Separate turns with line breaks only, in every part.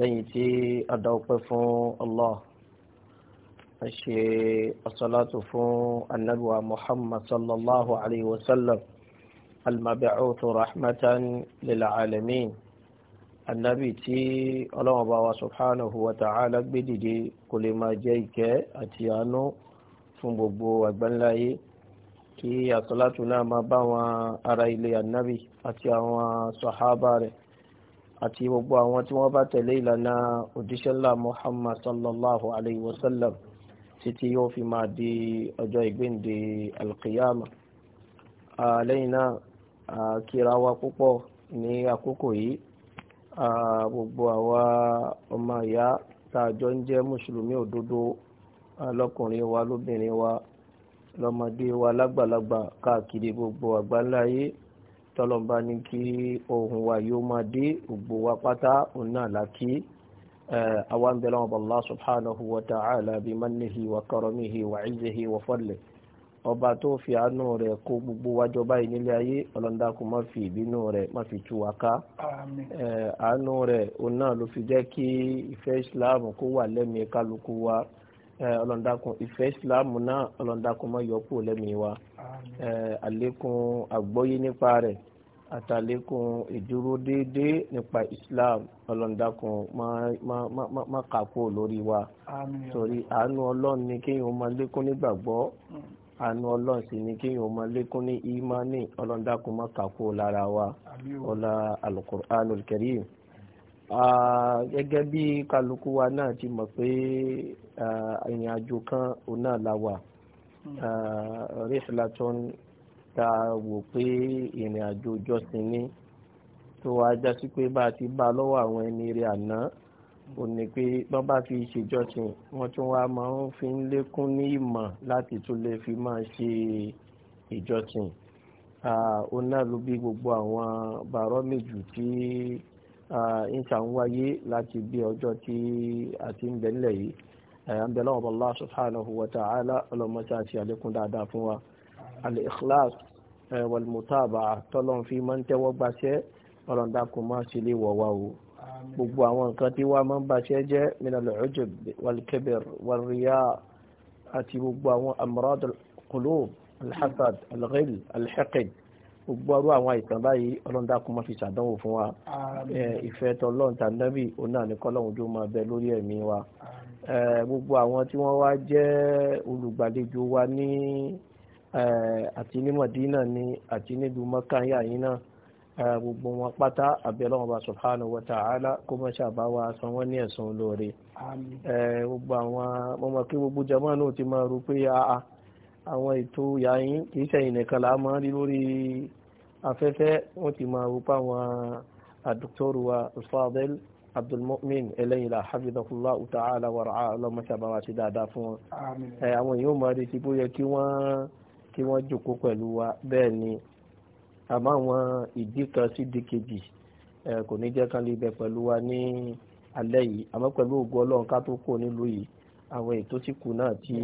lẹ́yìn tí a dá ọpẹ́ fún Allah a ṣe asalatu fún anabiwa muhammad sallallahu alayhi wa sallam almabi'utu rahmatan lil alamin anabi tí ọlọ́wọ́n bá wa subhanahu wa ta'ala gbé dìde kó lè máa jẹ́ ìkẹ́ àti àánú fún gbogbo àgbáńláyé kí asalatu náà máa bá wọn ará ilé anabi àti àwọn sahaba rẹ̀ àti gbogbo àwọn tí wọ́n bá tẹ̀lé ìlànà òjíṣẹ́ ńlá Muhammad sallallahu alayhi wa sallam títí yóò fi máa di ọjọ́ ìgbéǹde alqiyama lẹ́yìn náà kíra wa púpọ̀ ní àkókò yìí gbogbo àwa ọmọ ìyá tá a jọ ń jẹ́ mùsùlùmí òdodo lọ́kùnrin wa lóbìnrin wa lọ́mọdé wa lágbàlagbà káàkiri gbogbo àgbáńlá yìí tọ́lọ́mbà ní kí ohun wa yóò máa dé ògbó wa pátá òun náà lákì àwọn ń bẹ̀rẹ̀ ọba Allah subhanahu wa ta'ala bi mannihi wa karamihi wa izzihi wa fadlihi ọba tó fi àánú rẹ̀ kó gbogbo wájọ báyìí nílé ayé ọlọ́ndàkú má fi ìbínú rẹ̀ má fi tú wa ká àánú rẹ̀ òun náà ló fi jẹ́ kí ìfẹ́ Islam kó wà lẹ́mìí kálukú wa Eh, ọlọ́ndàkùn ìfẹ́ ìsìláàmù náà ọlọ́ndàkùn mọ́ yọkù lẹ́mìí wa eh, àlékún àgbọ́yé nípa rẹ̀ àtàlékún ìdúró déédéé nípa islam ọlọ́ndàkùn má kàkó lórí wa torí àánú ọlọ́run ni kéèyàn máa lékún nígbàgbọ́ hmm. àánú ọlọ́run sì ni kéèyàn máa lékún ní ìmánì ọlọ́ndàkùn má kàkó lára wa ọlá alukur'anul karim ah, gẹ́gẹ́ bí kálukú wa náà ti mọ̀ pé Ah, ìrìn àjò kan òun náà la wà hmm. ah, rihlatun ta wò pé ìrìn àjò jọ́sìn ní tó wá já sí pé bá a ti bá lọ́wọ́ àwọn ẹni rẹ̀ àná hmm. ò ní pé wọ́n bá fi ṣèjọ́sìn wọ́n tún wá máa ń fi ń lékún ní ìmọ̀ láti tún lè fi máa ṣe ìjọ́sìn ah, òun náà ló bí gbogbo àwọn bàrọ́mìjù tí ń ṣàǹwáyé láti bí ọjọ́ tí a ti ń bẹ̀ńlẹ̀ yìí ẹ̀yàmbẹ̀lá ọba Allah subhanahu wa ta'ala ọlọ́mọṣá àti àlékún dáadáa fún wa al-ikhlas wal-mutaba tọ́lọ́n fi máa ń tẹ́wọ́ gbaṣẹ́ ọlọ́ndà kò máa ṣe lè wọ̀ wá o gbogbo àwọn nǹkan tí wàá máa ń baṣẹ́ jẹ́ minal ujub wal-kibr wal-riya àti gbogbo àwọn amrad al-qulub al-hasad gbogbo ọrú àwọn àìsàn báyìí ọlọ́run máa fi ṣàdánwò fún wa ìfẹ́ tọ́lọ́run tàbí òun ní kọ́lọ́run Eh, gbogbo àwọn tí wọ́n wá jẹ́ olùgbàlejò wa ní eh, àti ní Madina ni àti nílùú Mọ́kà yàyín náà eh, gbogbo wọn pátá abẹ́lẹ́ wọn subhanahu wa ta'ala kó mọ́ ṣàbá wa san wọ́n ní ẹ̀san olóore. gbogbo àwọn ọmọ kí gbogbo jama náà ti máa rò pé àà àwọn ètò yàyín kì í ṣẹ̀yìn nìkan là á máa rí lórí afẹ́fẹ́ wọ́n ti máa rò pé àwọn àdókòtòrò ah, wa Fadel abdulmumin eléyìnlá hafidhahullah ta'ala wa ra'a ọlọ́mọṣàbá wa ti dáadáa fún wọn. àwọn èèyàn máa retí bóyá kí wọ́n kí wọ́n jòkó pẹ̀lú wa bẹ́ẹ̀ ni àmọ́ àwọn ìdí kan sí di kejì kò ní jẹ́ kán lè bẹ pẹ̀lú wa ní alẹ́ yìí àmọ́ pẹ̀lú ògo ọlọ́run ká tó kó nílùú yìí àwọn ètò tí kù náà tí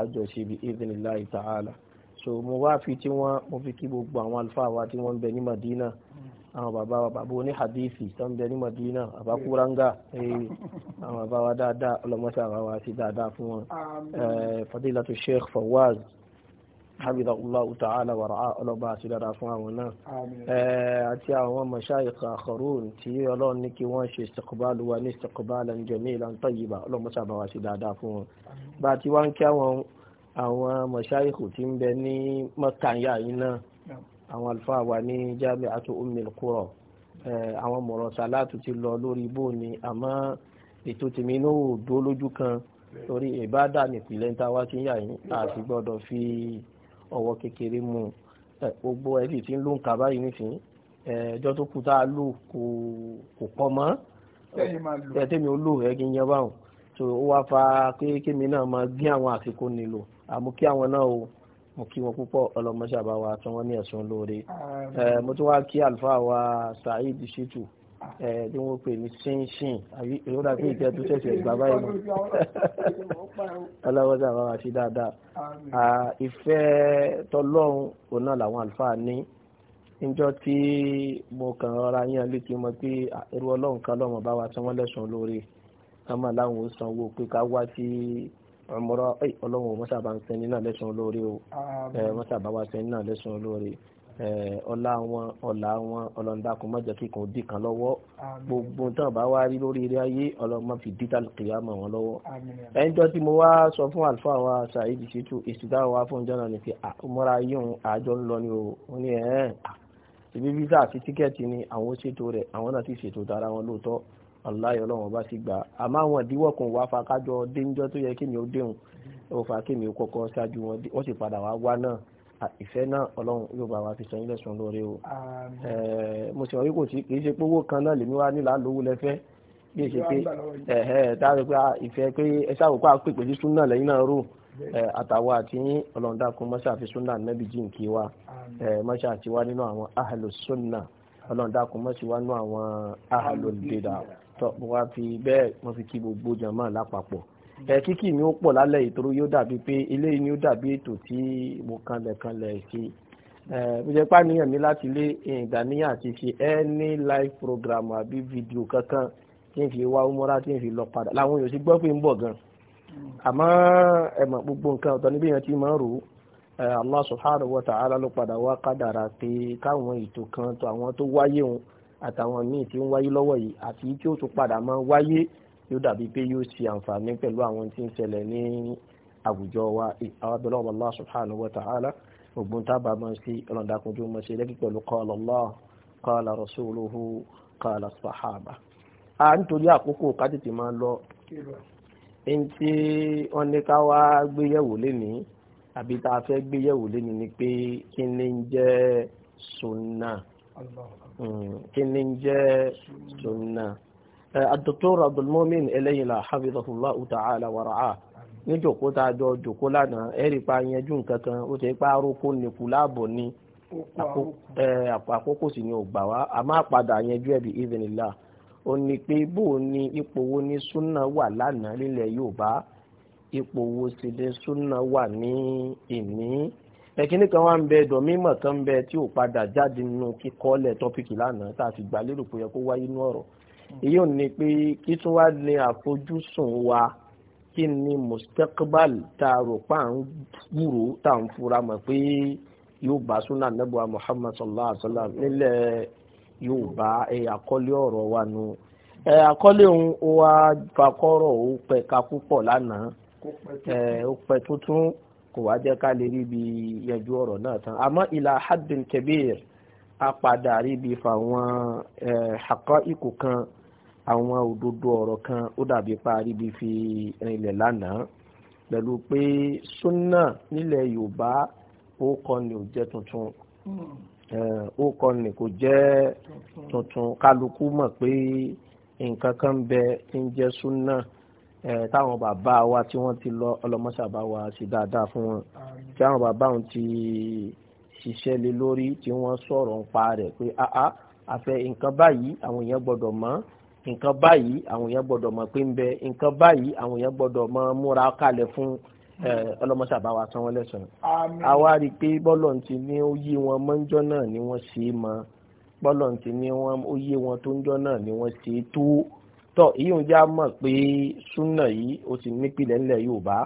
àjọ ṣe bí idhnillahi ta'ala so mo wá fi tí wọ́n mo fi kí gbogbo àwọn àlùfáà wa tí wọ́n ń bẹ ní Madina àwọn bàbá wa bàbá oní hadithi tó ń bẹ ní madina bàbá kúranga eh, àwọn bàbá wa dáadáa ọlọmọṣẹ àwọn wa sí dáadáa fún wọn eh, fadilatu sheikh fawaz habida allah ta'ala wa ra'a ọlọba àti dáadáa fún àwọn náà eh, àti àwọn mashayikh akharun tí ọlọ́run ní kí wọ́n ṣe istiqbalu wa ní istiqbalan jamilan tayyiba ọlọmọṣẹ àwọn wa sí dáadáa fún wọn bá a ti wá ń kí àwọn àwọn mashayikh tí ń bẹ ní mọ́kànyà yìí náà àwọn àlùfáà wà ní jami'atu ummil qura eh, àwọn mọ̀rọ̀ sàlátù ti lọ lórí bó ni àmọ́ ètò tèmi náà ò dó lójú kan torí ìbádà nìpínlẹ̀ ń táwa ti ń yà yín àti gbọ́dọ̀ fi ọwọ́ kékeré mú eh, gbogbo ẹbí tí ń ló ń kà báyìí nísìnyí eh, ẹjọ́ tó kù tá a lò kò pọ̀ mọ́ tẹ́mi ó lò ẹ̀gí yẹn báwọn tó wá fa kéékèèmí náà máa gbé àwọn àsìkò nílò àmú kí àwọn náà o mo kí wọn púpọ̀ ọlọmọṣẹ àbáwá tí wọn ní ẹ̀sùn lóore mo tún wá kí àlùfáà wa Saheed Shittu bí wọ́n pè ní ṣínṣìn àbí ìrora pé ìtẹ́ tó ṣẹ̀ṣẹ̀ ìgbà báyìí
mọ́
ọlọ́wọ́dà bá wà sí dáadáa ìfẹ́ tọlọ́run òun náà làwọn àlùfáà ní níjọ́ tí mo kàn rọra yín létí mọ́ pé irú ọlọ́run kan lọ́mọ bá wa tí wọ́n lẹ́sùn lórí ká máa láwọn ò sanwó pé ká wá sí ọmọrọ ẹ ọlọ́run ò mọ́sàbá ń sẹ́ni náà lẹ́sùn olóore o mọ́sàbá wa sẹ́ni náà lẹ́sùn olóore ọlá wọn ọlá wọn ọlọ́ndàkùn má jẹ́ kíkan dì kan lọ́wọ́ gbogbo tán bá wá rí lórí eré ayé ọlọ́mọ fi dítà kìyà mọ̀ wọn lọ́wọ́ ẹnjọ́ tí mo wá sọ fún àlùfáà wa Saheed Shittu èsì táwọn wá fún ìjọ náà ni pé mọ́ra yíyún àjọ ń lọ ni o wọ́n ní ẹ̀ẹ́n ìbí visa àti tíkẹ́ẹ̀tì ni àwọn ṣètò rẹ̀ àwọn náà ti ṣètò tara wọn lóòótọ́ aláì ọlọ́run ọba sì gbà àmọ́ àwọn ìdíwọ́ kan wà fa kájọ déńjọ́ tó yẹ kí mi ó déhùn ó fa kí mi ó kọ́kọ́ ṣáájú wọn wọ́n sì padà wá wá náà ìfẹ́ náà ọlọ́run yóò bá wa fi sọ ilé sùn lórí o mo sì wọ́n wípé kì í ṣe pé owó kan náà lèmi wá nílà lówó lẹ́fẹ́ bí èsì pé táwọn pé ìfẹ́ pé ẹ sáwò pé àpèpè sí súnà lẹ́yìn náà rò àtàwọn àti yín dákun mọ́ṣá fi súnà nẹ́bí jí nkì wa mọ́ṣá àti wá nínú àwọn ahàlù súnà ọlọ́run dákun mọ́ṣá wá nínú àwọn ahàlù bídà tọ́ mo wá fi bẹ́ẹ̀ mo fi kí gbogbo jàmáà lápapọ̀ ẹ kíkì mi ó pọ̀ lálẹ́ ìtòrò yóò dàbí pé eléyìí ni ó dàbí ètò tí mo kanlẹ̀kanlẹ̀ ṣe mo jẹ́ pàníyàn mi láti lé ìdáníyàn àti ṣe any life program àbí fídíò kankan tí n fi wá umura tí n fi lọ padà làwọn èèyàn sì gbọ́ pé ń bọ̀ gan àmọ́ ẹ̀mọ̀ gbogbo nǹkan ọ̀tọ̀ níbi yẹn ti máa ń rò ó Allah subhanahu wa ta'ala ló padà wá kádàrà pé káwọn ètò kan tó àwọn tó wáyé wọn àtàwọn míì tí ń wáyé lọ́wọ́ yìí àti tí ó tún padà máa wáyé yóò dàbí pé yóò ṣe àǹfààní pẹ̀lú àwọn tí ń ṣẹlẹ̀ ní àwùjọ wa àwọn abẹ́lẹ́ ọba Allah subhanahu wa ta'ala ògbón tábà máa ń ṣe Allah qala rasuluhu qala sahaba. a nítorí àkókò ká tètè máa lọ ẹni tí wọ́n ní ká wá gbéyẹ̀wò lénìí àbí tá a fẹ́ gbéyẹ̀wò lénìí ni pé kí ni ń jẹ́ sunnah Hmm. kí ni la sunna ad-Dr. Abdulmumin Eléyìnlá hafizahullah ta'ala wa ra'ah ní jòkó tá a jọ jòkó lánàá ẹ̀rí pa nǹkan kan ó ti pa nìkú ni àkókò sì ni ò gbà wá a máa padà yẹnjú ẹ̀bí ìvìnìlá ó ní pé bó ni ipò wo ni súnà wà lánàá nílẹ̀ Yorùbá ipò wo sì ni súnà wà ní ìní. ẹ̀kíní kan wá ń bẹ ẹ̀dọ̀ mímọ̀ kan ń bẹ tí ò padà jáde nínú kíkọ́lẹ̀ tọ́pìkì lánàá tá a ti gbà lérò pé yẹ kó wáyé inú ọ̀rọ̀ èyí ò ní pé kí tún wá ní àfojúsùn wa kí ni mustaqbal tá a rò pa à ń wúrò tá à ń fura mọ̀ pé yóò bá súnà nẹ́bùà Muhammad sallallahu alayhi wa sallam nílẹ̀ yóò bá àkọ́lé ọ̀rọ̀ wa nu àkọ́lé òun ó wá fakọ́rọ̀ ó pẹ̀ka púpọ̀ lánàá ó pẹ̀ tuntun. kò wá jẹ́ ká lè ríbi yanjú ọ̀rọ̀ náà tán àmọ́ ìlà haddin kabir a padà ríbi fáwọn àkọ́ ikù kan àwọn òdodo ọ̀rọ̀ kan ó dàbí pa ríbi fi rinlẹ̀ lánàá pẹ̀lú pé súnà nílẹ̀ yorùbá ó kọ́ ni ò jẹ́ tuntun ó kọ́ ni kò jẹ́ tuntun kálukú mọ̀ pé nǹkan kan bẹ ń jẹ́ súnà. Eh, táwọn bàbá wa tí wọ́n ti lọ ọlọ́mọṣàbá wa ṣe dáadáa fún wọn tí àwọn bàbá wọn ti ṣiṣẹ́ lé lórí tí wọ́n sọ̀rọ̀ ń pa rẹ̀ pé áá ah, àfẹ́ ah, nǹkan báyìí àwọn èèyàn gbọ́dọ̀ mọ̀ nǹkan báyìí àwọn èèyàn gbọ́dọ̀ mọ̀ pé ń bẹ nǹkan báyìí àwọn èèyàn gbọ́dọ̀ mọ̀ múra kalẹ̀ fún eh, ọlọ́mọṣàbá wa sanwó lẹ́sàn-án àwa rí i pé bọ́lọ̀ ti ní ó yí wọn mọ́jọ́ náà ni wọ́n ṣe é mọ́ bọ́lọ̀ ti ní ó yé wọn tó ń jọ́ náà ni wọ́n ṣe é tó tọ́ èyí ń já mọ̀ pé súnà yìí ó ti nípìlẹ̀ ńlẹ̀ Yorùbá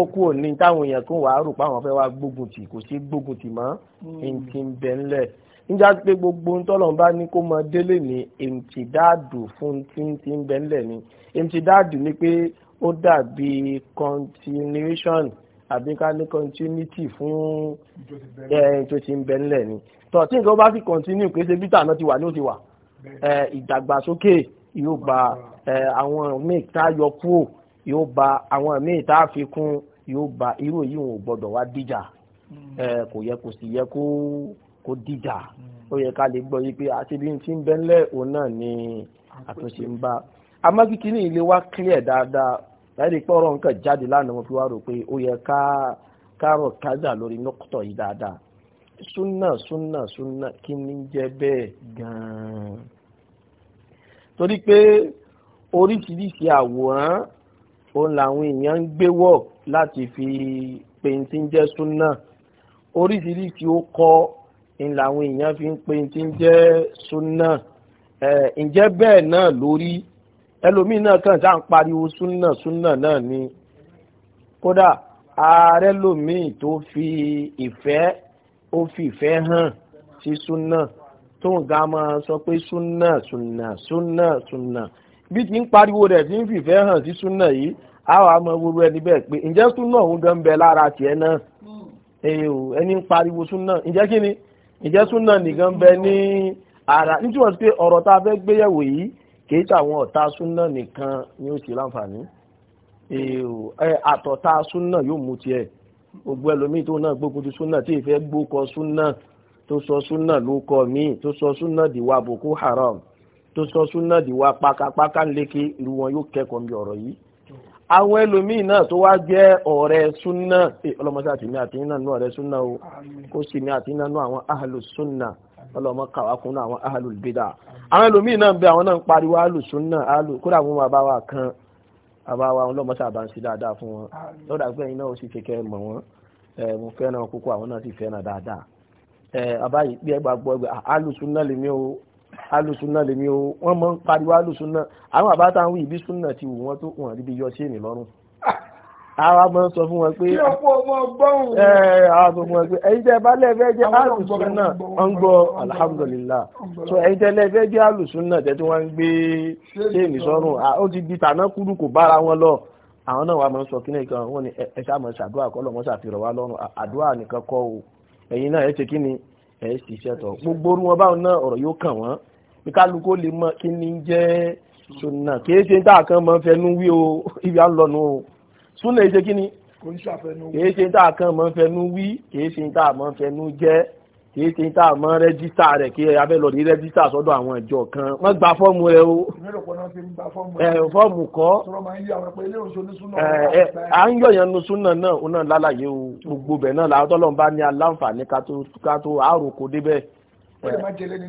ó kú òní táwọn èèyàn kan wàá rò páwọn fẹ́ wá gbógun tì kò sí gbógun tì mọ́ hmm. ẹni tí ń bẹ ńlẹ̀ níjà pé gbogbo ntọ́lọ́n bá ní kó mọ délé ní èmtìdáàdù fún tí ń bẹ ńlẹ̀ ni èmtìdáàdù ni pé ó dàbí continuation àbí ká ní continuity fún ẹni tó ti ń bẹ ńlẹ̀ ni tọ́ tí nǹkan bá sì continue pé ṣe bítà náà ti wà ní ó ti wà ìdàgbàsókè yóò ba àwọn míì tá a yọ kúrò yóò ba àwọn míì tá a fi kún yóò ba irú èyí wọn ò gbọdọ̀ wá dìjà hmm. kò yẹ kò sì yẹ kó dìjà hmm. ó yẹ ká lè gbọ́ yìí pé àti bí n ti ń bẹ́ ńlẹ̀ òun náà ni àtúnṣe ń bá àmọ́ ní ilé wa clear dáadáa láti pé ọ̀rọ̀ nǹkan jáde lánàá wọn fi wá rò pé ó yẹ ká kárọ̀ kájà lórí nọ́kọ̀tọ̀ yìí dáadáa súnà súnà súnà kí ni jẹ́ bẹ́ẹ̀ gan-an torí pé oríṣiríṣi àwòrán òun làwọn èèyàn ń gbé wọ̀ láti fi pèntí ń jẹ́ súnà oríṣiríṣi ó kọ́ ń làwọn èèyàn fi ń pèntí ń jẹ́ súnà ǹjẹ́ bẹ́ẹ̀ náà lórí ẹlòmíì náà kàn sáà ń pariwo súnà súnà náà ni kódà ààrẹ lòmíì tó fi ìfẹ́ ó fi ìfẹ́ hàn sí súnà. Si tó ń ga máa sọ pé súnà súnà súnà súnà bí ti ń pariwo rẹ̀ ti ń fìfẹ́ hàn sí súnà yìí àwọn àmọ́ ewúro ẹni bẹ́ẹ̀ pé ǹjẹ́ súnà òun gan bẹ lára tiẹ̀ náà hmm. ẹni ń pariwo súnà ǹjẹ́ kí ni ǹjẹ́ súnà nìkan bẹ ní ara nítorí wọn pé ọ̀rọ̀ tá a fẹ́ gbéyẹ̀wò yìí kì í tàwọn ọ̀tá súnà nìkan ni ó ti láǹfààní àtọ̀tá súnà yóò mú tiẹ̀ gbogbo ẹlòmíì tó náà gbógun ti súnà tí ìfẹ́ gbókọ súnà tó sọ súnà lóko míì tó sọ súnà dìwà boko haram tó sọ súnà dìwà pákápáká lékè irú wọn yóò kẹ́kọ̀ọ́ mi ọ̀rọ̀ yìí àwọn ẹlòmíì náà tó wá jẹ́ ọ̀rẹ́ súnà eh, ọlọ́mọdé àti mi àti nínú ọ̀rẹ́ súnà o kó sì mi àti nínú àwọn ahàlù súnà ọlọ́mọ kàwákùn náà àwọn ahàlù bídà àwọn ẹlòmíì náà ń bẹ àwọn náà ń pariwo ahàlù súnà ahàlù kódà fún bàbá wa kan bàbá wa ọlọ́mọ sábà ń ṣe dáadáa fún wọn lọ́dà gbẹ̀yìn náà ó sì fi kẹ́ mọ̀ wọ́n mo fẹ́ràn kókó àwọn náà sì fẹ́ràn dáadáa àbáyé bí ẹgbà gbọ́ alùsùnà ah, lèmi o alùsùnà lèmi o wọ́n mọ́ ń pariwo alùsùnà àwọn àbáta ń wí ìbí súnà ti wù wọ́n tó wọ́n rí yọ sí èmi lọ́rùn àwa máa sọ fún wọn pé àwa sọ fún wọn pé ẹ̀yin tẹ́ bá lẹ́ẹ̀fẹ́ jẹ́ alùsùnà ń gbọ́ alhamdulillah so ẹ̀yin tẹ́ lẹ́ẹ̀fẹ́ jẹ́ alùsùnà tẹ́ tí wọ́n ń gbé séèmì sọ́rùn ó ti di tàná kúrú kò bára wọn lọ àwọn náà wà máa sọ kí ní ìkan wọn ni ẹ ẹ̀yin náà ẹ ṣe kí ni ẹ ṣiṣẹ́ tọ̀ gbogbo orú wọn báwọn náà ọ̀rọ̀ yóò kàn wọ́n bí kálukú lè mọ kí ni jẹ́ sunna kì ṣe tá a kan máa fẹnu wí o ibi à ń lọ nù o sunna ẹ ṣe kì í ṣe tá a kan máa fẹnu wí kì ṣe tá a máa fẹnu jẹ́ kìí ti tá a mọ rẹ́gísítà rẹ̀ kí abẹ́ lọ ní rẹ́gísítà sọ́dọ̀ àwọn ìjọ kan wọ́n gba fọ́ọ̀mù rẹ o.
ẹ fọ́ọ̀mù kọ́. ẹ
à ń yọ̀yàn nu súnà náà ó náà lálàyé o gbogbo bẹ̀ náà làwọn tọ́lọ́ bá ní aláǹfààní ká tó ká tó àròkò débẹ̀.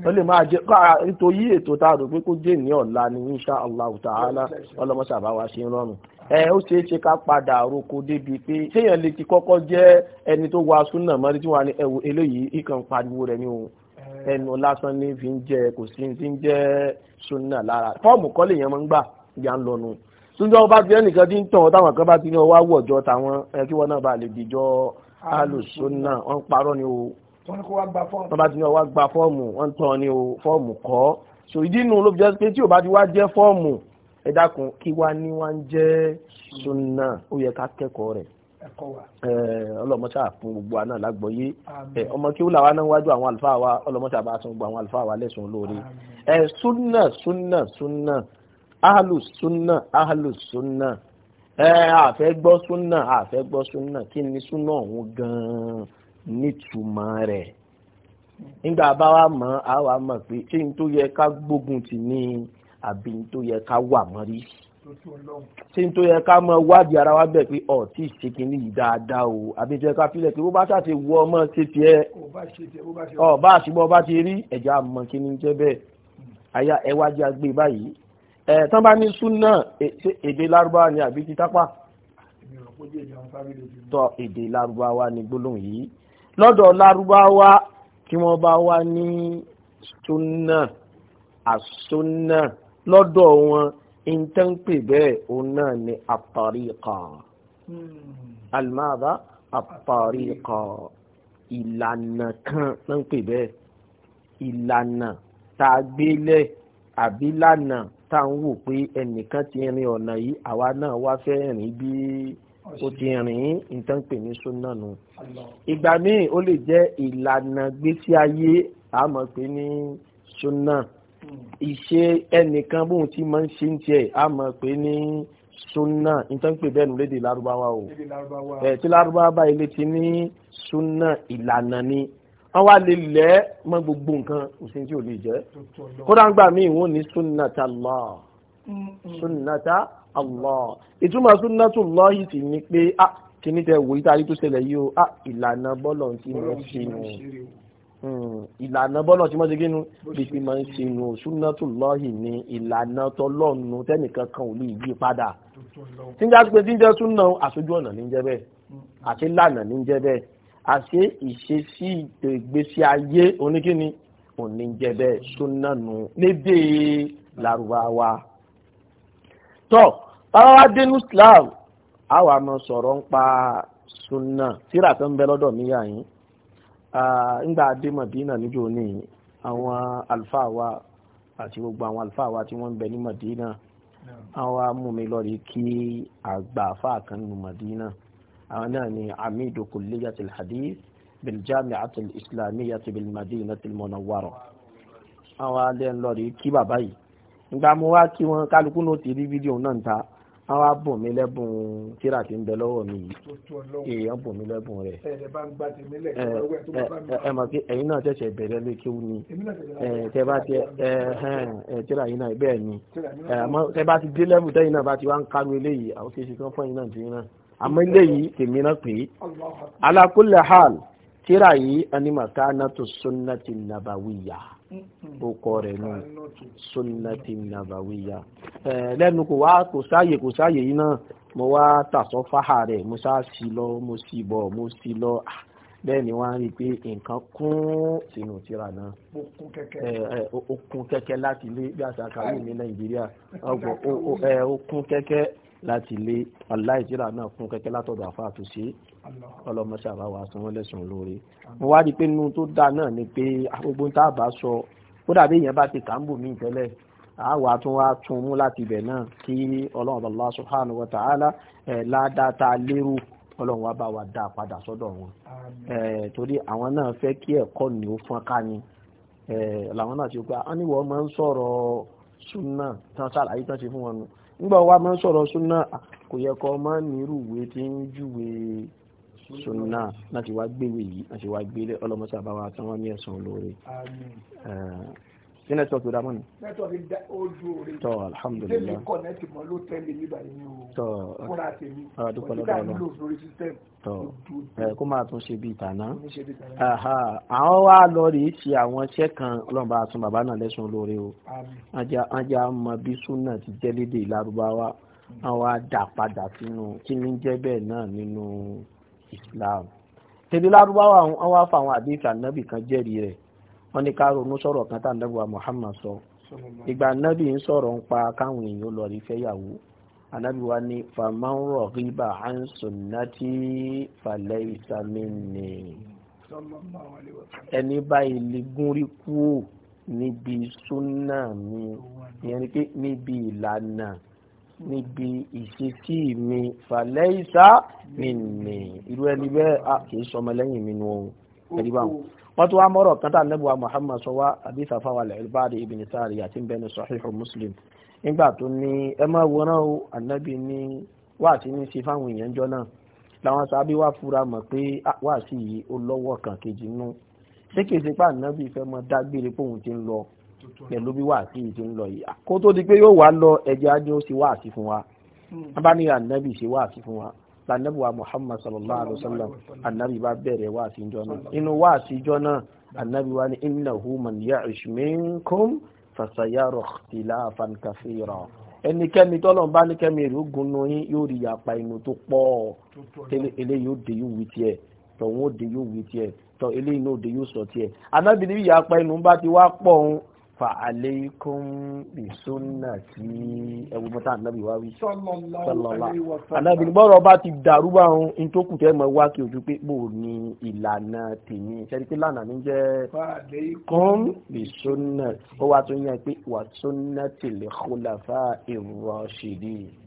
ó lè máa jẹ ká nítorí ètò tá a rò pé kó jẹ́ ní ọ̀la ni insha Allah ta'ala wa ṣe ń rọrùn ẹ ó ṣeé ṣe ká padà roko débi pé séèyàn lè ti kọ́kọ́ jẹ́ ẹni tó wa súnà mọ́rí tí wà ní ẹ̀wò eléyìí ìkàn pariwo rẹ̀ ni o ẹnu lásán ní fi ń jẹ kò sí ti ń jẹ́ súnà lára fọ́ọ̀mù kọ́ lèèyàn máa ń gbà ìyá ń lọ́nu sunjọ́ bá ti ẹnìkan tí ń tàn táwọn kan bá ti ní ọwọ́ àwọ̀jọ tàwọn ẹ kí náà bá lè dìjọ́ alùsùnà wọ́n parọ́ ni o
wọ́n bá
ti ní ọwọ́ gba fọ́ọ̀mù wọ́n tàn ni o fọ́ọ̀mù kọ́ so ìdí inú ló fi jẹ́ pé tí ò ẹ dákun kí wá ní wá ń jẹ́ sunna ó yẹ ká kẹ́kọ̀ọ́ rẹ̀ ọlọmọta fún gbogbo àná lágbọyé ọmọ kí ó làwa náà wájú àwọn àlùfáà wa ọlọmọta bá tún gbogbo àwọn àlùfáà wa lẹ́sùn olóore sunna sunna sunna ahlu sunna ahlu sunna àfẹ́ gbọ́ sunna àfẹ́ gbọ́ sunna kí ni sunna ọ̀hún gan-an nítumọ̀ rẹ̀ hmm. nígbà bá wa mọ̀ á wa pé kí n tó yẹ ká gbógun tì ní àbí n tó yẹ ká wà mọ́ rí ṣé n tó yẹ ká mọ wádìí ara wa bẹ̀ pé ọ̀ tí ì ṣe kínní yìí dáadáa o àbí tó yẹ ká filẹ̀ pé bó bá ṣàti wọ ọmọ ṣe tiẹ̀ ọ̀ bá àṣìbọ̀ bá ti rí ẹ̀jẹ̀ àmọ́ kínní jẹ́ bẹ́ẹ̀ àyà hmm. ẹ̀wájú agbè báyìí ẹ̀ tán bá ní súnà e, èdè lárúbáwá ni àbí ti tápà tọ́ èdè lárúbáwá ni gbólóhùn yìí lọ́dọ̀ lárúbáwá tí wọ́n bá wá ní súnà àsúnà lọ́dọ̀ wọn ìtẹ́ǹpè bẹ́ẹ̀ òun náà ni àtàríkà almada àtàríkà ìlànà kan náà ń pè bẹ́ẹ̀ ìlànà tá a gbélẹ̀ àbí lànà tá a ń wò pé ẹnìkan ti rìn ọ̀nà yìí àwa náà wá fẹ́ rìn bí ó ti rìn nǹkan ní súnà nù. ìgbà míì ó lè jẹ́ ìlànà gbésí ayé àmọ́ pé ní súnà ìṣe ẹnìkan bóun ti máa ń ṣe ń tiẹ̀ á mọ̀ pé ní sunna nítorí pé bẹ́ẹ̀ nù lédè lárúbáwá o ẹ̀ tí lárúbáwá ilé ti ní sunna ìlànà ni wọ́n wá lè lẹ́ mọ́ gbogbo nǹkan òsín tí ò lè jẹ́ kódà ń gbà míì wọ́n ní sunnata Allah sunnata Allah ìtumọ̀ sunnatu Allah yìí ti ní pé ah kìíní tẹ wòye tá a rí tó ṣẹlẹ̀ yìí o ah, ìlànà bọ́lọ̀ ti mọ̀ sí i Hmm. ìlànà bọ́lọ̀ tí wọ́n ti gínú bíbí máa ń ṣe nu sunnatullahi ní ìlànà tọlọ́nu tẹ́nìkan kan ò lè yí padà tíjà pé tíjà súnà àṣojú ọ̀nà ní jẹ́ bẹ́ẹ̀ àti lànà ní jẹ́ bẹ́ẹ̀ àti ìṣesí ìgbésí ayé oníkíni òní jẹ́ bẹ́ẹ̀ súnà nù lédè Lárúbáwá. tọ́ báwa wá dé àwa máa sọ̀rọ̀ ń pa súnà tíra tó ń bẹ lọ́dọ̀ níyà yín ńgbà dé Madina níjó ní àwọn àlùfáà wa àti gbogbo àwọn àlùfáà wa tí wọ́n ń bẹ ní Madina àwọn amúmi lọ́rí kí àgbàfà kan nù Madina àwọn náà ni amidu kulliyatil hadith bil jami'atil islamiyyati bil madinatil munawwara àwọn alẹ́ ńlọrí kí bàbá yìí mo wá kí wọn kálukú náà ti rí fídíò náà ta àwọn abùn mi lẹ́bùn tíra ti ń bẹ lọ́wọ́ mi yìí èèyàn bùn mi lẹ́bùn rẹ̀ ẹ mọ̀ pé ẹ̀yin náà ṣẹ̀ṣẹ̀ bẹ̀rẹ̀ lé kéwú ni tẹ bá ti tíra yìí náà bẹ́ẹ̀ ni tẹ bá ti dé lẹ́bùn tẹ́yìn náà bá ti wá ń kárú eléyìí àwọn kejì kan fún ẹ̀yin náà ti náà àmọ́ eléyìí tèmi náà pè é ala kulli tíra yìí ẹni màkà náà ó kọ rẹ̀ nù sunnati nabawiya lẹ́nu kò wá kò sáàyè kò sáàyè yìí náà mo wá tàṣọ fáhà rẹ̀ mo sá sí lọ mo sì bọ̀ mo sì lọ bẹ́ẹ̀ ni wọ́n á rí i pé nǹkan kún sínú tíra náà ó kún láti lé bí àṣà kàwé ní nàìjíríà ó kún kẹ́kẹ́. láti ilé aláìsíra náà fún kẹ́kẹ́ látọ̀dọ̀ àfáà tó ṣe ọlọ́mọṣẹ́ àbáwá san wọ́n lẹ́sùn lóore mo wá rí i pé nínú tó dáa náà ni pé gbogbo tá a bá sọ ó dàbí èèyàn bá ti kàńbù mí tẹ́lẹ̀ àwa tún wá tún mú láti ibẹ̀ náà kí ọlọ́run Allah subhanahu wa ta'ala ẹ̀ ládàá tá a lérò ọlọ́run wa bá wa dá a padà sọ́dọ̀ wọn torí àwọn náà fẹ́ kí ẹ̀kọ́ ni ó fọ́n ká ni làwọn náà ti gbà á níwọ̀ máa ń sọ̀rọ̀ súnà tán ṣàlàyé tán ṣe fún wọn nù nígbà wa máa ń sọ̀rọ̀ súnà kò yẹ kó máa nírú ìwé tí ń júwe súnà láti wá gbéwé yìí láti wá gbélé ọlọ́mọṣà bá wa tán wá ní ẹ̀sán olóore. ṣé eh, nẹ́tíwọ́ọ̀kì dámọ̀ ni.
nẹ́tíwọ́ọ̀kì ojú oore. tọ́ alhamdulilayi. tẹ́lẹ̀ kọ́ nẹ́tì mọ́ ló tẹ́lẹ̀ níbàyẹn o. tọ́ fúnra tèmi. ọ̀dùkọ́ lọ́dọ̀ ọ̀la. tọ
kó máa tún ṣe bíi àwọn wa lọ si ti àwọn iṣẹ́ kan ọlọ́run bá bàbá náà lẹ́sùn olóore o ajá mọ bí súnà ti jẹ́ lédè lárúbáwá àwọn padà sínú kí ni jẹ́ bẹ́ẹ̀ náà nínú Islam tẹ̀lé lárúbáwá wọn wá fún àwọn àdéhùn ànábì kan jẹ́rìí rẹ̀ wọ́n ní ká ronú sọ̀rọ̀ kan tá Muhammad sọ ìgbà ànábì ń sọ̀rọ̀ ń pa káwọn èèyàn fẹ́yàwó anabi wa ni faman raghiba an sunnati falaysa minni ẹni báyìí lè gúnrí kúò níbi súnà mi ìyẹn ni pé níbi ìlànà níbi ìṣesí mi falaysa minni irú ẹni bẹ́ẹ̀ a kì í sọmọ lẹ́yìn mi nu ẹni báwọn wọ́n tún wá mọ́rọ̀ kan tá Muhammad sọ wá àbí sàfáwà ibn Sariyah àti bẹ́ẹ̀ ni Muslim nígbà tó ní ẹ máa wòran o ànábì ní wáàsí ní ṣe fáwọn èèyàn jọ náà làwọn sábẹ wá fura mọ̀ pé wáàsí yìí ó lọ́wọ́ kan kejì nú ṣé kìí ṣe pé ànábì fẹ́ mọ dágbére póun ti ń lọ pẹ̀lú bí wáàsí yìí ti ń lọ yìí kó tó di pé yóò wá lọ ẹ̀jẹ̀ ajé ó ṣe wáàsí fún wa hmm. bá ànábì ṣe wáàsí fún wa lànàbì wa muhammad sallallahu alayhi wa sallam ànábì bá bẹ̀rẹ̀ wáàsí jọ náà inú wáàsí jọ náà ànábì wa ní innahu man ya'ish minkum fàṣàyàrọ̀ tìlà àfàǹkàfìrà ẹnikẹ́ni tọ́lọ̀ ń bá níkẹ́mi rẹ̀ ogun nù yín yóò rí yàpá inú tó pọ̀ eléyìí ó dé yóò wí tiẹ̀ tọ̀hún ó dé yóò wí tiẹ̀ tọ̀ eléyìí náà ó dé yóò sọ tiẹ̀ anábìrì yàpá inú bá ti wá pọ̀ fa'alaikum bi sunnati ẹwù mọ́ta ànábì wá wí
sọ́lọ́lá ànábì
bọ́rọ̀ bá ti dàrú bá wọn in tó kù tẹ́ mọ̀ wá kí ojú pé bò ní ìlànà tèmi ṣẹ́ni pé lánàá ní jẹ́
fa'alaikum
bi sunnati ó wá tún yẹn pé wà sunnati lil khulafa ar-rashidin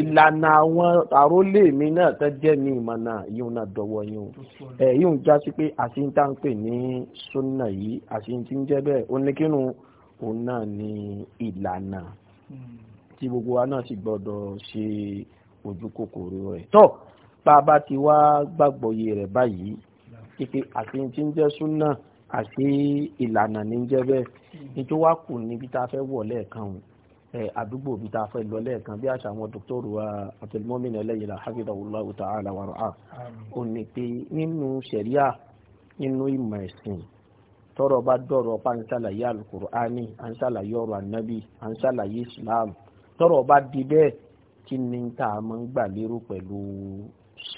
ìlànà àwọn àrólé mi náà tó jẹ́ mi ìmọ̀nà yìí náà dọ̀wọ́ yìí ẹ̀ yìí ń já sí pé àti ń tá ń pè ní súnà yìí àti ń ti ń jẹ́ bẹ́ẹ̀ oníkínú òun náà ni ìlànà tí gbogbo wa náà sì gbọ́dọ̀ ṣe ojú kòkòrò rẹ̀ tọ́ bá a bá ti wá gbàgbọ́ iye rẹ̀ báyìí pípé àti ń ti ń jẹ́ súnà àti ìlànà ní ń jẹ́ bẹ́ẹ̀ nítorí wá kù níbi tá a fẹ́ wọ̀ lẹ́ẹ̀kan òun àdúgbò bí tá a fẹ́ lọ lẹ́ẹ̀kan bí àṣà àwọn dọ́kítọ́rù wa Abdulmumin Eleira hafidhahullahu ta'ala wa ra'a ó ní pé nínú ṣẹ̀ríà nínú ìmọ̀ ẹ̀sìn tọrọ bá dọ̀rọ̀ pa ń ṣàlàyé alukur'ani à ń ṣàlàyé ọ̀rọ̀ ànábì à ń ṣàlàyé islam tọrọ bá di bẹ́ẹ̀ kí ni tá a máa ń gbà lérò pẹ̀lú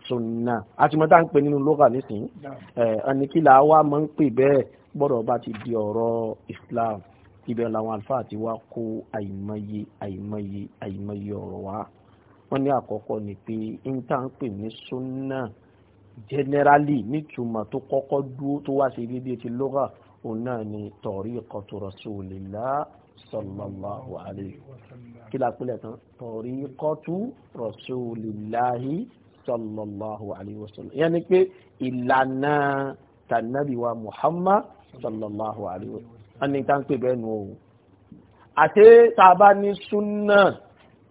sunna àti mọ́tà ń pè nínú lóga nísìnyí ẹ̀ ẹni kí làá wá máa ń pè bẹ́ẹ̀ gbọ́dọ̀ bá ti di ọ̀rọ̀ islam ibẹ̀ làwọn àlùfáà ti wá kó àìmọye àìmọye àìmọye ọ̀rọ̀ wá wọ́n ní àkọ́kọ́ ni pé níta ń pè ní sunna generally nítumọ̀ tó kọ́kọ́ dúró tó wá sí ibi tí lóga òun náà ni tariqatu rasulillah sallallahu alayhi kí la pínlẹ̀ tán tariqatu rasulillahi sallallahu alayhi wa sallam yẹn ni pé ìlànà tànàbíwá muhammad sallallahu alayhi wa sallam ẹni tá ń pè bẹ́ẹ̀ nu òun àti tá a bá ní súnà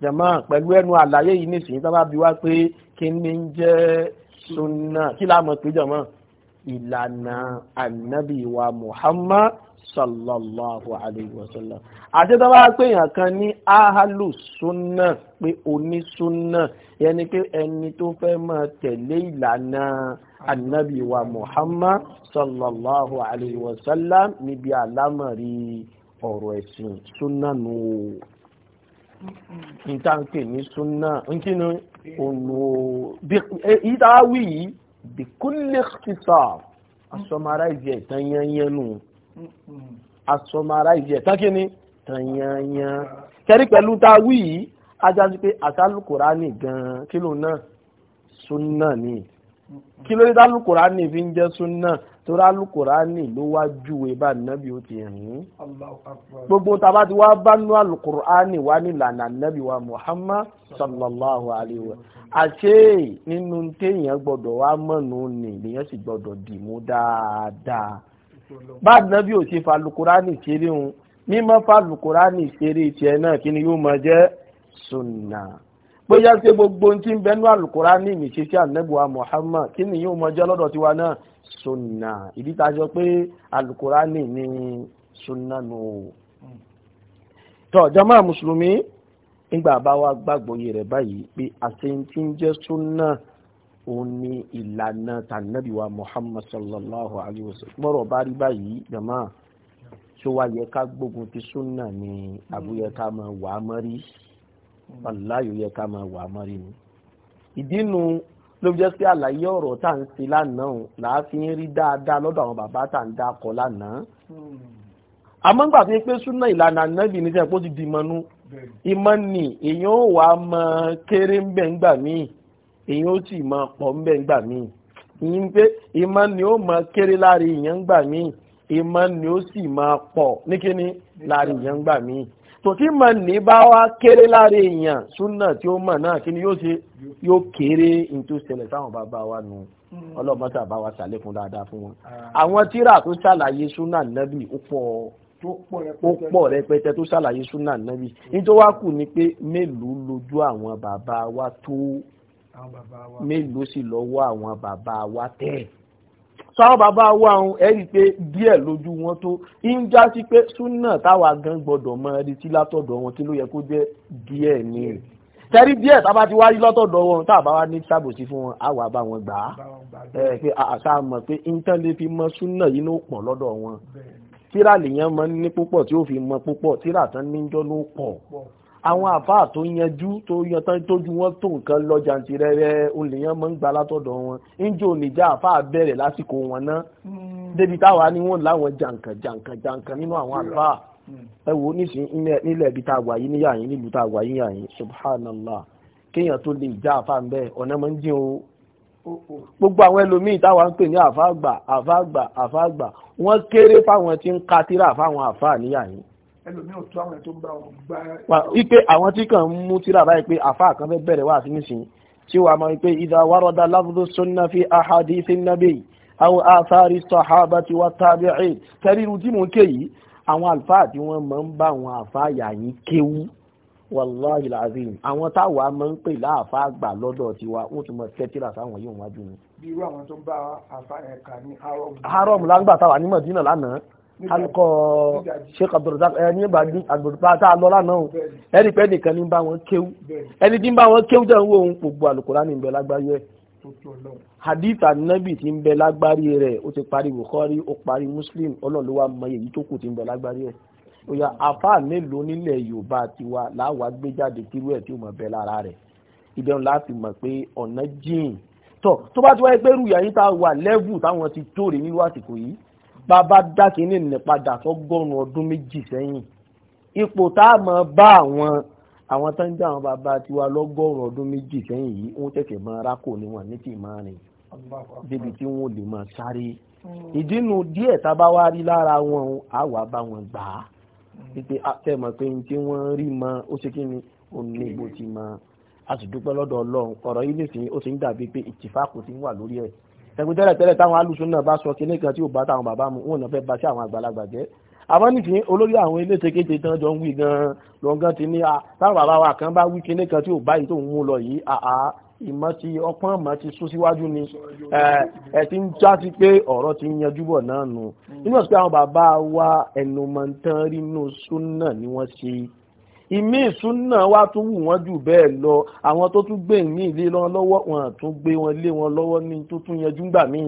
jẹ̀mọ́ pẹ̀lú ẹnu àlàyé yìí nísìnyí tá a bá bi wá pé kí ni ń jẹ́ súnà kí la pé jẹ̀mọ́ ìlànà ànábì Muhammad sallallahu alayhi wa sallam àti tó bá pé èèyàn kan ní ahalu sunna pé onísunna yẹni pé ẹni tó fẹ́ máa tẹ̀lé ìlànà anabi wa muhammad sallallahu alayhi wa sallam níbi àlámọ̀rí ọ̀rọ̀ ẹ̀sìn sunna nù o ìtànkè ní sunna nkínú ònù e, èyí tá a wí yìí bìkúnlẹ̀ ṣìṣà asọmaráìzì ẹ̀tàn yẹn yẹn nù asọmara ìjẹ tákì ni tanyanyan kẹrí pẹ̀lú tá a wí yìí ajájú pé àtàlùkùrá nì gan kílò náà súnà ni kí ló dé tálùkùrá nì fi ń jẹ́ súnà torí alukurani ló wá júwe bá nàbí ó ti rìn gbogbo tàbá ti wá bá nú alukurani wá nílànà nàbí wa muhammad sallallahu alayhi wa àṣé nínú téèyàn gbọ́dọ̀ wá mọ̀nù ni lèyàn sì gbọ́dọ̀ dìmú dáadáa bá nàbí ò ṣe falukurani ṣeré òun mímọ́ falukurani ṣeré tiẹ̀ náà kí ni yóò máa jẹ́ sunna bóyá ṣe gbogbo ohun tí ń bẹnu alukurani nìṣeṣẹ́ ànẹ́bùwà Muhammad kí ni yóò máa jẹ́ lọ́dọ̀ tiwa náà sunna ìdí ta jọ pé alukurani ni sunna nù o. tọ́ jama mùsùlùmí nígbà bá wa gbàgbọ́ yẹrẹ báyìí pé àṣeyìn tí ń jẹ́ sunna òun ni ìlànà tànàbíwá Muhammad sallallahu alayhi wa sallam gbọ́dọ̀ bá rí báyìí jama tó wá yẹ ká gbógun ti súnà ni àbúyẹ ká máa wà á mọ́rí aláyò yẹ ká máa wà á mọ́rí ni. ìdínú ló jẹ́ pé àlàyé ọ̀rọ̀ tá à ń ṣe lánàá làáfi rí dáadáa lọ́dọ̀ àwọn bàbá tá à ń dákọ̀ lánàá. àmọ́ ń gbà pé súnà ìlànà ànábì ní sẹ́yìn pé ó ti èèyàn ò wá mọ èyí ó sì máa pọ̀ ń bẹ̀ ńgbà míì ìyín pé ìmọ̀ ni ó máa kéré láàrin ìyẹn ńgbà míì ìmọ̀ ni ó sì máa pọ̀ níkíní láàrin ìyẹn ńgbà míì tòtí mọ̀ ní bá wá kéré láàrin èèyàn súnà tí ó mọ̀ náà kí yóò ṣe yóò kéré nítorí ṣẹlẹ̀ táwọn bàbá wa nù ọlọ́mọ tá a bá wa ṣàlékún dáadáa fún wọn. Ah. àwọn tíra tó ṣàlàyé súnà nábì ó pọ̀ ó pọ̀ rẹpẹtẹ tó ṣàlàyé súnà nábì nítorí wá kù ni pé mélòó lójú àwọn bàbá wa tó mélòó sì lọ́wọ́ àwọn bàbá wa tẹ̀. sáwọn bàbá wa ń ẹ̀rí pé díẹ̀ lójú wọn tó ń já sí pé súnà táwa gan gbọ́dọ̀ mọ retí látọ̀dọ̀ wọn kí ló yẹ kó jẹ́ díẹ̀ ni tẹ́rí díẹ̀ tá a bá ti wá rí lọ́tọ̀dọ̀ wọn tá a bá wá ní sábòsí fún wọn á wà bá wọn gbà á ẹ pé àṣà mọ̀ pé intan lè fi mọ súnà yìí ló pọ̀ lọ́dọ̀ wọn tíra lèèyàn mọ ní púpọ̀ tí ó fi mọ púpọ̀ tíra tán níjọ́ ló pọ̀ àwọn àfáà tó yanjú tó yọtán tójú wọn tó nǹkan lọ jàǹtìrẹrẹ olèyàn máa ń gba látọ̀dọ̀ wọn níjó nìjà àfáà bẹ̀rẹ̀ lásìkò wọn náà hmm. débi táwa ni wọn láwọn jàǹkàn jàǹkàn jàǹkàn nínú àwọn hmm. àfáà hmm. ẹ wo nísìnyí nílẹ̀ ibi tá a wà yìí níyà yín nílùú tá a wà yín yà yín subhanallah kéèyàn tó lè já àfáà ń bẹ ọ̀nà máa ń dín o oh, oh. gbogbo àwọn ẹlòmíì táwa ń pè ní àfáà àgbà àfáà àgbà àfáà àgbà wọ́n kéré fáwọn tí ń ka tírà fáwọn àfáà níyà yín
ẹlòmíràn tó àwọn tó ń bá wọn gbá. wà wípé
àwọn tí kàn ń mú tíra báyìí pé àfa kan fẹ́ bẹ̀rẹ̀ wá sí nísìnyí tí wàá mọ̀ wípé ìdá wàrọ̀dà láfúdó sunna fi ahadithi nabi àwọn àtàrí sahabati wa tabi'in tẹ́rí irú tí mò ń ké yìí àwọn àlùfáà tí wọ́n máa ń bá àwọn àfáà yà yín kéwú wàláhì làzim àwọn táwa máa ń pè láàfáà gbà lọ́dọ̀ tiwa wọ́n tún mọ tẹ́tírà sáwọn yóò wájú ni.
bí irú àwọn tó ń bá àfáà yẹn kà ní haram. haram lágbà
táwa ní Mọ̀dínà
alukọ
sheikh abdulrasaq ẹni bá ní abdulrasaq tá a lọ lánàá o ẹni pẹ́ nìkan ní bá wọn kéwú ẹni tí ń bá wọn kéwú jẹ́ ń wo òun gbogbo alukurani ń bẹ lágbáyé hadith anabi tí ń bẹ lágbárí rẹ̀ ó ti parí bukhari ó parí muslim ọlọ́lọ́wà mọ èyí tó kù tí ń bẹ lágbárí ẹ̀ òyà afa mélòó nílẹ̀ yorùbá tiwa láwa gbé jáde kírú ẹ̀ tí ó mọ̀ bẹ lára rẹ̀ ìdẹ́rùn láti mọ̀ pé ọ̀nà jìn tó bá ti wáyé pé rúyà yín tá a wà lẹ́vù táwọn ti tóore nílùú àsìkò yìí bàbá dákínì ní padà sọ́gọ́rùn ọdún méjì sẹ́yìn ipò tá a máa bá àwọn àwọn tó ń jẹ́ àwọn bàbá tiwa lọ́gọ́rùn ọdún méjì sẹ́yìn yìí wọ́n tẹ̀sẹ̀ máa rákò ní wọn ní tì máa rìn débi tí wọ́n lè máa sáré hmm. ìdínú díẹ̀ tá wá rí lára wọn á wà bá wọn gbà á pípé hmm. àtẹ̀mọ̀ pé ní tí wọ́n rí mọ ó ṣe kí ni òun ní ibo ti mọ a sì dúpẹ́ lọ́dọ̀ ọlọ́run ọ̀rọ̀ yìí nìsín ó ti ń dàbí pé ìtìfáàkù ti ń wà lórí ẹ̀ tẹ̀gbẹ́tẹ́lẹ̀ tẹ́lẹ̀ táwọn alùsùn náà bá sọ kinní kan tí ò bá táwọn bàbá mu wọn náà fẹ́ ba sí àwọn àgbàlagbà jẹ́ àmọ́ nìfín olórí àwọn ilé tekete tán jọ ń wí gan lọ́ngán ti ní táwọn bàbá wa kan bá wí kinní kan tí ò báyìí tó ń mú lọ yìí àá ìmọ̀ ti ọpọ́n ìmọ̀ ti sún síwájú ni ẹ ti ń já sí pé ọ̀rọ̀ ti ń yanjú bọ̀ náà nù nínú ọ̀sẹ̀ àwọn bàbá wa ẹnu mọ̀ntán rínú súnà ni wọ́n ṣe ìmí ìsúná wa tún wù wọ́n jù bẹ́ẹ̀ lọ àwọn tó tún gbé ìmí ìlé wọn lọ́wọ́ wọn tún gbé wọn lé wọn lọ́wọ́ ní tó tún yanjú gbà míì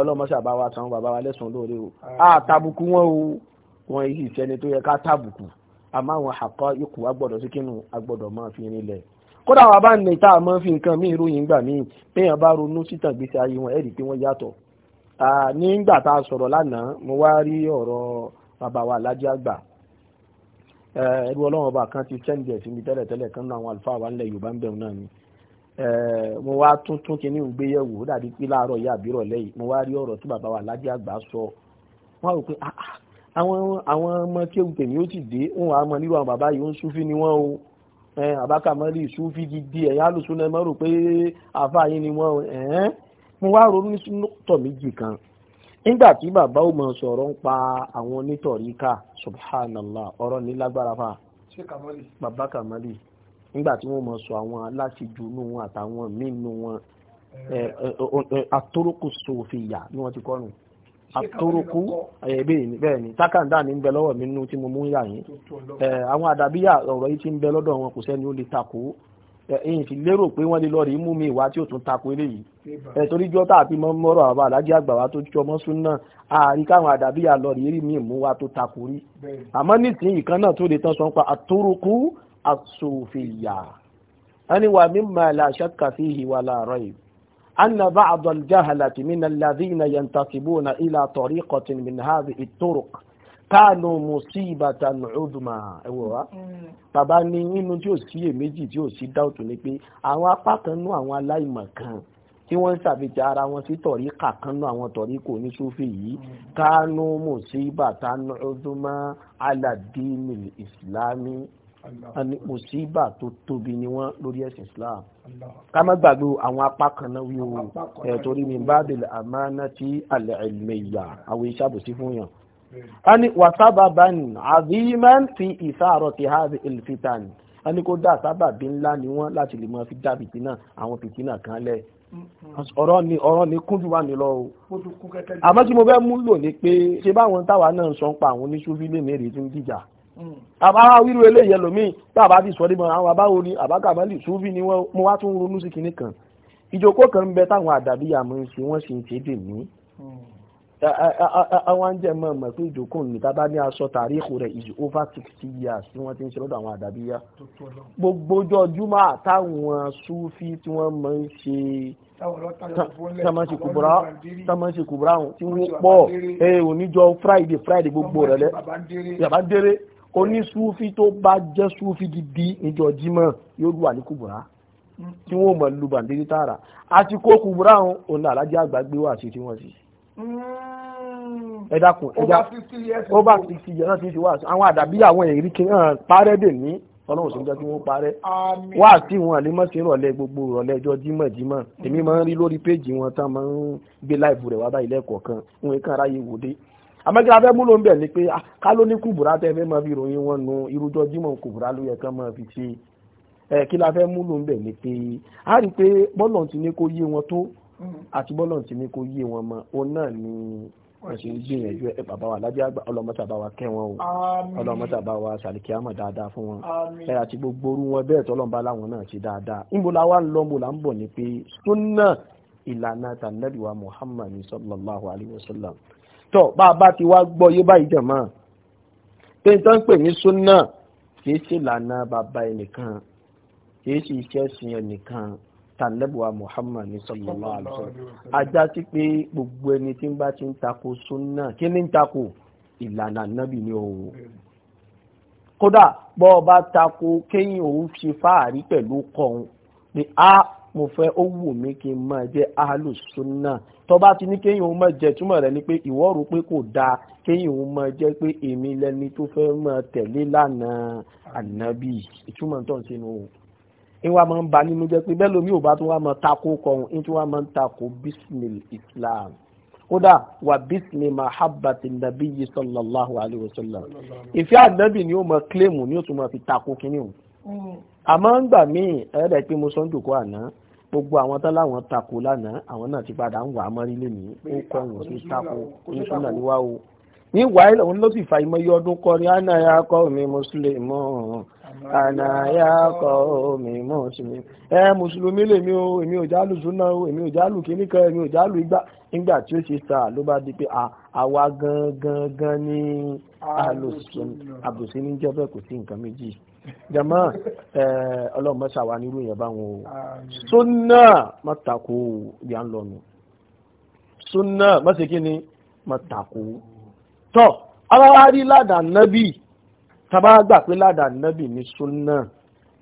ọlọ́mọṣẹ́ àbáwá àtàwọn bàbá wa lẹ́sùn lóore o àtàbùkù wọn o wọn yìí ìfẹ́ni tó yẹ ká tàbùkù àmọ́ àwọn àkọ́ ikú wa sí kínú a gbọ́dọ̀ máa fi rinlẹ̀ kódà wà bá ní tá a máa fi nǹkan míì ròyìn gbà míì péyàn bá ronú sítàn gbèsè ayé wọn ẹ̀rí pé wọ́n yàtọ̀ nígbà tá a sọ̀rọ̀ lánàá mo wá rí ọ̀rọ̀ bàbá wa alájí àgbà ẹrú eh, ọlọ́run ọba kan ti tẹ́ǹdì ẹ̀sìn mi tẹ́lẹ̀ tẹ́lẹ̀ kan náà àwọn àlùfáà wa ńlẹ̀ yorùbá ń bẹ̀rù náà ni eh, mo wá tuntun kìíní ń gbéyẹ̀wò ó dàbí pé láàárọ̀ yá àbírọ̀ lẹ́yìn mo wá rí ọ̀rọ̀ tí bàbá wa lájẹ́ àgbà sọ wọ́n rò pé ah, ah, àwọn ọmọ kéwù tèmi ó ti dé òun àmọ́ nírú àwọn bàbá yìí ó ń súfí ni wọ́n o àbákàmọ́lì eh, súfí gidi ẹ̀yà lùsùn náà mọ́ rò pé àfáà yín ni wọ́n o mo wá ronú tọ̀ méjì kan nígbà tí bàbá ò mọ̀ sọ̀rọ̀ ń pa àwọn onítọ̀ríkà subhanallah ọ̀rọ̀ ní lágbára fà bàbá kàmálì nígbà tí wọ́n mọ̀ sọ àwọn aláṣejù inú wọn àtàwọn míì inú wọn àtòrókù eh. eh, eh, oh, sòfìyà ni wọ́n ti kọ́ nù
àtòrókù
bẹ́ẹ̀ ni tákàndá ní ń bẹ lọ́wọ́ mi nínú tí mo mú yà àwọn àdàbíyà ọ̀rọ̀ yìí ti ń bẹ lọ́dọ̀ wọn kò sẹ́ni ó lè takò ẹ̀yìn fi lérò pé wọ́n lè lọ rí mú mi ìwà tí ó tún tako eléyìí ẹ̀ torí jọ́tà àti mọ́rọ̀ àwọn alájẹ́ àgbà wa tó jọmọ́ súnà àárí káwọn àdàbíyà lọ rí rí mi mú wa tó tako rí àmọ́ nísìnyí kan náà tó lè tán sọ́n pa àsòfìyà ẹni wà mí máa la ṣẹ́ka ìwà làárọ̀ yìí أن بعض الجهلة من الذين ينتسبون إلى طريقة من هذه الطرق kánú musibatan udhma ẹwọ wa mm. bàbá ní nínú tí ò sí èméjì tí ò sí dáùtù ni pé àwọn apá kan nú àwọn aláìmọ̀ kan tí wọ́n ń ṣàfihàn ara wọn sí tọ̀rí kàkánú àwọn tọ̀rí kò ní Súfì yìí kánú musibatan udhma ala dinil islami mùsíbà tó tóbi ni wọ́n lórí ẹ̀sìn Islam ká má gbàgbé àwọn apá kan náà wíwo ẹ̀ torí min ba'dil amanati al-ilmiyya àwọn iṣẹ́ àbòsí fún yàn ani ní wàsábàbà ní àbímán fi ìsáàrọ̀ ti ha ani a ní kó dá ni wọ́n láti lè máa fi dá fìtínà àwọn fìtínà kan lẹ̀ ọ̀rọ̀ ni ọ̀rọ̀ ni kún jù wá ní lọ o
àmọ́ tí mo fẹ́ mú lò
ní pé ṣe báwọn táwa náà ń sọ ń pa àwọn oníṣúfí lè mèrè tí ń dìjà àbára hmm. wíru eléyìí ẹlòmíì tá a bá ti sọ dé mọ àwọn abáwo ni àbákàmọ́lì ṣúfí ni wọ́n mo wá tún ronú sí kinní kan ìjókòó kan ń bẹ táwọn àdàbíyà mọ̀ ń ṣe wọ́n sì ń ṣe dè mí hmm àwọn jẹ́ mọ̀ mọ̀ pé ìjókòó ní tàbá ní aṣọ tàríkù rẹ̀ is over sixty years tí wọ́n ti ń ṣe lọ́dọ̀ àwọn àdàbíyá gbogbo ọjọ́ júmọ́ táwọn súfí tí wọ́n mọ̀ ń ṣe
tamasi kubura
tamasi kubura tí wọ́n pọ̀ oníjọ friday friday gbogbo rẹ̀ lẹ́ yàbá déré onísúfí tó bá jẹ́ súfí gidi níjọ jímọ̀ yóò lù wà ní kubura tí wọ́n mọ̀ lù bàndírí tààrà àti kó kubura òun làlájá àgbà gbé wà sí tí wọ́n sì.
Hmm.
ẹ dákun ẹ já over
sixty years náà ti ti wá àwọn àdàbí àwọn èrí náà parẹ́ dè ní ọlọ́run sì ń wọ́n parẹ́ wá sí wọn àlémọ́sí ìrọ̀lẹ́ gbogbo ìrọ̀lẹ́ ẹjọ́ jímọ̀ jímọ̀ èmi máa ń rí lórí péjì wọn tán máa ń gbé láìbù rẹ̀ wá báyìí lẹ́ẹ̀kọ̀ọ́ kan òun èkán aráyé wò dé amẹ́gbẹ́ múlò ń bẹ̀ ni pé ah, ká ní kùbùrà tẹ́ fẹ́ máa fi ròyìn wọn nu irújọ́ jímọ̀ kùbùrà ló yẹ kán máa fi ṣe ẹ kí la fẹ́ múlò ń bẹ̀ ni pé a rí i pé bọ́lọ̀ ti ní kó yé wọn tó àti bọ́lọ̀ tí ní kó yé wọn mọ́ òun náà ni wọ́n ṣe ń gbìyànjú ẹ bàbá wa lájẹ́ àgbà ọlọ́mọta bá wa kẹ́ wọn o ọlọ́mọta bá wa ṣàlìkí àmọ̀ dáadáa fún wọn ẹ àti gbogbo orú wọn bẹ́ẹ̀ tọ́lọ́mbà láwọn náà ṣe dáadáa níbo la wá ń lọ níbo la ń bọ̀ ni pé súnà ìlànà tànàbí wa Muhammad sallallahu alayhi wa sallam tó bá a bá ti wá gbọ́ yé báyìí jẹ̀ mọ́ pé n tó ń pè ní súnà kì í ṣe ìlànà bàbá ẹnìkan kì í ṣe iṣẹ́ sìn ẹnìkan tànẹ́bùwà Muhammad ní sallallahu alaihi wasallam ajá sí pé gbogbo ẹni tí ń bá ti ń tako súnà kí ní ń tako ìlànà nábì ní òun kódà bọ́ ọba tako kéyìn òun fi fáàrí pẹ̀lú kọ̀ọ̀hún ni a mo fẹ́ ó wù mí kí n máa jẹ́ ahlu súnà tó ti ní kéyìn òun máa jẹ túmọ̀ rẹ̀ ni pé ìwọ rò pé kò dáa kéyìn òun máa jẹ́ pé èmi lẹni tó fẹ́ máa tẹ̀lé lánàá ànábì ìtumọ̀ tó ń òun ń wá máa ń ba nínú jẹ́ pé bẹ́ẹ̀ lómi ò bá tún wá máa tako kọ̀ọ̀hún ń tún wá máa ń tako bismil islam kódà wà bísímì mahabbati nàbí yìí sallallahu alayhi wa sallam ìfẹ́ ànábì ni ó máa kílèmù ni ó tún máa fi tako kínní o mm. àmọ́ ń gbà míì ẹ̀rẹ́ pé mo sọ ń jòkó àná gbogbo àwọn tán láwọn tako lánàá àwọn náà ti padà ń wà á mọ́rí lé ní ó kọ́ ìwọ̀n sí tako ní súnà níwá o ní wàhálà òun ló sì fa ìmọ̀ iye
ànàyàkọ̀
omi mùsùlùmí ẹ mùsùlùmí lèmi o èmi ò jálù súná o èmi ò jálù kíní kan èmi ò jálù igbá nígbà tí ó ṣe sà ló bá di pé àwa gangan gan ni alùsùn àbùsí ní jẹ́ bẹ́ẹ̀ kò sí nǹkan méjì jama ọlọ́run mọ́sá wa nírú yẹn báwọn o súná má tako ìyá ń lọnu súná má ṣe kí ni má tako tọ́ ara wa rí ládàá nábì tàbá gbà pé ládàá nábì ní súnà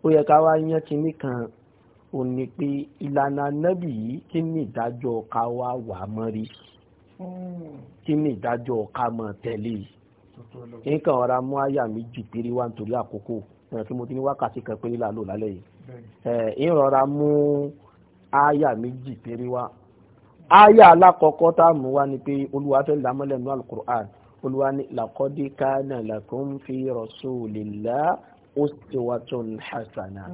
ó yẹ ká wá yán kinní kan ò ní pé ìlànà nábì yìí kí ní ìdájọ́ ká wá wà mọ́ rí hmm. kí ní ìdájọ́ ká mọ́ tẹ̀lé nǹkan ọ̀rá mú àyà méjì péré wá nítorí àkókò ẹ̀rọ tí mo ti ní wákàtí kan péré là lálẹ́ yìí ẹ̀ ìrọ̀ra mú àyà méjì péré wá àyà alákọ̀ọ́kọ́ tá a mú wá ni pé olúwa fẹ́ làmọ́lẹ̀ nú alukur'an olúwa ní làkọ́dí kánà lakum fi rasulillah uswatun hasana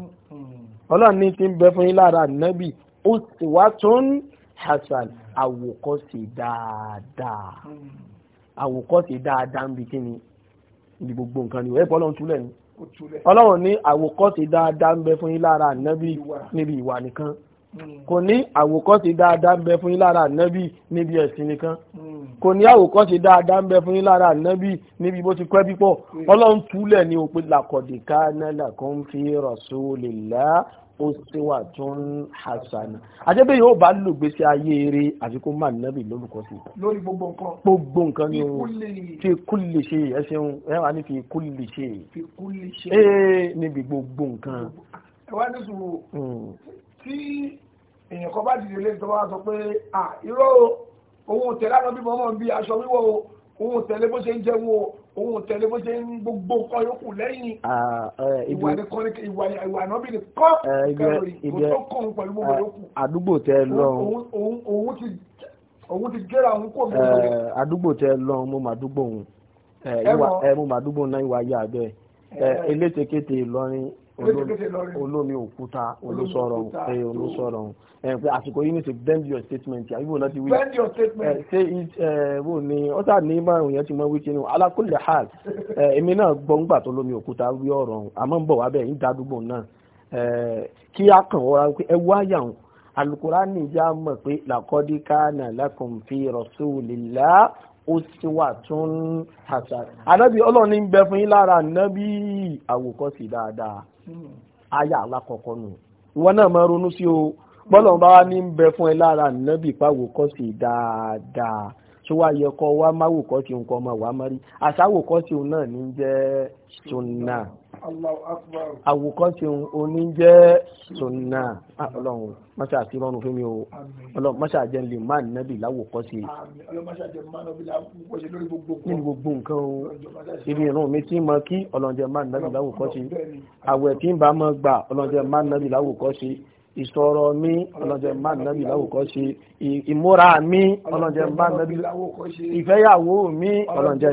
ọlọ́run ní ti ń bẹ fún yín lára nábì uswatun hasan àwòkọ́ṣe dáadáa àwòkọ́ṣe dáadáa ń bi kí ni ibi gbogbo nǹkan ni ẹ̀ bọ́ ọlọ́run túlẹ̀ ni ọlọ́run ní àwòkọ́ṣe dáadáa ń bẹ fún yín lára nábì níbi ìwà nìkan hmm. kò ní àwòkọ́ṣe dáadáa ń bẹ fún yín lára nábì níbi ẹ̀sìn nìkan. Mm kò ní àwòkọ́ṣe dáadáa ń bẹ fún yín lára ànábì níbi bó ti kọ́ ẹbí pọ̀ ọlọ́run túlẹ̀ ní òpin làkọ̀dé kana lakum fi rasulillah uswatun hasana. àjẹbẹ́ yóò bá lò gbèsè ayé eré àti kó má nábì lórúkọ sí.
lórí gbogbo nǹkan.
gbogbo nǹkan ni o fi kulli shay ẹ ṣeun ẹ wà ní fi kulli shay. fi kulli shay. ee níbi gbogbo nǹkan.
ẹ wá ní sùúrù hmm. tí èèyàn kan bá dìde lé òun tẹ̀lé àwọn bíbọn mọ̀ bí aṣọ wíwọ̀ o òun tẹ̀lé bó ṣe ń jẹun o òun tẹ̀lé bó ṣe ń gbogbo nǹkan yòókù lẹ́yìn ìwà ànábì ni kọ́ kẹrọrì kò tó kọ́ òun pẹ̀lú gbogbo yòókù.
àdúgbò tẹ lọ
òun ti gẹ́ra òun kò mí.
àdúgbò tẹ lọ mo mà dúgbò òun ẹ mo mà dúgbò náà ìwà yà bẹ́ẹ̀ elétekéte Ìlọrin olómi òkúta olóṣọ̀rọ̀ ẹ eh, olóṣọ̀rọ̀ ẹ pé àsìkò yìí ní ṣe bend your statement yà ibo láti wí. bend your statement. ẹ eh, wo eh, ni ọ̀tá ní márùn yẹn ti mọ wí kínú alákùnlé hàn èmi náà gbọ́ ńgbà tó lómi òkúta wí ọ̀rọ̀ àmọ́ ń bọ̀ wá bẹ́ẹ̀ ń dádúgbò náà kí á kàn pé ẹ wá yà fi ń bẹ fún yín lára aya alákọ̀ọ́kọ́ nù ìwọ náà máa ronú sí o bọ́lọ̀ bá wá ní ń bẹ fún ẹ lára nínẹ́bì pàwò kọ́ sí dáadáa tó wá yẹ kọ́ wá máwò nǹkan ọmọ wàá mọ́rí àṣàwò òun náà ní jẹ́ sunna àwòkọ́ṣe oníjẹ́ sunna ah, ọlọ́run mọ́ṣá àti ìrọ̀rùn fún mi o ọlọ́run mọ́ṣá jẹ́ lè má nábì láwòkọ́ṣe. nínú gbogbo nǹkan o ibi ìrun mi tí mo kí ọlọ́run jẹ́ má nábì láwòkọ́ṣe àwẹ̀ tí ń bá mọ́ gbà ọlọ́run jẹ́ má nábì láwòkọ́ṣe ìsọ̀rọ̀ mi ọlọ́jẹ̀ má nàbí láwùkọ́ ṣe ìmúra mi ọlọ́jẹ̀ má nàbí láwùkọ́ ṣe ìfẹ́yàwó mi ọlọ́jẹ̀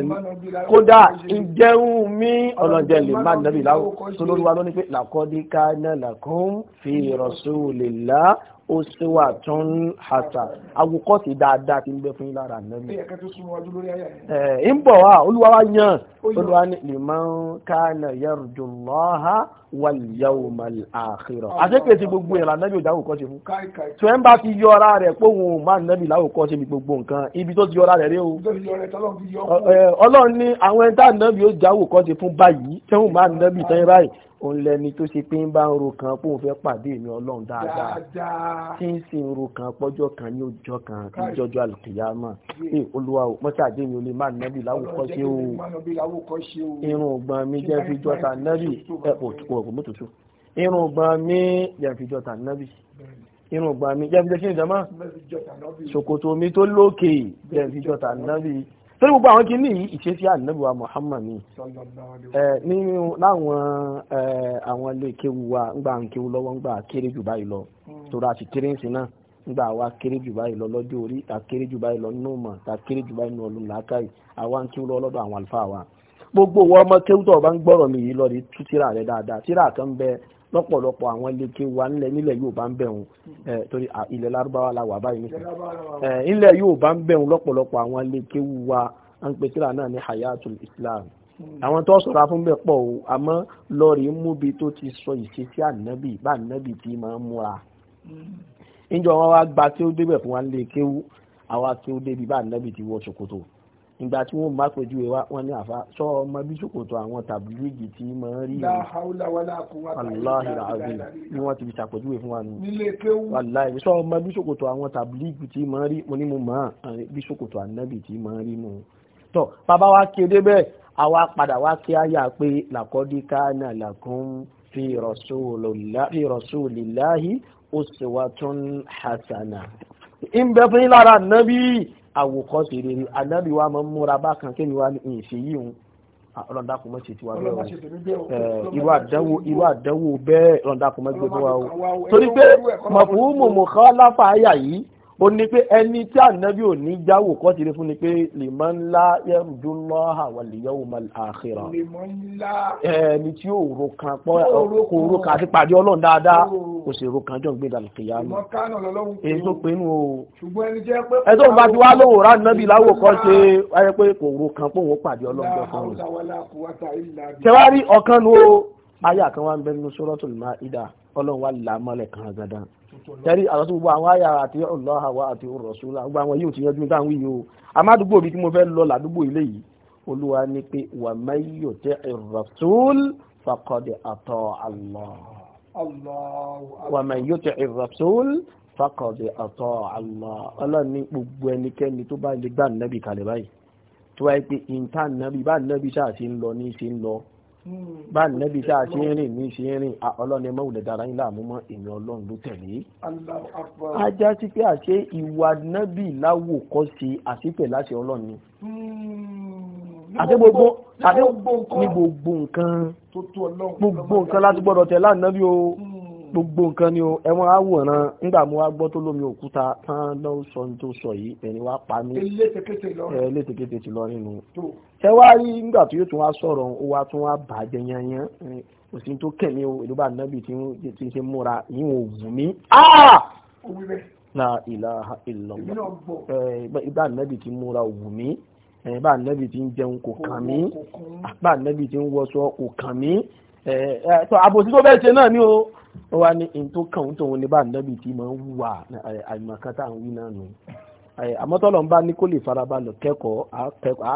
kódà ìjẹun mi ọlọ́jẹ̀ lè má nàbí láwùkọ́ ṣe olóríwá ló ní pé làkọ́dí kana lakum fi rasulillahi uswatun hasa àwùkọ́ sí dáadáa ti ń bẹ fún yín lára nàbí. ń bọ̀ wá olúwa wa yan olúwa ni liman kana yarjullaha wàlìyàwòmàlì àkìrọ̀. àṣekèsí gbogbo ẹ̀ lànàbì òjáwò kọ́ ṣe fún. tí wọ́n bá ti yọ ara rẹ̀ pé òun ò má nàbì láwò kọ́ ṣe mi gbogbo nǹkan ibi tó ti yọ ara rẹ̀ rí o. ọlọ́run ní àwọn ẹni tá nàbì òjáwò kọ́ ṣe fún báyìí tí wọ́n má nàbì tán báyìí. òun lẹni tó ṣe pé ń bá ń ro kan pé òun fẹ́ pàdé mi ọlọ́run dáadáa tí ń sì ń ro kan pọ́jọ́ kan ní ọjọ́ kan kí jọjọ́ àlùkìyàmọ́ ẹ olúwa ò mọ́ṣáàdé mi ò lè má nàbì láwò o
irun
ògbọ́n mi jẹ́ fi jọta nàbì ẹ̀ òtò wọ̀ kò mú irun gba mi yàfijọ́ tànàbì irun gba mi yàfijọ́ kí ni jama ṣòkòtò tó lókè gbogbo àwọn wa Muhammad ni nínú láwọn àwọn ilé kéwu wa lọ́wọ́ kéré jù báyìí lọ a sì kéré ń sin náà kéré jù báyìí lọ lọ́jọ́ orí ta kéré jù báyìí lọ nínú mọ̀ ta kéré jù báyìí lọ àwa ń gbogbo ìwọ ọmọ kéwú tó bá ń gbọ́rọ̀ mi yìí lọ́ọ́ di tú tíra rẹ dáadáa tíra kan ń bẹ lọ́pọ̀lọpọ̀ àwọn ilé kéwú wa nílẹ̀ nílẹ̀ Yorùbá ń bẹ òun torí ilẹ̀ Lárúbáwá la wà báyìí nísìnyí ilẹ̀ Yorùbá ń bẹ òun lọ́pọ̀lọpọ̀ àwọn ilé kéwú wa ń pe tíra náà ní Hayatul Islam
hmm. àwọn
tó sọ̀rọ̀ afúnbẹ̀ pọ̀ o àmọ́ lọ́ọ̀rì ń tó ti sọ ìṣesí ànábì bá ànábì tí máa ń múra níjọ wọn wá gba kéwú débẹ̀ fún wa ń lé kéwú àwa kéwú débi bá ànábì ti wọ ṣòkòtò ìgbà tí wọ́n bá pèjú ìwá wọn ní àfá sọ ọmọ bí ṣòkòtò àwọn tàbílígì tí mọ̀ rí
aláhìláàbí
ni wọ́n ti fi ṣàpèjúwe fún wa
nù
sọ ọmọ bí ṣòkòtò àwọn tàbílígì tí mọ̀ rí mo ní mo mọ̀ bí ṣòkòtò ànábì tí mọ̀ rí mu tọ́ bàbá wa kéde bẹ́ẹ̀ àwa padà wá kí á yà pé làkọ́díkà náà làkún fi rasulillahi uswatun hasana ń bẹ fún yín lára nábì àwòkọ́ ni rere ànábì wa máa ń múra bákan kí ni wá ní ìṣe yìí òun ọlọ́dàkùn mọ́ ṣe tiwa bẹ́ẹ̀ o irú àdánwò bẹ́ẹ̀ ọlọ́dàkùn mọ́ ṣe o torí pé mọ̀fúnmù mọ̀kọ́ láfàáyà yìí ó ní pé ẹni tí ànábì ò ní jáwò kọ́ ti rí fún ni pé lèmọ́ ńlá yarjullaha wal yawmal akhira ẹni tí ó ro kan pọ́ kò ro kan àti pàdé ọlọ́run dáadáa kò sì ro kan jọ gbé dànù kìyà mi èyí tó pinnu o ẹ bá ti wá lówó rà nábì láwò kọ́ ṣe wáyé pé kò ro kan pé òun pàdé ọlọ́run jọ fún un.
tẹwárí ọ̀kan nu o
ayé àkànwá ń bẹ nínú Suratul Maida ọlọ́run wà lámọ́lẹ̀ kan gandan tẹ́rí àwọn tó gbogbo àwọn àyà àti Allah wa àti Rasulullah gbogbo àwọn yóò ti yanjú nígbà wí yìí o amádùúgbò bíi tí mo fẹ́ lọ ládùúgbò ilé yìí olúwa ní pé wa man yuti'i Rasul faqad ata Allah wa man yuti'i Rasul faqad ata Allah ọlọ́run gbogbo ẹnikẹ́ni tó bá lè gbà nábì kalẹ̀ báyìí tó wáyé pé ìntàn bá nábì sáà ti ń lọ ní ṣe ń lọ
bá nẹ́bi tá a ṣe ń
rìn mí ṣe ń rìn ọlọ́run ẹ mọ́wùlẹ̀ dára yín láàmú mọ́ èmi ọlọ́run ló tẹ̀lé. ajá sí pé àṣé ìwà nẹ́bi láwò kọ́ sí àṣìpẹ̀ láṣẹ ọlọ́run ni.
Hmm. àti gbogbo ní gbogbo nǹkan gbogbo
nǹkan láti gbọ́dọ̀ tẹ̀ láǹnàbí o. Hmm gbogbo nǹkan ni o ẹ wọn á wòran nígbà mo wá gbọ́ tó lómi òkúta tán lọ sọ ní tó sọ yìí ẹni wá pa mí ẹ létekete ti lọ nínú ẹ wá rí nígbà tó yóò tún wá sọ̀rọ̀ ó wá tún wá bàjẹ́ yanyan òsì tó kẹ̀mí o ìlú bá nábì tí ń ṣe múra yín ò wù mí ah! la ilaha illallah ìbá nẹ́bì tí múra òwú mi ìbá nẹ́bì tí ń jẹun kò kàn mí ìbá nẹ́bì tí ń wọṣọ kò kàn mí tó eh, eh, àbòsí tó bẹ́ẹ̀ ṣe náà ni o ó wá ní in tó kàn ní bá ànábì tí máa ń eh, ní kó lè kẹ́kọ̀ọ́ á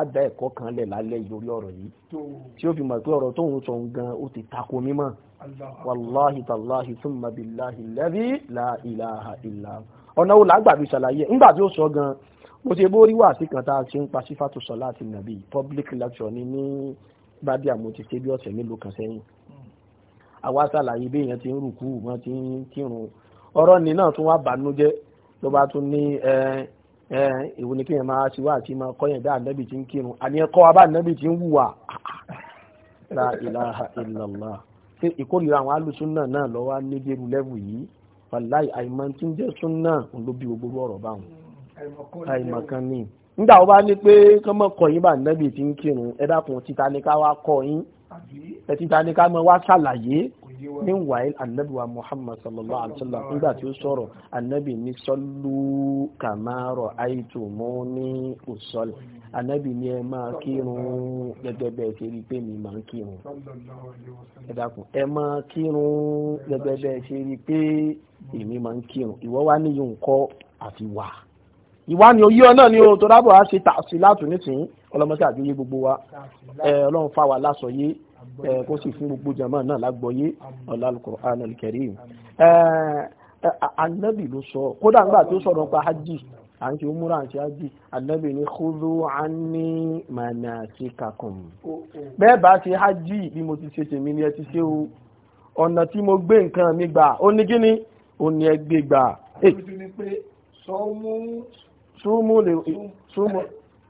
kan lẹ̀ lálẹ́ ìlórí ọ̀rọ̀ yìí tí ó fi mọ̀ pé ọ̀rọ̀ tóun sọ gan ó ti tako mímọ́ wàláhi tàláhi la ilaha ọ̀nà wo làgbàbí ṣàlàyé ńgbà tí ó sọ gan mo ṣe bórí kan tá a ṣe ń pa sífàtò láti nàbí public lecture ní kan sẹ́yìn àwa ṣàlàyé bí èèyàn ti ń rùkú wọn ti ń kírun ọ̀rọ̀ ni náà tún wá bànújẹ́ ló bá tún ní ìwò ni kéèyàn máa ṣíwá àti máa kọ́yìn bí ànábì ti ń kírun àní ẹ̀kọ́ abá ànábì ti ń hùwà la ilaha illallah ṣé ìkórìíra àwọn alùsùnà náà lọ wá ní dérú lẹ́wù yìí wàláì àìmọ̀ tí ń jẹ́ súnà ń ló bí gbogbo ọ̀rọ̀ báwọn àìmọ̀ kan ní. nígbà wo bá ní pé kọ́mọkọ yín bá ànábì ti ń kírun ẹ dákun títa ní ká wá kọ́ yín ẹ̀tí ta ni ká mọ wá ṣàlàyé níwáyé anabi wa muhammad sallallahu alaihi wa sallam nígbà tí ó sọ̀rọ̀ anabi ní sọ́lú kàmáàrọ̀ àìtùmọ́ ní òsọ́lẹ̀ anabi ní ẹ máa kírun gẹ́gẹ́ bẹ́ẹ̀ ṣe rí pé mi máa ń kírun ẹ dákun ẹ máa kírun gẹ́gẹ́ bẹ́ẹ̀ ṣe rí pé èmi máa ń kírun ìwọ wá níyì nǹkọ́ àti wà ìwà ni òyí ọ náà ni o tó dábọ̀ á ṣe tàṣí látùnísìnyí ọlọ́mọṣẹ́ àjọyé gbogbo wa ọlọ́run fà wá láṣọyé kó sì fún gbogbo jàmáà náà lágbọ́yé Al-Qur'an Al-Karim anabi ló sọ kódà ńgbà tó sọ̀rọ̀ pa hajj à ń ṣe umura àti hajj anabi ní khudhu anni manasikakum bẹ́ẹ̀ bá ṣe hajj bí mo ti ṣe tèmi ni ẹ ti ṣe o ọ̀nà tí mo gbé nǹkan mi gbà ó ní kíni ó ní ẹ gbé gbà. àbújú
ni pé sọ́mú.
súnmù lè súnmù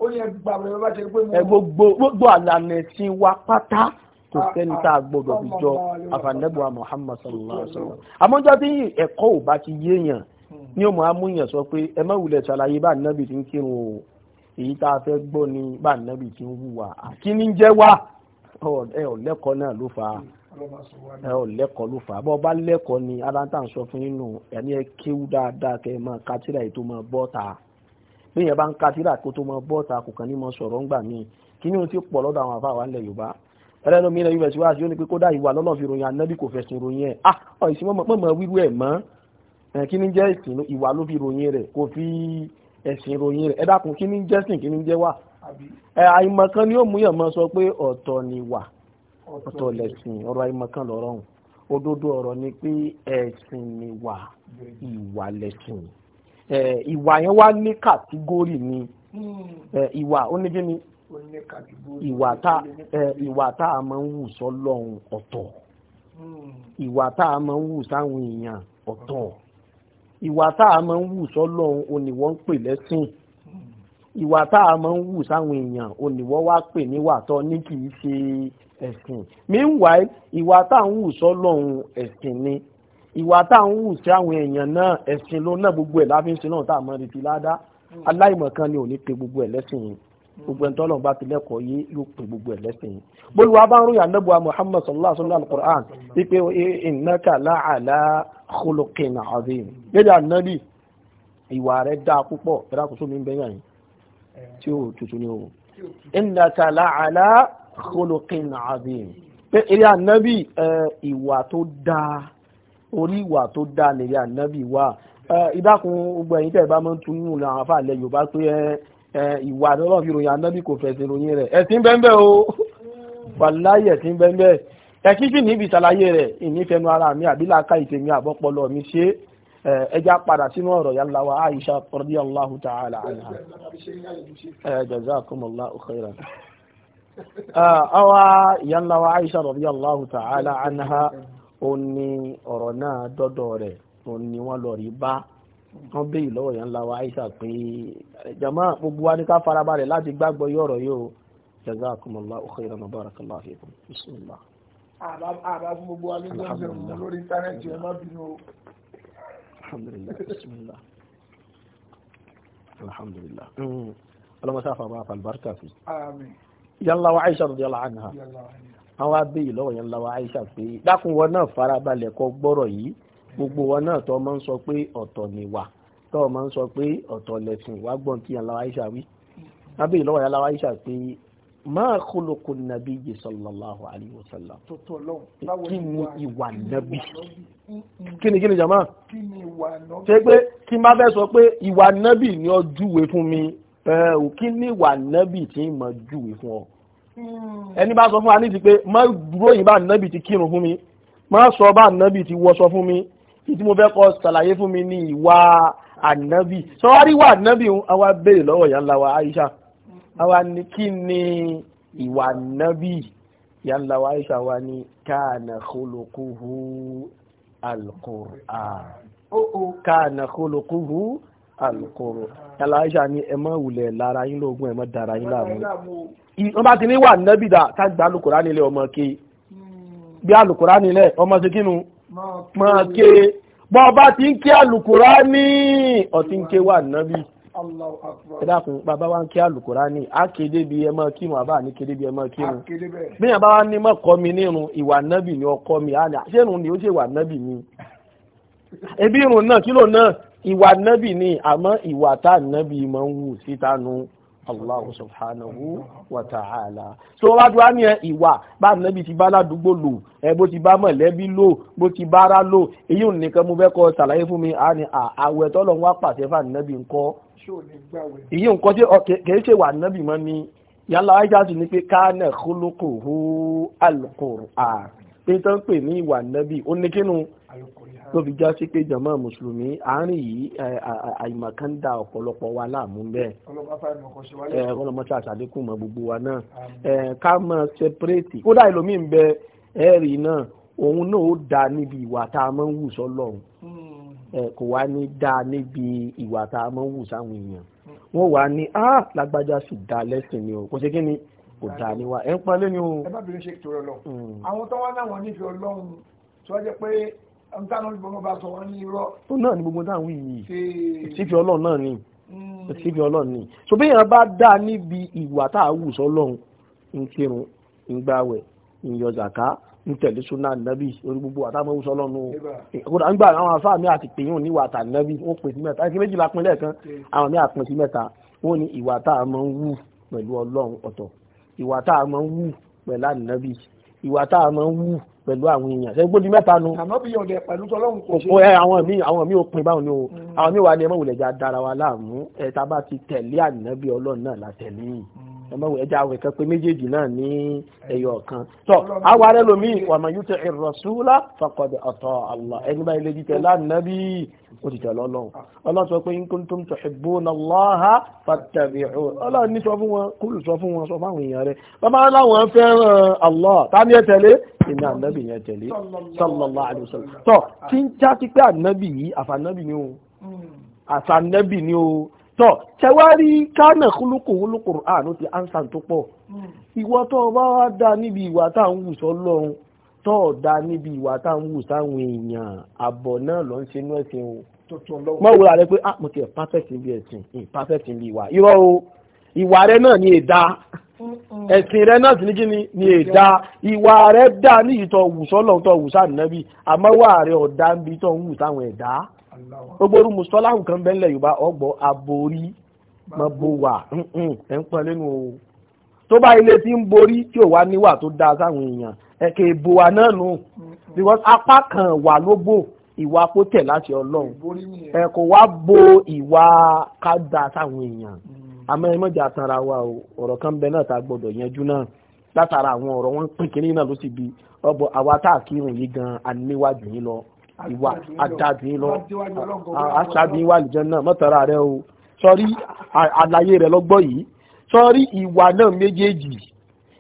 ó yẹ gbàgbé bá ṣe pé mo. ẹ gbogbo
gbogbo àlànà tí wa pátá kò ah, sẹ́ni ah, tá a gbọ́dọ̀ fi jọ àfànẹ́bùwà Muhammad sallallahu alaihi wa sallam àmọ́jọ́ tí ẹ̀kọ́ ò bá ti yéèyàn hmm. ní òmò amúyàn sọ pé ẹ má wulẹ̀ ṣàlàyé bá nábì tí ń kírun o èyí tá a fẹ́ gbọ́ ni bá nábì tí ń hùwà kí ni ń jẹ́ wá ẹ ò lẹ́kọ̀ọ́ náà ló fà á ẹ ò lẹ́kọ̀ọ́ ló fà á bọ́ bá lẹ́kọ̀ọ́ ni aláǹtà ń sọ fún yín nù ẹni ẹ kéwú dáadáa kẹ́ ẹ máa ka bíyẹn bá ń ka tíra kó tó mọ bọ́ọ̀ta kò kàn ní mọ sọ̀rọ̀ ń gbà míì kí ni ohun tí pọ̀ lọ́dọ̀ àwọn àfáà ńlẹ̀ yorùbá ẹlẹ́nu mi ilẹ̀ yorùbá ti wá sí ó ní pé kódà ìwà lọ́nà fi ròyìn anábì kò fẹ̀sùn ròyìn ẹ̀ ah ọ̀ ìsìn mọ́ mọ́ wíwú ẹ̀ mọ́ kí ni jẹ́ ìsìn ìwà ló fi ròyìn rẹ̀ kò fi ẹ̀sìn ròyìn rẹ̀ ẹ dákun kí ni jẹ́ sìn kí ni jẹ́ wà ẹ àìmọ̀kan ni ó mú yàn mọ́ sọ pé ọ̀tọ̀ ni wà ọ̀tọ̀ lẹ̀sìn ọ̀rọ̀ àìmọ̀kan lọ́rọ̀ òdodo ọ̀rọ̀ ni pé ẹ̀sìn ni wà ìwà lẹ̀sìn ìwà yẹn wá ní kàtígórì ni hmm. ìwà ó ní kíni ìwà tá ìwà tá a máa ń wù sọ́lọ́run ọ̀tọ̀ hmm. ìwà tá a máa ń wù sáwọn èèyàn ọ̀tọ̀ hmm. ìwà tá a máa ń wù sọ́lọ́run oníwọ́n ń pè lẹ́sìn ìwà tá a máa ń wù sáwọn èèyàn oníwọ́n wá pè níwà tó ní kì í ṣe ẹ̀sìn meanwhile ìwà tá a ń wù sọ́lọ́run ẹ̀sìn ni ìwà tá à ń wù sí àwọn èèyàn náà ẹ̀sìn ló náà gbogbo ẹ̀ láfi ń sin náà tá à mọ́ retí ládàá hmm. aláìmọ̀kan ni ò ní pe gbogbo ẹ̀ lẹ́sìn yìí gbogbo ẹni tọ́lọ̀ bá ti lẹ́kọ̀ọ́ yé yóò pè gbogbo ẹ̀ lẹ́sìn yìí bóyá bá ń ròyìn anábùwà muhammad sallallahu alaihi wa sallam wípé innaka la'ala khuluqin azim lédè ànábì ìwà rẹ̀ dáa púpọ̀ ẹ̀rá kò bẹ́yà yìí tí ó tutù ní òun innaka la'ala khuluqin azim pé eré ànábì ìwà tó dáa orí ìwà tó dáa nìyà nábì wà ìdákun gbogbo ẹ̀yin tẹ̀ bá máa ń tún nù làwọn afa àlẹ́ yorùbá pé ìwà lọ́lọ́run fi ròyìn ànábì kò fẹ̀sẹ̀ ròyìn rẹ̀ ẹ̀sìn bẹ́ẹ̀ o wàláyé ẹ̀sìn bẹ́ẹ̀ ẹ̀kí sì níbi ìsàlàyé rẹ̀ ìnífẹ̀ẹ́nu ara mi àbí làákà ìtẹ̀mí àbọ́pọlọ mi ṣe ẹja padà sínú ọ̀rọ̀ yàrá wa Aisha radiyallahu ta'ala ta'ala anha ó ní ọ̀rọ̀ náà dọ́dọ̀ rẹ̀ ó ní wọ́n lọ rí bá wọ́n béèrè lọ́wọ́ yẹn ńlá wa Aisha pé jama gbogbo wa ní ká farabalẹ̀ láti gbàgbọ́ yí ọ̀rọ̀ yìí o jazakumullahu khairan wa barakallahu fiikum bismillah.
àbá fún gbogbo wa lójú ọ̀sẹ̀ mú lórí íńtánẹ́ẹ̀tì ẹ̀ má bínú o. alhamdulillah bismillah
alhamdulillah ọlọ́mọ sáfà bá a fa albarka fi. yàlla wa Aisha radiyallahu anha àwọn abéyì lọ́wọ́ yẹn lọ́wọ́ Aisha pé dákun wọn náà farabalẹ̀ kọ gbọ́rọ̀ yìí gbogbo wọn náà tó máa ń sọ pé ọ̀tọ̀ nìwà tó máa ń sọ pé ọ̀tọ̀ lẹ̀sìn wá gbọ́n tí yẹn lọ́wọ́ Aisha wí abéyì lọ́wọ́ yẹn lọ́wọ́ Aisha pé máa kólókó nàbí yìí sallallahu alayhi wa sallam kí ni ìwà nàbí kí ni kí ni jama ṣe pé kí má ìwà nàbí ni ó júwe fún mi ẹ̀ ò ìwà nàbí tí ọ Hmm. ẹni bá sọ fún wa ní ti pé má ròyìn bá nàbì ti kírun fún mi má sọ bá nàbì ti wọṣọ fún mi ìdí mo fẹ́ kọ́ ṣàlàyé fún mi ní ìwà ànábì sọwárí wà ànábì àwa béèrè lọ́wọ́ ìyá ńlá wa Aisha àwa ní kí ni ìwà ànábì ìyá ńlá wa Aisha wa ní káànà kólókóhù al-Qur'an káànà oh, oh. kólókóhù al-Qur'an ìyá ńlá Aisha ní ẹ má wulẹ̀ lára yín lóògùn ẹ má dára yín láàmú wọ́n bá ti ní wà nẹ́bì dà tá gba alukora nílẹ̀ ọmọ ké hmm. bí alukora nílẹ̀ ọmọ ṣe kínu mọ̀ ké bọ́ ọba ti ń ké alukora ní ọtí ń ké wà nẹ́bì ẹ dákun bàbá wa ń ké alukora ní akéde bí ẹ mọ kírun àbá ní kéde bí ẹ mọ kírun bí yàrá wa ní mọ̀kọ mi nírun ìwà nẹ́bì ni ọkọ mi àná ṣé irun ni ó ṣe wà nẹ́bì mi ebi irun náà kílò náà ìwà nẹ́bì ni àmọ́ ìwà tá nẹ́bì máa ń wù síta nu. Allah subhanahu wa ta'ala. So wá dúrà ní ẹ ìwà bá nẹ́bí ti bá ládùúgbò lò ẹ bó ti bá mọ̀lẹ́bí lò bó ti bá ara lò èyí ò nìkan mo fẹ́ kọ́ ṣàlàyé fún mi a ní àwẹ̀ tọ́lọ̀ wá pàṣẹ fún ànẹ́bí ńkọ́. Èyí nǹkan tí kìí ṣe wà ànẹ́bí mọ́ ni yálà Aisha sì ní pé kana khuluquhu al-Qur'an pé tó ń pè ní ìwà ànẹ́bí ó ní kínú ló fi já sí pé jàmá mùsùlùmí àárín yìí àìmọ̀kan ọ̀pọ̀lọpọ̀ wa láàmú bẹ́ẹ̀ ọlọ́mọṣẹ́ àṣàlékún mọ́ gbogbo wa náà ká mọ̀ sẹpẹrẹtì kódà ìlòmíì ń bẹ ẹ̀rì náà òun náà ó dá níbi ìwà tá a máa ń wù sọ́lọ́run hmm. kò wá ní dá níbi ìwà tá a máa ń wù sáwọn èèyàn hmm. wọ́n wà ní á lágbájá sì dá lẹ́sìn ni o kò ṣe kí ni kò dá ní wa ẹ̀ ń palẹ́ ni o. ẹ
má bínú ṣe kìtòrò lọ hmm. àwọn tó wá náà wọn ọ̀nkánà olùgbọ́n bá sọ wọ́n ní irọ́.
ó náà ni gbogbo táwọn yìí sífì ọlọ́run náà ni sífì mm. ọlọ́run ni so bí èèyàn bá dá níbi ìwà tá a wù sọ́lọ́run ń kírun ń gbàwẹ̀ ń yọ zàká ń tẹ̀lé súnà nàbì orí gbogbo àtàwọn ọ̀hún sọ́lọ́run kódà ń gbà àwọn afá mi àti pèyàn ní ìwà tànàbì ó pè sí mẹ́ta ẹ̀kí méjìlá pin lẹ́ẹ̀kan àwọn mi àpin sí mẹ́ta wọ́n ní ìwà tá a máa ń wù pẹ̀lú ọlọ́run ọ̀tọ̀ ìwà pẹ̀lú àwọn èèyàn ṣe gbódi mẹ́ta nu. àmọ́
bí yọ̀dẹ̀ pẹ̀lú tọ́lọ́hún kò ṣe. ẹ àwọn mi
àwọn mi ò pin báwọn ni o mm. àwọn mi wà ní ẹmọ ìwòlẹ̀jà dára wa láàmú ẹ tá a bá ti tẹ̀lé ànábì ọlọ́run náà la tẹ̀lé yìí. Mm ẹmọwé ẹja àwẹ kan pé méjèèjì náà ní ẹyọ kan tọ àwọn arẹ lomi wàmọ yóò tẹ ìrọsúlá faqad ata Allah ẹni báyìí lójú tẹ lánàbí ó ti tẹ lọ́lọ́run Ọlọ́run sọ pé in kuntum tuhibbuna Allaha fattabi'u Ọlọ́run ní sọ fún wọn kúlù sọ fún wọn sọ fún àwọn èèyàn rẹ bàbá aláwọn fẹ́ràn Allah ta ẹ tẹ̀lé ìní ànábì yẹn tẹ̀lé sallallahu alaihi tọ tí ń já sí pé ànábì yìí àfànábì ni o mm. àfànábì ni o tọ́ ṣẹwárí kánà kúlùkù kúlùkù àánú ti ánsà tó pọ̀ ìwọ tó bá wá dá níbi ìwà tá ń wù sọ́lọ́run dá níbi ìwà tá ń èèyàn àbọ̀ náà lọ ń ṣe inú ẹ̀sìn o mọ̀ wúra rẹ pé ah mo ti ẹ̀ perfect níbi ẹ̀sìn ẹ̀ perfect níbi ìwà irọ́ o ìwà rẹ náà ni èdá ẹ̀sìn rẹ náà sì ní kíni ni èdá ìwà rẹ dá ní ìtọ̀ wù sọ́lọ́run tó wù sáà nìyẹn bí àmọ́ wà rẹ ọ̀dá níbi gbogbo orú mùsọ́láhù kan bẹ́ẹ̀ lẹ̀ yorùbá ọgbọ́ aborí mọ bo wà ẹ̀ ń pọn lẹ́nu o tó bá ilé tí ń borí tí ò wá níwà tó dáa sáwọn èèyàn ẹ̀kẹ́ ìbò wa náà nù because apá kan wà ló bò ìwà pọ́tẹ̀ láti ọlọ́run ẹ̀ kò wá bo ìwà ká dáa sáwọn èèyàn àmọ́ ẹ mọ̀jà tanra wa o ọ̀rọ̀ kan bẹ náà ta gbọ́dọ̀ yanjú náà látara àwọn ọ̀rọ̀ wọn pín kínní náà ló sì bi ọgbọ àwa tá a kírun yìí gan-an aníwájú yín lọ ìwà àdàbìn lọ àṣàbìn wà lìjẹ náà mọ́tàrà rẹ o sọrí àlàyé rẹ lọ́gbọ́ yìí sọrí ìwà náà méjèèjì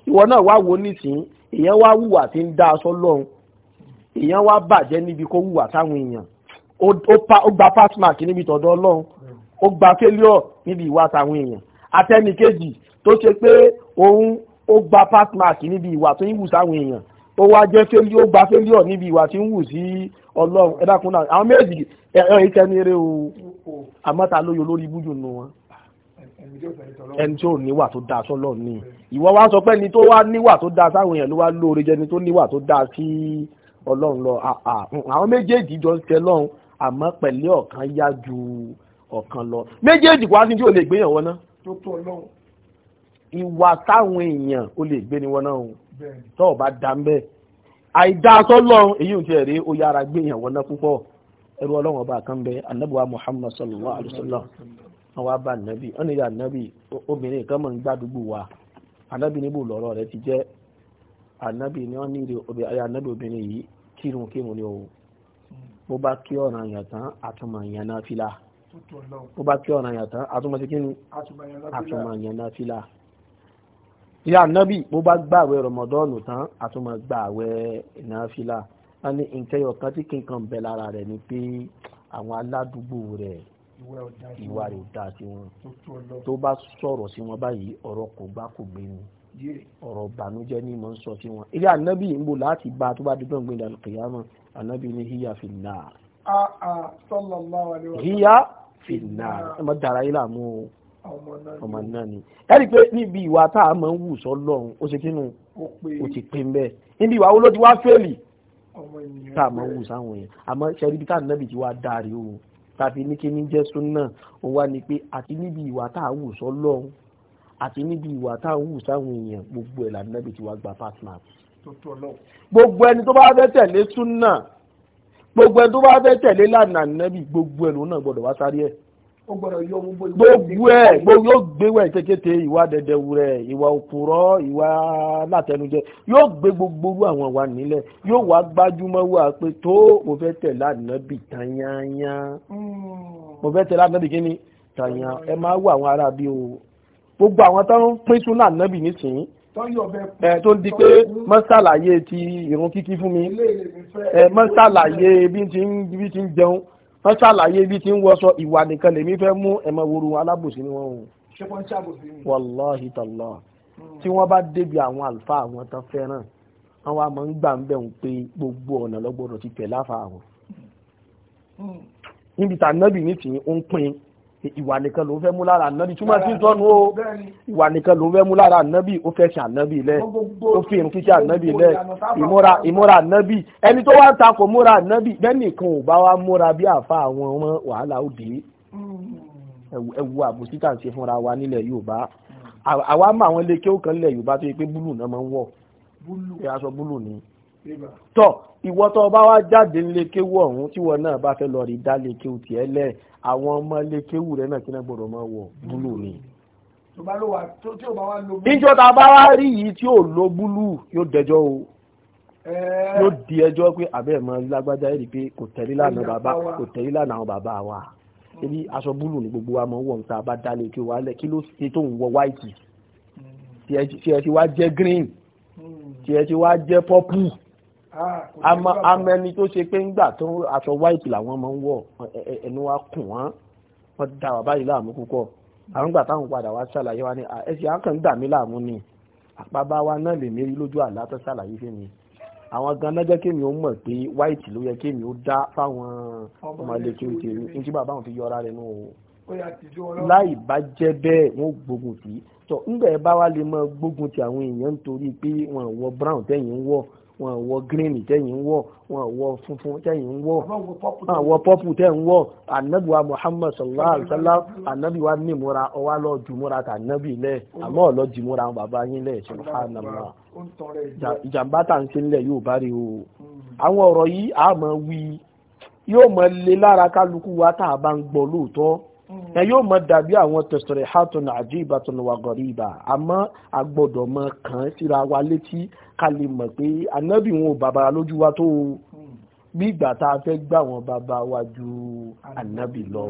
ìwọ náà wá wo nísìn èèyàn wá wùwà tí ń dá aṣọ lọ́hùn èèyàn wá bàjẹ́ níbi kó wùwà táwọn èèyàn ó gba pass mark níbi tọ̀dọ̀ ọlọ́run ó gba failure níbi ìwà táwọn èèyàn àtẹnìkejì tó ṣe pé òun ó gba pass mark níbi ìwà tó ń wù táwọn èèyàn ó wá jẹ́ fẹ́lí ó gba fẹ́lí ọ̀ níbi ìwà tí ń wù sí ọlọ́run ẹ dákun náà àwọn méjì ẹ̀rọ yìí tẹ́ni eré o àmọ́ ta ló yọ lórí ibú jù nù wọn. ẹni tí ò níwà tó dáa sọ́lọ̀ ni ìwọ wá sọ pé ẹni tó wá níwà tó dáa sáwọn èèyàn ló wá lóore jẹ ẹni tó níwà tó dáa sí ọlọ́run lọ àwọn méjèèjì jọ tẹ lọ́run àmọ́ pẹ̀lẹ́ ọ̀kan yá ju ọ̀kan lọ méjèèjì wá ní tí ò lè gbé yàn wọn náà. ìwà tó o bá dá ń bẹ́ẹ̀ àìdá sọ́lọ́run èyí ò tiẹ̀ rí ó yára gbé yàn wọ́n náà púpọ̀ ẹrú ọlọ́run ọba kan bẹ anábùwà Muhammad sallallahu alaihi wasallam wọn wá bá nàbì wọn ni yà nàbì obìnrin kan mọ̀ ń gbàdúgbò wa anábì níbo lọ́rọ̀ rẹ ti jẹ́ anábì ni wọ́n nílò anábì obìnrin yìí kírun kírun ni o bó bá kí ọ̀ràn yàn tán àtúmọ̀ yàn náà fìlà bó bá kí ọ̀ràn yàn àtúmọ̀ sí kí ni àtúmọ̀ yàn náà fìlà ìyá ànábì bó bá gbààwẹ̀ rọmọdọ́ọ̀nù tán àtúmọ̀ gbààwẹ̀ nàáfílà á ní nǹkan ọ̀kan tí kìnkan bẹ lára rẹ̀ ni pé àwọn aládùúgbò rẹ̀ ìwà rẹ̀ ò dáa sí wọn tó bá sọ̀rọ̀ sí wọn báyìí ọ̀rọ̀ kò gbá kò gbé ni ọ̀rọ̀ ìbànújẹ́ ni mò ń sọ sí wọn ìyá ànábì ń bò láti bá a tó bá dúdú ọ̀gbìn ìdàlù kìyàmọ̀ ànábì ní híyà fi náà.
Ah, ah, híyà
fi náà ẹ má dàrá yín láàmú o ọmọ náà ni ẹ̀rí pé níbi ìwà tá a máa ń wù sọ́lọ́run ó ṣe kínú ó ti pín bẹ́ẹ̀ níbi ìwà wo ló ti wá fẹ́ẹ̀lì tá a máa ń wù sáwọn yẹn àmọ́ ṣẹ́rí bí táà nẹ́bì ti wá dárí o tàbí ní kí ní jẹ́ súnà ó wá ní pé àti níbi ìwà tá a wù sọ́lọ́run àti níbi ìwà tá a wù sáwọn èèyàn gbogbo ẹ̀ lànà nẹ́bì ti wá gba partner. gbogbo ẹni tó bá fẹ́ tẹ̀lé súnà gbogbo ẹni tó bá fẹ́ tẹ̀lé lànà nẹ́bì gbogbo ẹ̀
gbogbo ẹ gbogbo yóò
gbéwò ẹ kékeré ìwà dẹdẹwù rẹ ìwà òpùrọ́ ìwà látẹnujẹ yóò gbé gbogbo irú àwọn wa nílẹ̀ yóò wá gbájúmọ́ wà pé tó mo fẹ́ tẹ̀ lánàbì tanyanya hmm. mo fẹ́ tẹ̀ lánàbì kí ni tanya ẹ máa wọ àwọn ará bí o gbogbo àwọn tó ń pín sún lánàbì nísìnyí ẹ tó ń di pé mọ́sálàyé ti ìrun kíkí fún mi
ẹ mọ́sálàyé
bí ti ń jẹun wọ́n ṣàlàyé ibi tí ń wọṣọ ìwà nìkan lèmi fẹ́ mú ẹ̀mọ woru alábòsí ni wọ́n hùn. wàláhi tàlá
hmm. tí
wọ́n bá débi àwọn àlùfáà àwọn tán fẹ́ràn àwọn àmọ́ ń gbà ń bẹ̀ ń pé gbogbo ọ̀nà lọ́gbọ́dọ̀ ti tẹ̀ láfa àwọn. Hmm. Hmm. níbi tànàbì ní tì ó ń pín ìwà nìkan ló ń fẹ́ mú lára ànábì túmọ̀ sí tọ́nu o ìwà nìkan ló ń fẹ́ mú lára ànábì ó fẹ́ sin ànábì lẹ̀ ó fi irun kíkẹ́ ànábì lẹ̀ ìmúra ìmúra ànábì ẹni tó wá ń ta kò múra ànábì bẹ́ẹ̀ni kan ò bá wá múra bí àfa àwọn ọmọ wàhálà ó dé
hmm.
ẹwu àbòsí tà ń ṣe fúnra wa nílẹ̀ Yorùbá àwa mọ àwọn ilé kéwù nílẹ̀ Yorùbá tó yẹ pé búlù náà máa ń wọ̀ aṣọ búlù ni tọ́ ìwọ tó bá wá jáde lékéwú ọ̀hún tí wọn náà bá fẹ́ lọ rí dá lékéwú tiẹ̀ lẹ̀ àwọn ọmọ lékéwú rẹ̀ náà kí náà gbọ́dọ̀ máa wọ̀ búlù ni. ìjọ tá a bá wá rí yìí tí ò lo búlù yóò dẹjọ́ o yóò di ẹjọ́ pé àbẹ́ mọ lágbájá yìí pé kò tẹ̀lé lànà bàbá kò tẹ̀lé lànà àwọn bàbá wa mm. ebi aṣọ búlù ni gbogbo wa mọ̀ wọ̀ níta bá dá lékéwú alẹ́ kí ló ṣe tó ń wọ wáìtì mm. tiẹ̀ ti wá jẹ́ green mm. tiẹ̀ ti wá jẹ́ pọ́pù.
Ah, àmọ́
ẹni tó ṣe pé ńgbà tó aṣọ white làwọn máa ń wọ̀ ẹnu wa kùn wọ́n wọ́n dá wà báyìí láàmú púpọ̀ àwọn gbà táwọn padà wá ṣàlàyé wa ní ẹsẹ̀ àkàn ń dà mí láàmú ni àpábá wa náà lè mérí lójú àlá tó ṣàlàyé fún mi àwọn gan lọ́jọ́ kémi ó mọ̀ pé white ló yẹ kémi ó dá fáwọn ọmọ ilé kí n ti rí ní tí bàbá wọn fi yọra rẹ nù o láì bá jẹ́ bẹ́ẹ̀ wọ́n gbógun tì í tọ́ ńgbà ẹ bá wa lè máa gbógun ti àwọn èèyàn nítorí pé wọn wọ brown tẹ́yìn ń wọ̀ wọn wọ gírínì tẹ́yìn ń wọ̀ wọn wọ funfun tẹ́yìn ń wọ̀ wọn wọ pọ́pù tẹ́yìn ń wọ̀ ànábì wa muhammad sallallahu alayhi wa sallam ànábì wa ní ìmúra ọwá lọ jùmúra tà ànábì lẹ̀ àmọ́ ọ̀lọ́ jùmúra àwọn bàbá yín lẹ̀ subhanallah ìjàmbá tà ń sílẹ̀ yóò bá rí o hmm. àwọn ọ̀rọ̀ yìí a máa wí yóò máa le lára kálukú wa tá a bá ń gbọ́ lóòótọ́ hmm. ẹ yóò mọ dàbí àwọn tẹsítọrẹ hàtọnà àjíìbàtọnà wà gọrí ibà àmọ́ a gbọ́dọ̀ kàn síra wa létí ká lè mọ̀ pé anábì wọn ò bàbá lójú wa tó hmm. bí ìgbà tá a fẹ́ gbà wọn bàbá wa ju anábì lọ.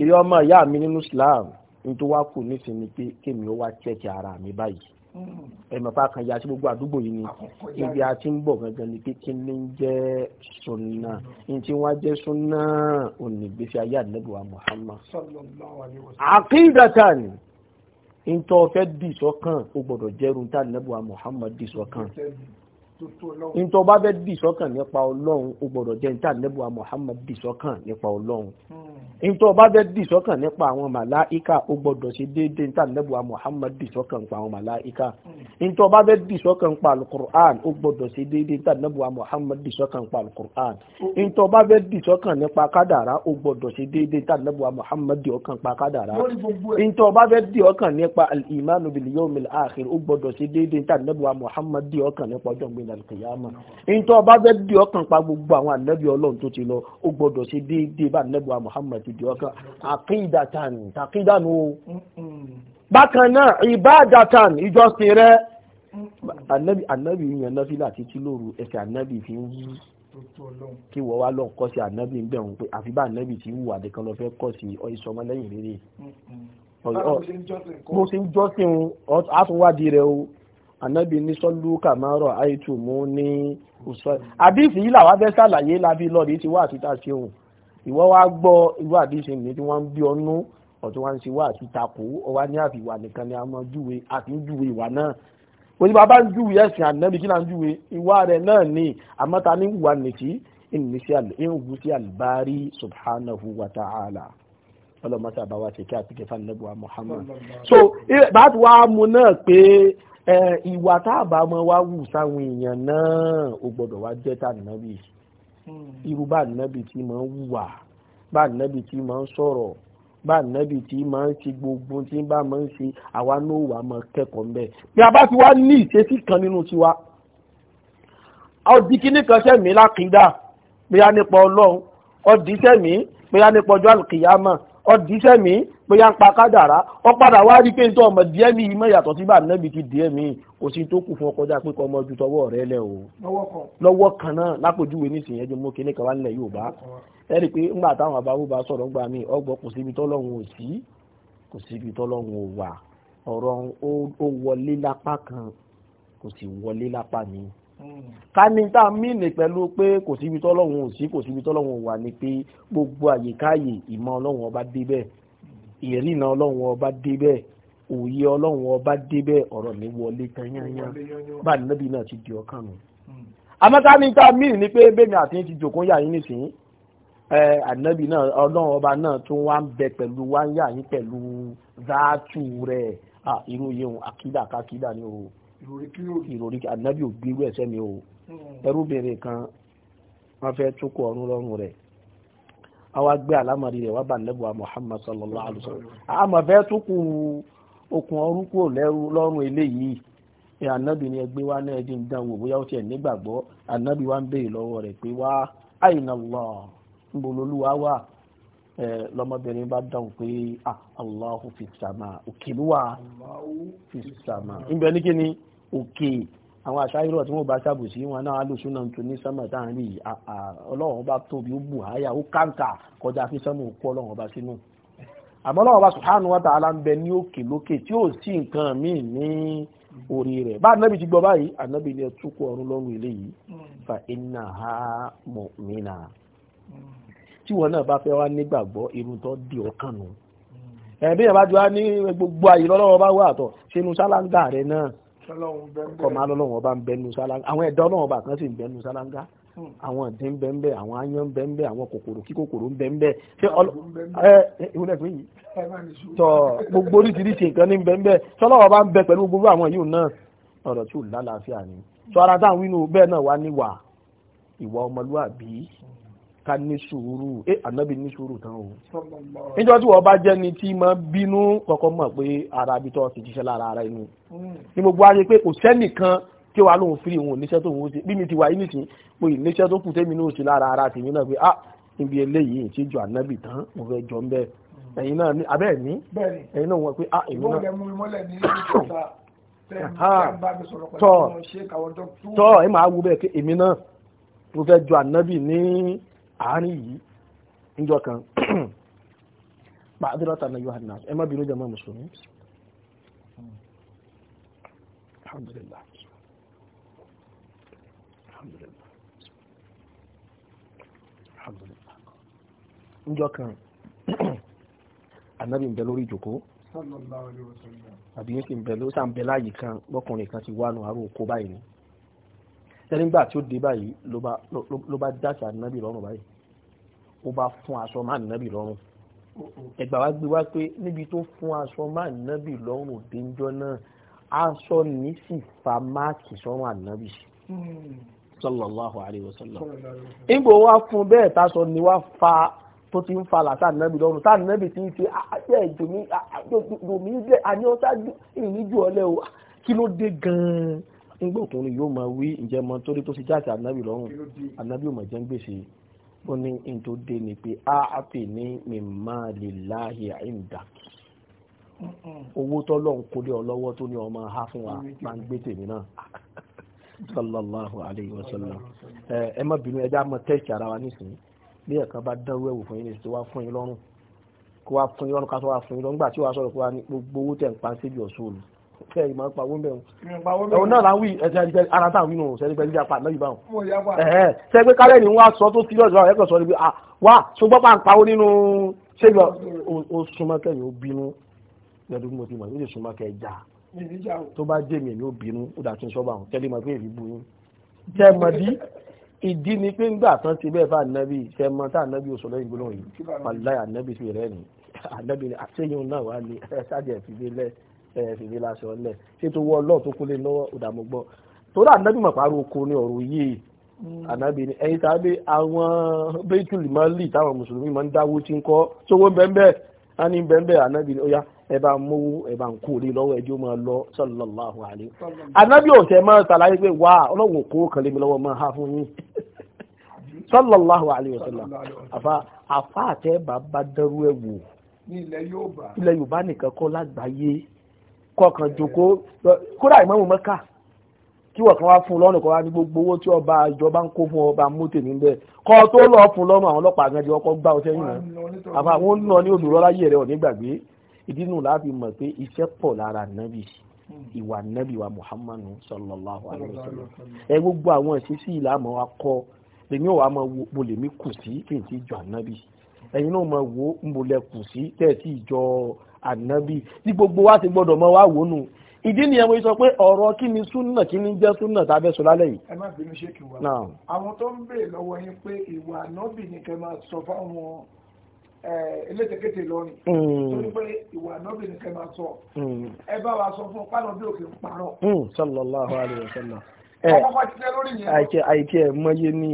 ìrí ọmọ ìyá mi nínú Islam nítorí wá kù nísìnyí pé kémi ó wá chẹ́kì ara mi báyìí hmm. ẹ̀mọ̀fà kan ya sí gbogbo àdúgbò yìí ni ibi a ti ń bọ̀ gangan ni pé kí ni ń jẹ́ sunna ní tí wọ́n á jẹ́ sunna òní gbèsè ayé àdínẹ́bùwà Muhammad. àkídàtà ni ntọ́ fẹ́ dì sọ́kàn ó gbọ́dọ̀ jẹ́rú tá nàbùwà Muhammad dì sọ́kàn ntọ́ bá fẹ́ dì sọ́kàn nípa ọlọ́run o gbọ́dọ̀ jẹ́ níta nẹ́bùwà Muhammad dì sọ́kàn nípa ọlọ́run
hmm.
ntọ́ bá fẹ́ dì sọ́kàn nípa àwọn màláìka o gbọ́dọ̀ ṣe déédéé níta nẹ́bùwà Muhammad dì sọ́kàn nípa àwọn màláìka hmm. ntọ́ bá fẹ́ dì sọ́kàn nípa alukur'an o gbọ́dọ̀ ṣe déédéé níta nẹ́bùwà Muhammad dì sọ́kàn nípa alukur'an ntọ́ bá fẹ́ dì sọ́kàn nípa kádàrá o gbọ́dọ̀ ṣe déédéé níta nẹ́bùwà Muhammad dì ọkàn nípa kádàrá ntọ́ bá fẹ́ dì ọkàn nípa al-imanu bil yawmil akhir o Muhammad dì ọkàn nípa ọjọ́ yawmil qiyamah in tó bá fẹ́ di ọkàn pa gbogbo àwọn ànábì ọlọ́run tó ti lọ ó gbọ́dọ̀ ṣe déédéé bá ànábì wa Muhammad ti di ọkàn àkídàtàn tàkídànù o bákan náà ìbádàtàn ìjọsìn rẹ ànábì yẹn náfìlà títí lóru ẹsẹ̀ ànábì fi ń yí kí wọ́n wá lọ́n kọ́ sí ànábì ń bẹ̀rù pé àfi bá ànábì ti wù àdékan lọ fẹ́ kọ́ sí ìsọmọlẹ́yìn rere bó ṣe ń jọ́sìn àtúnwádìí rẹ o ànábì ní sọ́lú kàmárọ̀ àìtù mú ní òsọ́ àdìsí yìí làwọn abẹ́ sàlàyé lábí lọ́ọ̀dì ti wá àtúntà sí òun ìwọ wá gbọ́ irú àdìsí mi tí wọ́n ń bí ọnú ọ̀tún wá ń ṣe wá àti takò ọwá ní àfìwà nìkan ni a máa júwe àti ń júwe ìwà náà òní bàbá ń júwe ẹ̀sìn ànábì kí là ń júwe ìwà rẹ̀ náà ni àmọ́ ta ní ìwà nìtí ìwù sí àlùbárí wa ta'ala ọlọ́mọ sábà wá ṣe kí Muhammad so bá ti wá mu náà pé ìwà tá a bá mọ wá wù sáwọn èèyàn náà ó gbọ́dọ̀ wá jẹ́ tá nàbì hmm. irú bá nàbì tí máa ń wùwà bá nàbì tí máa ń sọ̀rọ̀ bá nàbì tí máa ń ṣe gbogbo tí bá máa ń ṣe àwa náà wà máa kẹ́kọ̀ọ́ mbẹ́ bí a bá ti wá ní ìṣesí kan nínú tiwa ọdí kíní kan sẹ́mi lákìdá pé a nípa ọlọ́run ọdí sẹ́mi pé a nípa ọjọ́ àlùkìyàmọ̀ ọdí sẹ́mi bóyá ń pa kádàrá ọ padà wá rí pé nítorí ọmọ díẹ̀ mi yìí mọ́ ìyàtọ̀ tí bá nẹ́bi ti díẹ̀ mi kò sí tó kù fún ọkọjá pé kọ́ ọmọ ju tọwọ́ rẹ lẹ o lọ́wọ́ kan náà lápòjúwe nísìnyí ẹjọ́ mú kíní kan wá nílẹ̀ Yorùbá ẹ rí i pé ńgbà táwọn abáwò bá sọ̀rọ̀ ńgbà mí ọgbọ́n kò síbi tọ́lọ́run ò sí kò síbi tọ́lọ́run ò wà ọ̀rọ̀ ó wọlé lápá kan kò sì wọlé lápá mi hmm. ká ní tá a mìíní pẹ̀lú pé kò síbi tọ́lọ́run ò sí kò síbi tọ́lọ́run ò wà ní pé gbogbo àyíkáyè ìmọ̀ ọlọ́run ọba débẹ̀ ìrìnà ọlọ́run ọba débẹ̀ òye ọlọ́run ọba débẹ̀ ọ̀rọ̀ mi wọlé tanyanya bá níbi náà ti di ọkàn mi. Hmm. amẹ́ta ni ta míì ni pé bẹ́ẹ̀ni àti ti jòkó yà yín nísìnyí ànábì náà ọlọ́run ọba náà tún wá ń bẹ pẹ̀lú wá ń yà yín pẹ̀lú záàtù rẹ̀ irú yẹn akídà kákídà ni o ìròrí ànábì ò gbé wẹ̀ sẹ́mi o hmm. ẹrúbìnrin kan wọ́n fẹ́ tún ọ̀run lọ́rùn rẹ̀ a gbé àlámọ̀rí rẹ̀ wá bá nẹ́bùwà Muhammad sallallahu alaihi wasallam àmọ̀ fẹ́ tún kù okùn ọrún kúrò lọ́rùn eléyìí ẹ ni ẹgbẹ́ wa náà ẹdín dán wò bóyá ó wa ń béèrè lọ́wọ́ rẹ̀ pé wá àyìnà lọ wà ẹ lọ́mọbìnrin bá dáhùn pé fi sàmà òkè ló àwọn àṣàyírọ̀ tí wọ́n bá ṣàbòsí wọn náà alùsùnà tó ní sánmà tá à ń rí ọlọ́run bá tóbi ó bù háyà ó káńkà kọjá fi sánmà òkú ọlọ́run bá sínú àmọ́ ọlọ́run bá subhanahu wa ta'ala ń bẹ ní òkè lókè tí ó sí nǹkan míì ní orí rẹ̀ bá anábì ti gbọ́ báyìí anábì ni ẹ túkú ọ̀run lọ́rùn eléyìí fa iná ha mu'mina tí wọn náà bá fẹ́ wá nígbàgbọ́ irun tó di ọkàn nù ẹ̀ẹ́dẹ́yìn bá jọ wá ní gbogbo àyè lọ́lọ́wọ́ bá wà àtọ̀ ṣe inú sálángà rẹ̀ náà
kọ́ máa
lọ́lọ́wọ́n bá ń bẹnu sálángá àwọn ẹ̀dá ọlọ́wọ́n bá kan sì ń bẹnu sálángá hmm. àwọn ìdín ń bẹ́ńbẹ́ àwọn aáyán ń bẹ́ńbẹ́ àwọn kòkòrò kí kòkòrò ń bẹ́ńbẹ́ ṣé ọlọ ẹ ìwé lẹ́gbẹ́ yìí
tọ gbogbo oríṣiríṣi
nǹkan ní bẹ́ńbẹ́ sọlọ́wọ́ bá ń bẹ pẹ̀lú gbogbo àwọn yìí náà ọ̀rọ̀ tí ò lálàáfíà ni sọ ara táwọn wínú bẹ́ẹ̀ náà wá níwà ìwà ọmọlúwàbí ká ní sùúrù ẹ ànábì ní sùúrù tán o níjọ́ tí wọ́n bá jẹ́ ni tí máa bínú kọ́kọ́ mọ̀ pé ara ibi tó ti jíṣẹ́ lára ara inú hmm. ni mo gbọ́ ayé pé kò sẹ́nìkan tí wàá lóun firi òun oníṣẹ́ tó òun ṣe bí mi ti wà yín nìsín pé ìníṣẹ́ tó kù tẹ́mi náà náà pé ah níbi eléyìí ti jọ ànábì tán mo fẹ́ jọ ń hmm. bẹ́ẹ̀ náà wọ́n pé ah èmi
náà tọ́ tọ́ ẹ máa
wo bẹ́ẹ̀ pé èmi náà mo fẹ́ jọ ànábì ní àárín yìí níjọ́ kan bàdúrátà náà yóò hàn náà ẹ má bínú jẹ́ mọ́ mùsùlùmí
alhamdulillah alhamdulillah alhamdulillah
níjọ́ kan ànábì ń bẹ lórí ìjòkó àbí ń sì ń bẹ ló sá ń bẹ láàyè kan lọkùnrin kan ti wá nu àrò òkó báyìí ni ẹni gbà tí ó dé báyìí ló bá dáṣà ànábì lọ́rùn báyìí ó bá fún aṣọ máa nàbì lọ́rùn ẹgbà wá gbé wá pé níbi tó fún aṣọ máa nàbì lọ́rùn déńjọ́ náà aṣọ ní sì fa máàkì sọ́run ànábì mm. sallallahu alayhi wa sallam ìgbò wá fún bẹ́ẹ̀ táṣọ ni wá fa tó ti ń fa làtà nàbì lọ́rùn tá nàbì ti ń ṣe àṣẹ ìdòmí ìdòmí ilẹ̀ àní ọ̀tá ìníjú ọ̀lẹ́ o ah, kí ló dé gan-an nígbà ọkùnrin yóò máa wí ǹjẹ́ mọ torí tó ti jáde ànábì lọ́rùn ànábì ò mọ̀ jẹ́ ń gbèsè ó ní n tó dé ni pé a àpè ní mimma lillahi indak owó tọ́lọ̀ ń kólé ọ lọ́wọ́ tó ní ọmọ ha fún wa máa ń gbé tèmi náà sallallahu alayhi wa sallam ẹ má bínú ẹ dá mọ tẹ́ẹ̀kì ara wa nísìnyí bí ẹ̀kan bá dánwó ẹ̀wò fún yín ní ìṣòwò fún yín lọ́rùn kó wá fún yín lọ́rùn ká tó wá fún yín lọ́rùn nígbà tí wàá sọ̀rọ̀ kó wá ní gbogbo owó tẹ̀ ń pa síbi ọ̀ṣun òlu kẹ́ ìmọ̀ pa owó mẹ́rin ẹ̀wọ̀n náà láwí ẹ̀sẹ̀ ẹ̀dígbẹ́ ara táwọn wí nù sẹ́dígbẹ́ nígbà pa mẹ́rin báwọn. ẹ̀hẹ́ sẹ́gbẹ́ kálẹ̀ ni wọ́n á sọ tó sí lọ́jọ́ ẹ̀kọ́ sọ níbi wá ṣùgbọ́n pa àpawó nínú ṣébi o súnmọ́ kẹ́yìn ó bínú lẹ́dún mo ti mọ̀ ó sì súnmọ́ kẹ́ já tó bá jẹ́ mi èmi ó bínú ó dà tún sọ́ba àwọn tẹ́lẹ̀ mọ̀ pé èmi bú yín. jẹ́mọ̀dí ìdí ni pé ńgbà tán ti bẹ́ẹ̀ fà nábì sẹ́mọ́ tá nábì ò sọ lẹ́yìn gbólóhùn yìí wàláyà nábì sí rẹ̀ ni ànábì ni àṣeyàn náà wà ní ẹ̀ sáàjẹ̀ ẹ fìdí láṣọ ọlẹ̀ ṣé tó wọ ọlọ́ọ̀ tó kólé lọ́wọ́ òdààmú gbọ́ torí ànábì mọ̀ pàrọ̀ oko ní ọ̀rọ̀ yìí hmm. ànábì ni ẹ̀yin tàbí àwọn bẹ́tùlì máa lì táwọn mùsùlùmí máa ń dáwó tí ń kọ́ sówó bẹ́ńbẹ́ á ní bẹ́ńbẹ́ ànábì ni ó ẹ bá mówó ẹ bá ń kó lé lọ́wọ́ ẹjọ́ máa lọ sallallahu alaihi anábì ọ̀sẹ̀ máa ṣàlàyé pé wà ọlọ́run kó kan lé mi lọ́wọ́ máa há fún yín sallallahu alaihi wasallam àfa àfa àtẹ bàbá dẹrú ẹ wò ilẹ̀ Yorùbá nìkan kọ́ lágbàáyé kọkàn jòkó kódà ìmọ̀mù mẹ́ka kí wọ́n kan wá fún un lọ́nà kan wá ní gbogbo owó tí ọba ìjọba ń kó fún ọba mọ́tò níbẹ̀ kọ́ tó lọ fún lọ́nà àwọn ọlọ́pàá gan-an di ọkọ̀ gbá ọ sẹ́yìn rẹ̀ àbá àwọn ń lọ ní olùrọ́láyè rẹ̀ òní gbàgbé ìdí nù láti mọ̀ pé iṣẹ́ pọ̀ lára nábì ìwà nábì wa muhammadu sallallahu alayhi wa sallam ẹ gbogbo àwọn ìṣesí ìlànà wa kọ́ lèmi ò wá mọ wo lèmi kù sí kí n ti ànábì tí gbogbo wa ti gbọdọ̀ mọ wá wò nù ìdí nìyẹn mo sọ pé ọ̀rọ̀ kí ni súnà kí ni jẹ́ súnà tá a fẹ́ sọ lálẹ́ yìí.
ẹ má bínú ṣé kí wà. àwọn tó ń béè lọ́wọ́ yín pé ìwà ànábì ni kẹ́ máa sọ fáwọn elétekéte lọrin hmm. torí pé ìwà ànábì ni kẹ́ máa sọ hmm. ẹ bá wa sọ fún pálọ́bì òkè ń parọ́. Hmm, sallallahu alaihi wasallam àìkí
ẹ̀ mọ́yé ní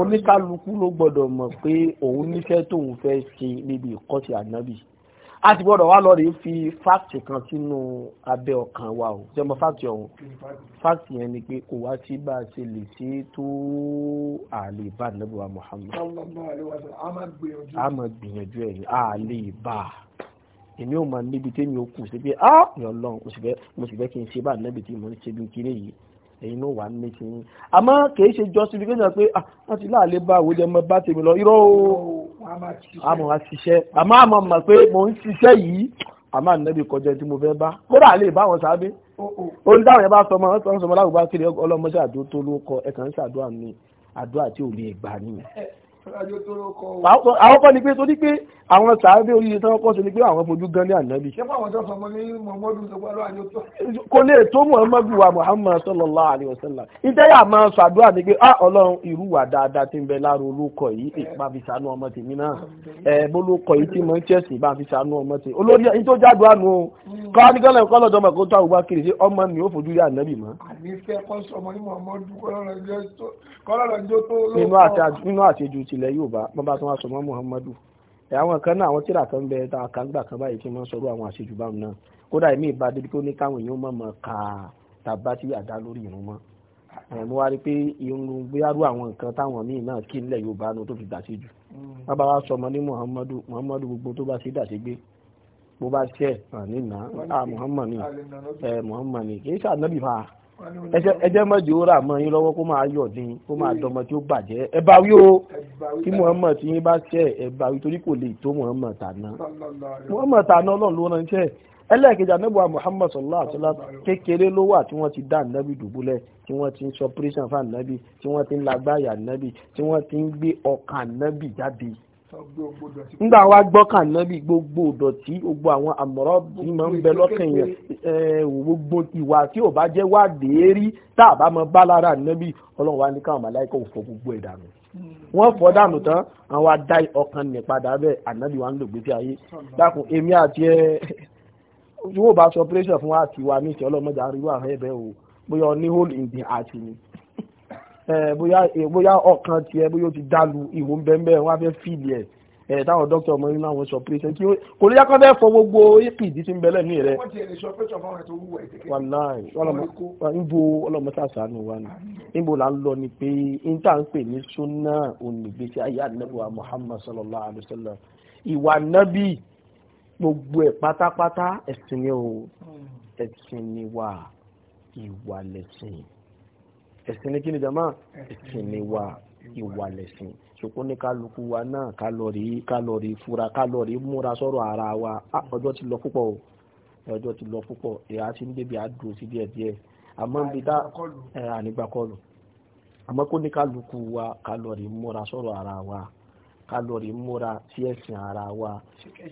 oníkálukú ló gbọ́dọ̀ mọ̀ pé òun nífẹ̀ẹ́ tóun fẹ́ ṣe níbi ìkọ́sí ànábì a ti gbọ́dọ̀ wá lọ rí fi fáàtì kan sínú abẹ́ ọkàn wa o ṣe mọ fáàtì ọ̀hún fáàtì yẹn ni pé kò wá sí bá a ṣe lè ṣe tó àlè bá nàbẹ̀ wa Muhammad a máa gbìyànjú ẹ̀ àlè bá a èmi ò máa níbi tẹ́mi ó kù sí pé ah yọ̀ lọ́n mo sì fẹ́ kí n ṣe bá nàbẹ̀ tí mo ń ṣe bí kiri yìí ẹ̀yin náà wà ní ṣe yín àmọ́ kìí ṣe justification pé ah, wọ́n ti láàlẹ́ bá àwòjẹ mọ bá tèmi lọ irọ́ o àmọ́ wa ṣiṣẹ́ àmọ́ àmọ́ mọ̀ pé mò ń ṣiṣẹ́ yìí àmọ́ ànábì kọjá tí mo fẹ́ bá kódà lè bá wọn sáábé orí táwọn yẹn bá sọ ọmọ wọn sọ ọmọ láwùjọ bá kiri ọlọmọṣẹ àdó tó ló kọ ẹ̀kan ṣàdúrà ní àdúrà tí ò lè gbà nìyẹn
àwọn kọ́ ni pé torí pé
àwọn sàárè oríire tí wọ́n kọ́ sí ni pé àwọn fojú gan ní ànábì. kò lè
tó muhammadu wa muhammad
sallallahu alayhi wa sallam. ìtẹ́yà máa sọ àdúrà ni pé á ah, ọlọ́run ìrúwà dáadáa ti ń bẹ lára olókọ̀ yìí bá ọmọ tèmi náà ẹ bólókọ̀ yìí ti Manchester bá fi sànú ọmọ tèmi. olórí ẹni tó jáde àánú o kọ́ kọ́lọ̀ dọ́mọ̀ kó tó àwùbá kiri sí ọmọ mi ò fojú rí ànábì tilẹ̀ Yorùbá wọ́n bá tún wá sọ mọ́ Muhammadu ẹ̀ àwọn kan náà àwọn tíra kan bẹ tá a kà ń gbà kan báyìí tí wọ́n sọ̀rọ̀ àwọn àṣejù onye náà kódà èmi ìbá débi tó ní káwọn èèyàn mọ̀ mọ̀ ká tàbá tí àdá lórí ìrún mọ́ ẹ̀ mo wá rí pé irun àwọn nǹkan táwọn míì náà fi mm. Muhammadu Muhammadu gbogbo tó bá bó bá á ẹjẹ́ mọ́jú ó rà mọ́ yín lọ́wọ́ kó máa yọ̀ dín kó máa dọmọ tí ó bàjẹ́ ẹ bá wí o kí Muhammad tí yín bá tẹ̀ ẹ bá wí torí kò lè tó Muhammad tàná Muhammad tàná ọlọ́run ló ránṣẹ́ ẹlẹ́ẹ̀kejì anábọ̀ Muhammad sallallahu alaihi wasallam kékeré ló wà tí wọ́n ti dá ànábì dùbúlẹ̀ tí wọ́n ti ń sọ pírísàn fún ànábì tí wọ́n ti ń lagbáyà ànábì tí wọ́n ti ń gbé ọkàn ànábì jáde nígbà wa gbọ́ kàn nábì gbogbo ìdọ̀tí gbogbo àwọn àmọ̀rọ̀ bí máa ń bẹ lọ́kàn yẹn gbogbo ìwà tí ò bá jẹ́ wá déérí tá a bá mọ bá lára nábì ọlọ́run wa ní káwọn màláìkọ̀ ò fọ gbogbo ẹ̀ dànù wọ́n fọ́ dànù tán àwọn adá ọkàn ní padà bẹ́ẹ̀ ànábì wa ń lò gbèsè ayé dákun èmi àti ẹ tí bá sọ pírẹ́sọ̀ fún wa àti wa ní ìṣẹ́ ọlọ́mọdé àríwá ẹ̀ bẹ́ẹ̀ o bóyá ọ ní hole in the ni. Eh, bóyá eh, bóyá ọkàn tiẹ̀ bóyá o ti dàlù ìwò ń bẹ́ẹ̀ wọ́n á fẹ́ fìlì ẹ̀ ẹ̀ eh, táwọn dókítà ọmọ yín láwọn sọ pé kí kò ní yàtọ̀ bẹ́ẹ̀ fọ gbogbo apd tí ń bẹ lẹ́nu rẹ̀. wọ́n
ti ẹ̀ lè sọ pé sọ̀fọ̀ rẹ̀ tó wù ẹ̀ tẹ̀kẹ́.
wàláì nbo gbogbo ẹ̀ pátápátá ẹ̀sìn ni o hmm. ẹ̀sìn ni wa ìwà ẹ̀sìn ní kíni jama ẹ̀sìn wa ìwà lẹ̀sìn ṣùkú ní kálukú wa náà kálọ̀rì kálọ̀rì fura múra sọrọ ara wa mm. ọjọ́ ti lọ púpọ̀ ọjọ́ ti lọ púpọ̀ ìhà tí ń débi àdùn sí díẹ̀ díẹ̀ àmọ́ níbi tá ànígbà kọlù wa múra sọrọ ara wa múra sí ara wa.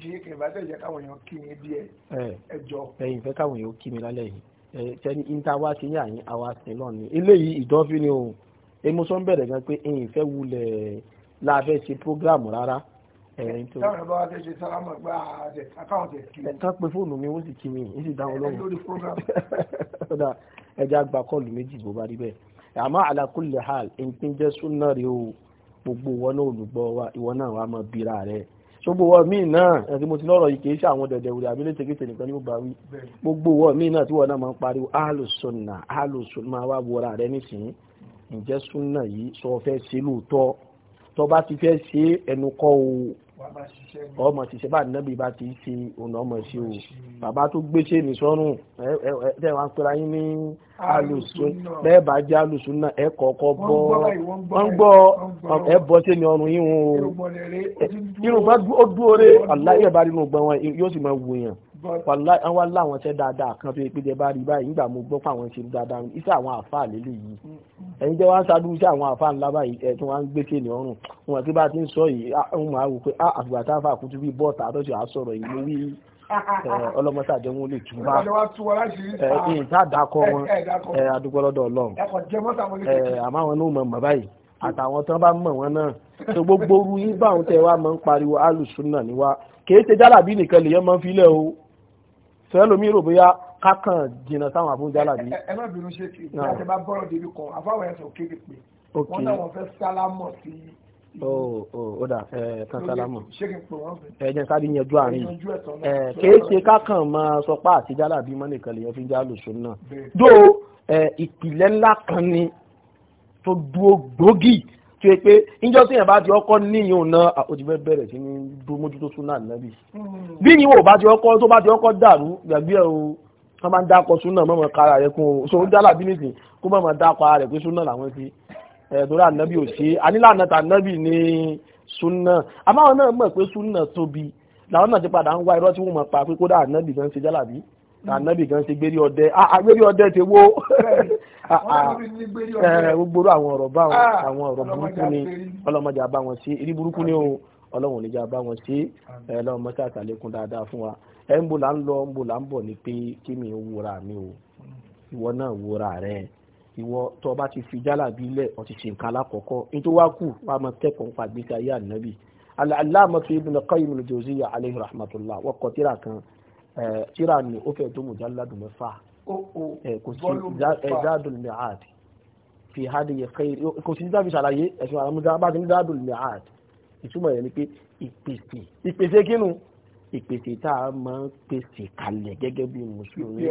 ṣe bá káwọn èèyàn kí mi díẹ̀
fẹ́ káwọn èèyàn kí tẹni intawa ti ní àyín awa sí náà ni eléyìí ìdánfin ni o emusan bẹ̀rẹ̀ gan pé ẹ̀yin fẹ́ wulẹ̀ láàfẹ́ ṣe prógráàmù rárá. táwọn
ọba wa ti ṣe sálámà gba àkáǹtì ẹ̀ kí mi. ẹ̀ka
pé fóònù mi ó sì kí mi ó sì dáhùn lọ́wọ́. ẹ̀ lórí prógráàmù. ọ̀dà ẹja gba kọ́ọ̀lù méjì bó bá rí bẹ́ẹ̀ àmọ́ ala kulli hal ẹ̀ǹtí jẹ́ súnà rèé o gbogbo ìwọ náà olùgbọ́ wa ìwọ náà wàá mọ bíra rẹ̀ gbogbo wọ míì náà ẹ̀sìn mo ti lọ́rọ̀ yìí kìí ṣe àwọn dẹ̀dẹ̀ òrì àbílẹ̀ tẹ̀kẹ́tẹ̀ nìkan ní mo bá wí gbogbo wọ míì náà tí wọ́n náà máa ń pariwo alùsùnà alùsùnà wà wọra rẹ nísìnyí ǹjẹ́ súnà yìí sọ fẹ́ ṣe lóòótọ́ tó ti fẹ́ ṣe ẹnu kọ́ o ọmọ ṣiṣẹ́ bá nẹ́bí bá ti ṣe ọ̀nà ọmọ ṣe o bàbá tó gbéṣẹ́ ní sọ́rùn ẹ wá ń pera yín ní alùsùn bẹ́ẹ̀ bá jẹ́ alùsùn náà ẹ kọ̀ọ̀kọ́ bọ́ wọ́n gbọ́ ẹ bọ́ sí ni ọrùn yín o irun bá dúró re aláyẹ̀ bá rí inú gbọ́n wọn yóò sì máa wù yàn wàlá àwọn láwọn ṣe dáadáa kan tó yẹ pé jẹ rí báyìí nígbà mo gbọ́ pé àwọn ṣe dáadáa iṣẹ́ àwọn àfáà lélẹ̀ yìí ẹ̀yin jẹ́ wá ń ṣáájú iṣẹ́ àwọn àfáà ńlá báyìí ẹ̀tún wá ń gbé kéènì ọrùn wọn tí bá ti ń sọ yìí àwọn máa wò pé ah, àgbà tá a fà kú tó bí bọ́ọ̀tà tó ṣe à yìí lórí ọlọ́mọsàjẹ́ wọn lè tún bá
ìta dákọ wọn adúgbọ́lọ́dọ̀
àtàwọn tán bá mọ̀ wọn náà tó gbogbo orú yín báwọn tẹ wá máa ń pariwo alùsùn náà ni kì í ṣe jálàbí nìkan lèyàn máa ń filẹ̀ o sọ́yẹ́ lomi rò bóyá kákan jìnnà sáwọn àbújá làbí.
ẹ má bínú ṣe kí ẹ bá bọ́rọ̀ débi kan àfáwọn ẹ̀sìn òkèèrè pé wọ́n náà wọ́n fẹ́ sálámọ̀ sí i.
ó ó dà ẹ kan sálámọ̀ ẹ jẹ́ sáré yanjú àárín ẹ kìí ṣe kákan máa sọ pé àtijọ́ làbí mọ́nìkan lèyàn fi ń já lòṣù náà. dó ìpìlẹ̀ ńlá kan ni tó dúró gbòógì tó yẹ pé níjọ́ tí yẹn bá ti ọkọ níyìn òun náà òjì bẹ́ẹ̀ bẹ̀rẹ̀ sí ní dúró mójútó súnà nàbì bí ni wò bá ti ọkọ tó bá ti ọkọ dàrú gbàgbé ẹ o wọ́n máa ń dákọ̀ súnà mọ́mọ́ kára rẹ̀ kún o so ó dálà bí nìsín kó mọ́mọ́ dákọ̀ ara rẹ̀ pé súnà làwọn ti ẹ̀ẹ́dọ́rà ànábì ò sí anílànà tànábì ní súnà àmọ́ àwọn náà mọ̀ pé súnà tóbi làwọn náà ti padà ń wá irọ́ tí wọ́n mọ̀ pa pé kódà ànábì gan ṣe jálàbí ànábì kan ṣe gbérí ọdẹ àgbérí ah, ah, ọdẹ ti wó ah,
eh, gbogbo
àwọn ọ̀rọ̀ bá àwọn ọ̀rọ̀ burúkú ni ọlọ́mọdé àbá wọn sí irí burúkú ni o ọlọ́run níjà bá wọn sí eh, ọlọ́run mọ́tí àtàlékún dáadáa fún wa ẹ̀ eh, ń bò là ń lọ ń bò là ń bọ̀ ni pé kí mi ò wúra mi o ìwọ náà wúra rẹ ìwọ tó o bá ti fi jálà bí lẹ̀ ọ ti ṣe nǹkan alákọ̀ọ́kọ́ nítorí wá kù wá máa kẹ́kọ̀ọ́ nípa ìgbésí ayé ànábì aláàmọ́ fi Ibn Qayyim al-Jawziyya alayhi rahmatullah wọ́n kọ́ tíra kan Eh, tíra ni ó fẹ́ tó mujalladu mẹ́fà eh, kò sí eh, Zadul Mi'ad fi hadi khair kò sí dábì ṣàlàyé ẹ̀sùn àwọn ọmọdé bá ti ní Zadul Mi'ad ìtumọ̀ yẹn ni pé ìpèsè ìpèsè kínú ìpèsè tá a máa ń pèsè kalẹ̀ gẹ́gẹ́ bí mùsùlùmí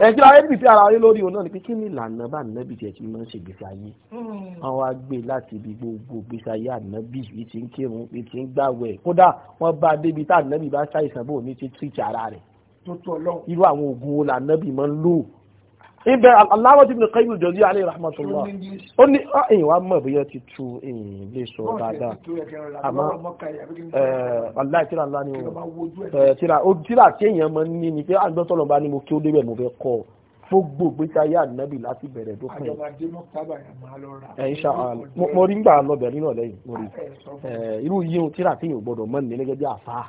ẹ̀sìn ayé bìí fi ara rí lórí òun náà ni pé kí ni ìlànà bá nàbì tiẹ̀ ti máa ń ṣègbésí ayé hmm. wọn wá gbé láti ibi gbogbo gbèsè ayé ànábì yìí ti ń kírun ti ń gbàwẹ̀ kódà wọn bá débi tá ànábì bá ṣàìsàn bò ní ti tìrìtì ara rẹ̀ irú àwọn oògùn wo lànàbì máa ń lò ibẹ̀ aláwọ̀ tí ibùdókọ̀ ibùdó jọ̀dí alẹ́ rahmatullah ó ní ah, ẹ̀yìn wa mọ̀ bóyá ti tu ẹ̀yìn lè sọ dáadáa àmọ́ aláìsíra ńlá ni ó tíra tí èèyàn máa ń ní ni pé àgbẹ̀tọ̀lọ̀ ah, bá ní mo kí ó débẹ̀ mo fẹ́ kọ́ ọ gbogbo ìgbésí-ayé ànábì láti bẹ̀rẹ̀ dópin
ẹ̀ inshallah mo rí
ń gbà lọ bẹ̀rẹ̀ nínú ọ̀lẹ́yìn mo rí irú yíyún tíra tí èèyàn gbọ́dọ̀ mọ́ ní gẹ́gẹ́ bí àfáà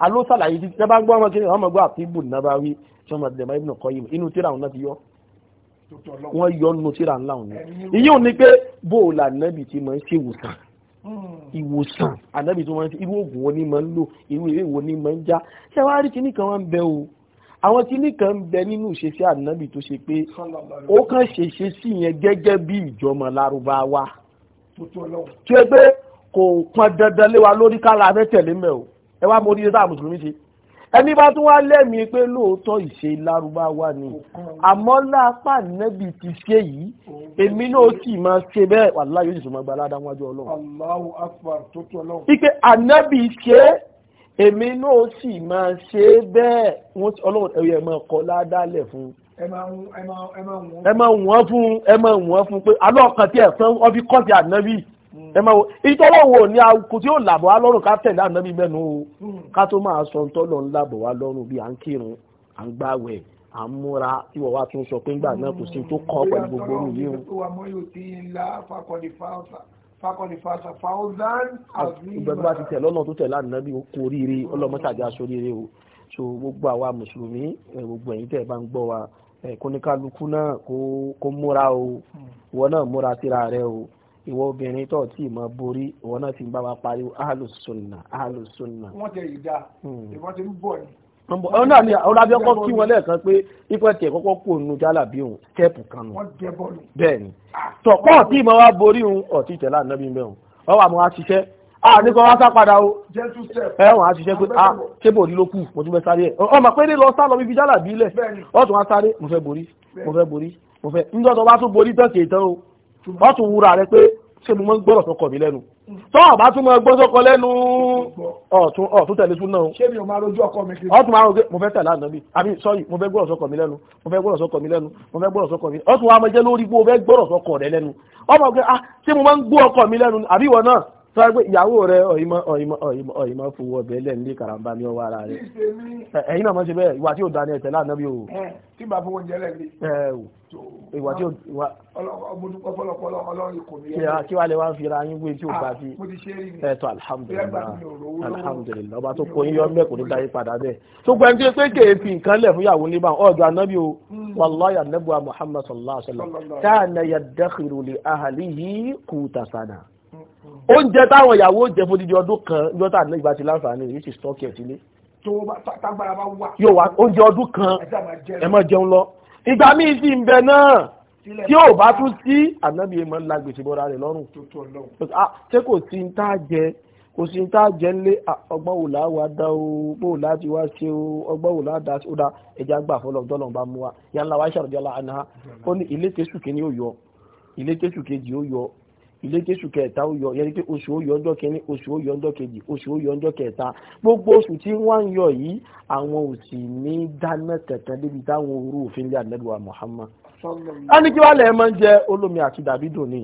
aló sàlàyé tí tẹ́ bá gbọ́ ọmọ kí ọmọ gbọ́ àtìbù nàbáwí tí wọ́n máa dẹ̀ máa ibùn kọ́ yìí inú tíra òun náà ti yọ wọ́n yọ nínú tíra ńlá òun ìyí òun ni pé bóòlù ànábì ti máa ń ṣe ìwòsàn hmm. ìwòsàn ànábì tó máa ń ṣe irú oògùn wo ni máa ń lò irú ewé wo ni máa ń já ṣé wàá rí kíní kan wá ń bẹ o àwọn kíní kan ń bẹ nínú ìṣesí ànábì tó ṣe pé ó kàn ṣèṣe sí yẹn gẹ́gẹ́ bí ìjọmọ lárúbáwá tó ẹgbẹ́ kò pọn dandan lé wa lórí ká la mẹ́ o ẹ wá mo díje sáà mùsùlùmí ṣe ẹni bá tún wá lẹ́mìí pé lóòótọ́ ìṣe lárúbáwá ni àmọ́ lápá nẹ́bì ti ṣe yìí èmi náà sì máa ṣe bẹ́ẹ̀ wàláhì yóò sì tún máa gba aládáwájú ọlọ́run.
Allahu akbar tó tó ọlọ́run. ike ànẹ́bì ṣe
èmi náà sì máa ṣe bẹ́ẹ̀ wọ́n ti ọlọ́run ẹ̀yẹ máa kọ́ ládàálẹ̀ fún un. ẹ máa wọ́n fún ẹ máa wọ́n fún pé alọ́ọ̀kan tí ẹ̀ fẹ́ ọ́ fi kọ́ ti ànẹ́bì ẹ máa wo ìtọ́lọ́wọ́ ní akù tí ó làbọ̀ wá lọ́rùn ká tẹ̀lé ànábì mẹ́nu o ká tó máa sọ tọ́lọ̀ ń làbọ̀ wá lọ́rùn bí à ń kírun à ń gbàwẹ̀ à ń múra ìwọ̀ wa tún sọ pé ńgbà náà kò sí tó kọ́ pẹ̀lú gbogbo òun yìí
o fakọ̀nìfàṣà fàúzán àbí ìgbàgbà ti tẹ̀lé
ọ̀nà tó tẹ̀lé ànábì ó kú oríire ọlọ́mọ́tàjà sóríire o so gbogbo àwa mùsùlùmí gbogbo ẹ̀yin tẹ̀ bá ń gbọ́ wa kóníkálukú náà kó múra o hmm. ìwọ náà múra síra rẹ o ìwọ obìnrin tó tí ì máa borí ìwọ náà ti ń bá wa pariwo ahàlùsùnà ahàlùsùnà.
wọ́n tẹ ìdá hmm. ìwọ́n ti ń bọ̀ ni. ọ̀hún náà ni ọ̀rọ̀ abẹ́ ọkọ̀ kí wọn
lẹ́ẹ̀kan pé ipò tiẹ̀ kọ́kọ́ kú òun jálà bí òun tẹ́ẹ̀pù kan
nù. wọ́n jẹ bọ́ọ̀lù. bẹ́ẹ̀ ni ah. tọ̀pọ̀ tí
ì máa wá borí òun ọ̀tí ìtẹ̀lá ànábì ń bẹ̀ òun ọwọ́ àmọ́ wa ṣiṣẹ́ a ah, ní kọ́ wá sá padà o
ẹ̀wọ̀n
a ṣiṣẹ́ pé a ah, ṣé bòrí ló kù mo tún fẹ́ sáré ẹ̀ ọmọ pé ní lọ sá lọ bíbi jálà bí ilẹ̀ ọ̀tún wá sáré mo fẹ́ borí mo fẹ́ borí mo fẹ́ níjọ́ tó bá tún borí tán kì í tán o wọ́n tún wúra rẹ pé ṣé mo máa ń gbọ́rọ̀ sọ́kọ mi lẹ́nu tó ọ̀bá tún máa gbọ́ sọ́kọ lẹ́nu ọ̀tún ọ̀tún tẹ̀lé tún náà ṣé mi ò máa rojú ọkọ mi kiri ọ̀tún máa rojú mo fẹ́ tẹ̀lé àná mi àbí sọ́yì mo fẹ́ gbọ́rọ̀ sọ́kọ mi lẹ́nu mo fẹ́ gbọ́rọ̀ sọ́kọ mi lẹ́nu mo fẹ́ gbọ́rọ̀ sọ́kọ mi ọ̀tún wa máa jẹ́ lórí bó fẹ́ gbọ́rọ̀ sọ́kọ rẹ lẹ́nu ọmọ pé ah ṣé mo máa ń gbọ́ ọkọ mi lẹ́nu àbí ìwọ náà tó wá pé ìyàwó rẹ ọ̀yìnmọ́ ọ̀yìnmọ́ ọ̀yìnmọ́ ọ̀yìnmọ́ ní karamba ní ọwọ́ ara rẹ̀ ẹ̀yin náà mọ̀ ṣe bẹ́ẹ̀ ìwà tí ò dání ẹ̀sẹ̀ láàánú bí o.
tí bá fowó jẹ lẹ́bi.
ìwà tí ò ìwà.
ọlọ́pàá ọlọ́rin kò ní.
kí wàá lè wá fi ra yín wé tí ò ah, bá fi. ẹ tó alihamudulilayi ọba tó kọ yíyọ mẹ́kò ní dáyé padà bẹ́ẹ̀ oúnjẹ táwọn ìyàwó jẹ fún dídí ọdún kan yóò tà nígbà tí láǹfààní rẹ̀ yóò sì stọ́ọ̀kì ẹ̀ sílé. yóò wá oúnjẹ ọdún kan ẹ má jẹun lọ. ìgbà míì sì ń bẹ náà tí ò bá tún sí ànábì èèmọ̀ ńlá gbèsè bọ́ra rẹ̀ lọ́rùn. ṣé kò sí ń tá jẹ kò sí ń tá jẹ ńlé ọgbọ́n wò láà wá dá o bó láà ti wá ṣe o ọgbọ́n wò láà dá o dá ẹja gbà fọlọ́ ilé kéṣù kẹta ó yọ yẹni pé oṣù ó yọ ọjọ́ kẹni oṣù ó yọ ọjọ́ kejì oṣù ó yọ ọjọ́ kẹta gbogbo oṣù tí wọ́n ń yọ yìí àwọn ò sì ní dáná kankan débi táwọn orú òfin lé àdínẹ́bùwà Muhammad. a ní kí wàá lẹ́ẹ̀ máa ń jẹ olómi àti dàbídò ni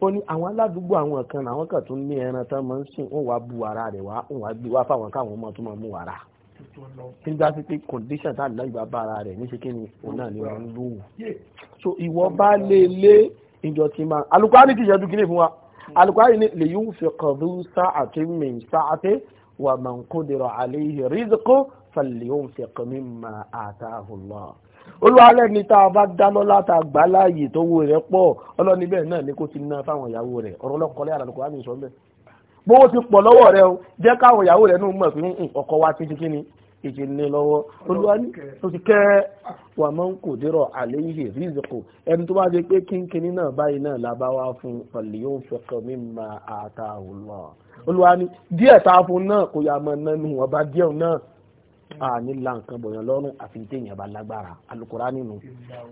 ó ní àwọn aládùúgbò àwọn kan làwọn kan tún ní ẹran tán máa ń sìn wọ́n wàá bu ara rẹ̀ wá wọ́n wàá gbé wá fáwọn káwọn ọmọ tó máa mú wàrà nígbà tí pé condition tá ìjọ ti máa alukwari ti yẹdu kílè fún wa alukwari ni lè yóò fi kọ̀dú sáàtì min sáàtì wà máa ń kó dèrò àléhì rizqo fàlè yóò fi kọ̀ mí máa àtàhùn lọ. olùwàlẹ̀ ni tá a bá dá lọ́lá tá a gbà láàyè tó wo rẹ̀ pọ̀ ọlọ́ni bẹ́ẹ̀ náà ni kò ti ná fáwọn ìyàwó rẹ̀ ọ̀rọ̀ lọ́kọ̀ọ́lẹ́ alukwari sọ bẹ́ẹ̀ bówó ti pọ̀ lọ́wọ́ rẹ̀ o jẹ́ káwọn ìyàwó rẹ̀ náà mọ̀ pé ọkọ wa ti kíni èjì lé lọ́wọ́ olúwa ní tó ti kẹ́ wà máa ń kò dérọ̀ àléyìí rízìkò ẹni tó bá jẹ pé kínkínní náà báyìí náà lábá fún ọ̀lẹ́ yóò fẹ́kọ̀ mimma àtàwùlọ̀ olúwa ní díẹ̀ tá a fún náà kò yà máa nánú ọba díẹ̀ náà a nílà nǹkan bọ̀yàn lọ́rùn àfi téèyàn bá lágbára alukora nínú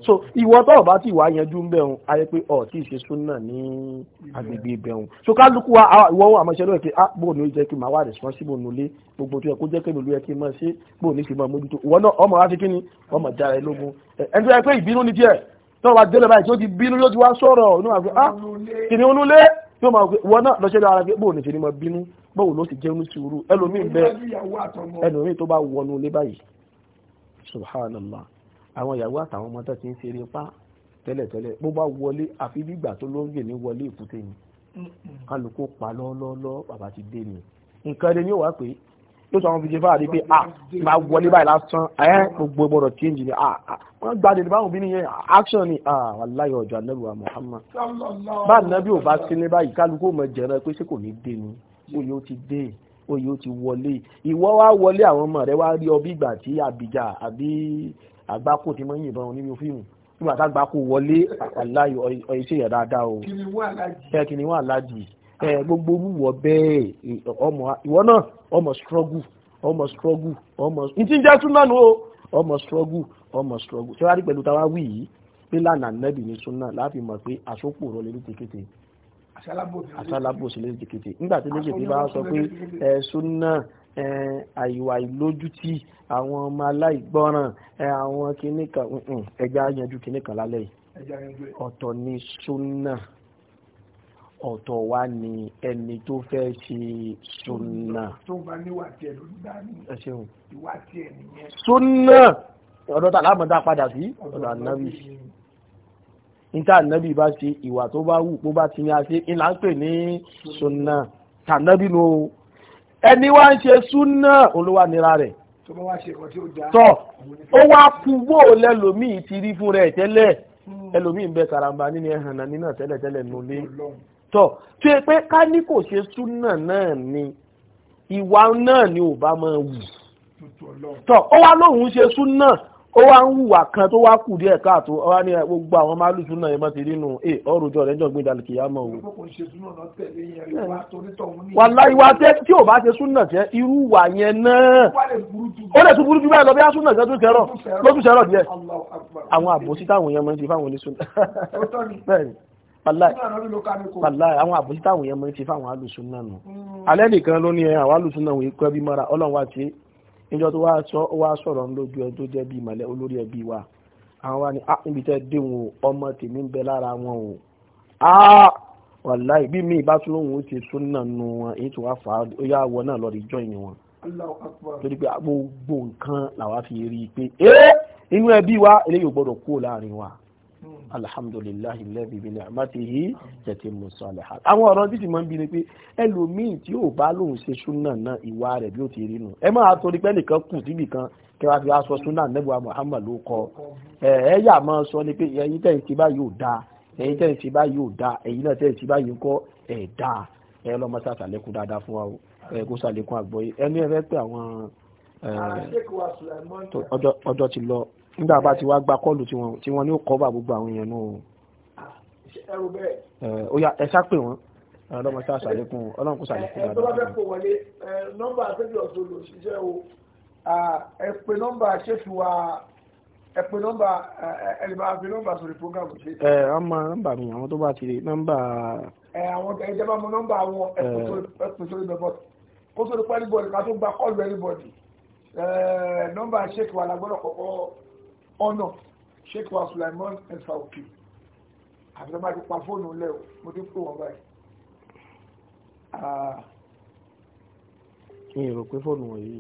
so ìwọ tó o bá ti wà yanjú ń bẹ̀rùn ayé pé ọ̀ tí ì súnà ní agbègbè ìbẹ̀rùn so kálukú wa ìwọ ohun àmọ́ṣẹ́ lóye pé a ah, bò ní jẹ́ kí màá wà responsible nulẹ̀ gbogbo tó yẹ kó jẹ́ kí èmi ló yẹ kí n máa ṣe bò ní fi máa mójútó ìwọ náà ọmọ wa ti kí ni ọmọ jára lógún ẹni tó yẹ pé ìbínú ni díẹ̀ tó ah kìnìún yóò máa gbé wọn náà lọ́ṣẹ́lẹ̀ ara gbé bóun nìṣẹ́ ni mo bínú bóun ló sì jẹ́ ní sùúrù ẹlòmíín bẹ ẹlòmíín tó bá wọnú ilé báyìí subhanallah àwọn ìyàwó àtàwọn ọmọ tó ti ń ṣeré pa tẹ́lẹ̀tẹ́lẹ̀ bó bá wọlé àfi bí ìgbà tó lóńgè ní wọlé èkúté ni kálukó pa lọ́ọ́lọ́ọ́ bàbá ti dé ni nǹkan ẹni yóò wá pé ló sọ àwọn fi ṣe fáàrí pé à máa wọlé báyìí lásán ẹ gbogbo gbọdọ̀ change ni wọ́n gba dèrè báwọn obìnrin yẹn action ni wàláyé ọjọ́ anábì wa Muhammad
bá anábì ò bá sílé
báyìí kálukú ò mọ̀ pé ṣé kò ní dé ni oyè ó ti dé oyè ó ti wọlé ìwọ wá wọlé àwọn ọmọ rẹ wá rí ọ ìgbà tí àbíjà àbí àgbákò ti máa yìnbọn nínú fíìmù nígbà tá àgbákò wọlé wàláyé ìwọ náà ọmọ struggle ọmọ struggle ọmọ n ti jẹ́ súnà o ọmọ struggle ọmọ struggle ṣé wàá rí pẹ̀lú táwa wí yìí pé lànà nẹ́bì ní súnà láti mọ̀ pé àsopọ̀ rọ lórí tèkété asálábòsí lórí tèkété nígbà tí méjèèjì bá sọ pé ẹ súnà ẹ àìwà ìlójútì àwọn ọmọ aláìgbọràn ẹ àwọn kìnnìkan ẹja yanjú kìnnìkan lálẹ́ yìí ọ̀tọ̀ ni súnà ọ̀tọ̀ wa ni ẹni tó fẹ́ ṣe sunna.
tó bá níwà tiẹ̀ ló ń dá ní. ẹ ṣeun ìwà tiẹ̀ nìyẹn. sunna
ọ̀dọ̀ tà lámọ̀dá padà sí ọ̀dọ̀ ànábì. níta ànábì bá ṣe ìwà tó bá wù kó bá ti ní a ṣe ńlá ń pè ní sunna tànábì nù o. ẹni wá ń ṣe sunna olówó nira rẹ̀
tọ́ ó wá
kú bó ti rí fún rẹ̀ tẹ́lẹ̀
hmm. ẹlòmíì
ń bẹ karamba nínú ẹ̀hàn nínú àtẹ́lẹ̀tẹ́lẹ̀ nulẹ̀ tọ̀ tó yẹ pé ká ní kò ṣe súnà náà ni ìwà náà ni ò bá máa wù tọ̀ ó wá lóhùn ṣe súnà ó wá ń hùwà kan tó wá kù díẹ̀ káàtó ó wá ní gbogbo àwọn máàlù súnà yẹn máa ti rí nu ẹ ọrùn jọ rẹ jọ gbé dalẹ̀ kìyà mọ́ o.
wà láì wá tẹ tí
ò bá ṣe súnà tẹ irú wà yẹn náà
ó lè tún burú jù báyìí
lọ bí a súnà kan tún kẹrọ ló tún kẹrọ díẹ̀ àwọn àbòsí táwọn yẹn máa ń ṣe fáwọn oníṣúná. Wàláì àwọn àbújítà àwọn èèyàn mọ́ ti fáwọn alùsùn náà nù.
Mm. Alẹ́
nìkan ló ní àwọn alùsùn náà wọ́n kọ́ bí mọ́ra ọlọ́run wá ti níjọ́ tó wá sọ̀rọ̀ lójú ẹ tó jẹ́ bí ìmọ̀lẹ́ olórí ẹbí wa. Àwọn wa ni á níbi tẹ́ dé wọn ọmọ tèmi ń bẹ lára wọn o. Á ah, wàláì bí mi ìbá tún lóhùn ó ti sún náà nù wọn èyí tó wá fà á ó yá wọ náà lọ rí jọ́ìn wọn. Torí pé gbogbo eh, inú ẹbí wa eléyìí ò gbọdọ̀ kúrò láàrin wa alhamdulillahi lẹ́bi bi ni'matihi tatimmu salihat. àwọn ọ̀rọ̀ títí máa ń bi ni pé ẹlòmíì tí ò bá lóun ṣe súnà náà ìwà rẹ̀ bí ó ti rí nu ẹ máa torí pé nìkan kù síbì kan kí wàá fi aṣọ súnà nẹ́bùwà Muhammad ló kọ ẹ ẹ yà máa sọ ni pé ẹyin tẹ̀ ń ti báyìí ò dáa ẹyin tẹ̀ ń ti báyìí ò dáa ẹyin náà tẹ̀ ń ti báyìí kọ́ ẹ̀ dáa ẹ lọ́mọ sàtàlẹ́kùn dáadáa fún wa o ẹ kó sàlékún àgbọ̀yé ẹni ẹ fẹ́ pé àwọn ọjọ́ ti lọ nígbà bá ti wá gba kọ́ọ̀lù tí wọ́n ní ó kọ́ bá gbogbo àwọn èèyàn náà ẹrù bẹ́ẹ̀. ó yá ẹ sá pè wọ́n ọlọ́mọ sá ṣàlékún ọlọ́run kò ṣàlékún dáadáa. ẹ tó bá fẹ́
kó wọlé nọ́mbà àtẹ́bí ọ̀sọ̀ lò ṣiṣẹ́ o ẹ pe nọ́mbà ṣẹ́fìwà ẹ pe nọ́mbà ẹ lè máa fi nọ́mbà sórí programu ṣe.
ẹ ẹ ọmọ nọ́mbà mi àwọn tó bá ti rí nọ́mbà.
ẹ àwọn ẹ jẹ́ bá mọ nọ́mbà àwọn ẹ pè sórí bẹ́bọ̀dì kó sórí pẹ́ẹ́lí bọ́ọ̀dì ká tó gba kọ́ọ̀lù ẹ̀rí bọ́ọ̀dì nọ́mbà ṣẹ́fìwà làgbọ́dọ̀ kọ̀ọ̀kọ́ honor sheikh wa Sulaiman ẹ̀fà òkè àbí ọba ti pa fóònù lẹ̀ o mo ti kó wọn báyìí. Ah.
mi ò rò pé fóònù wọ̀nyí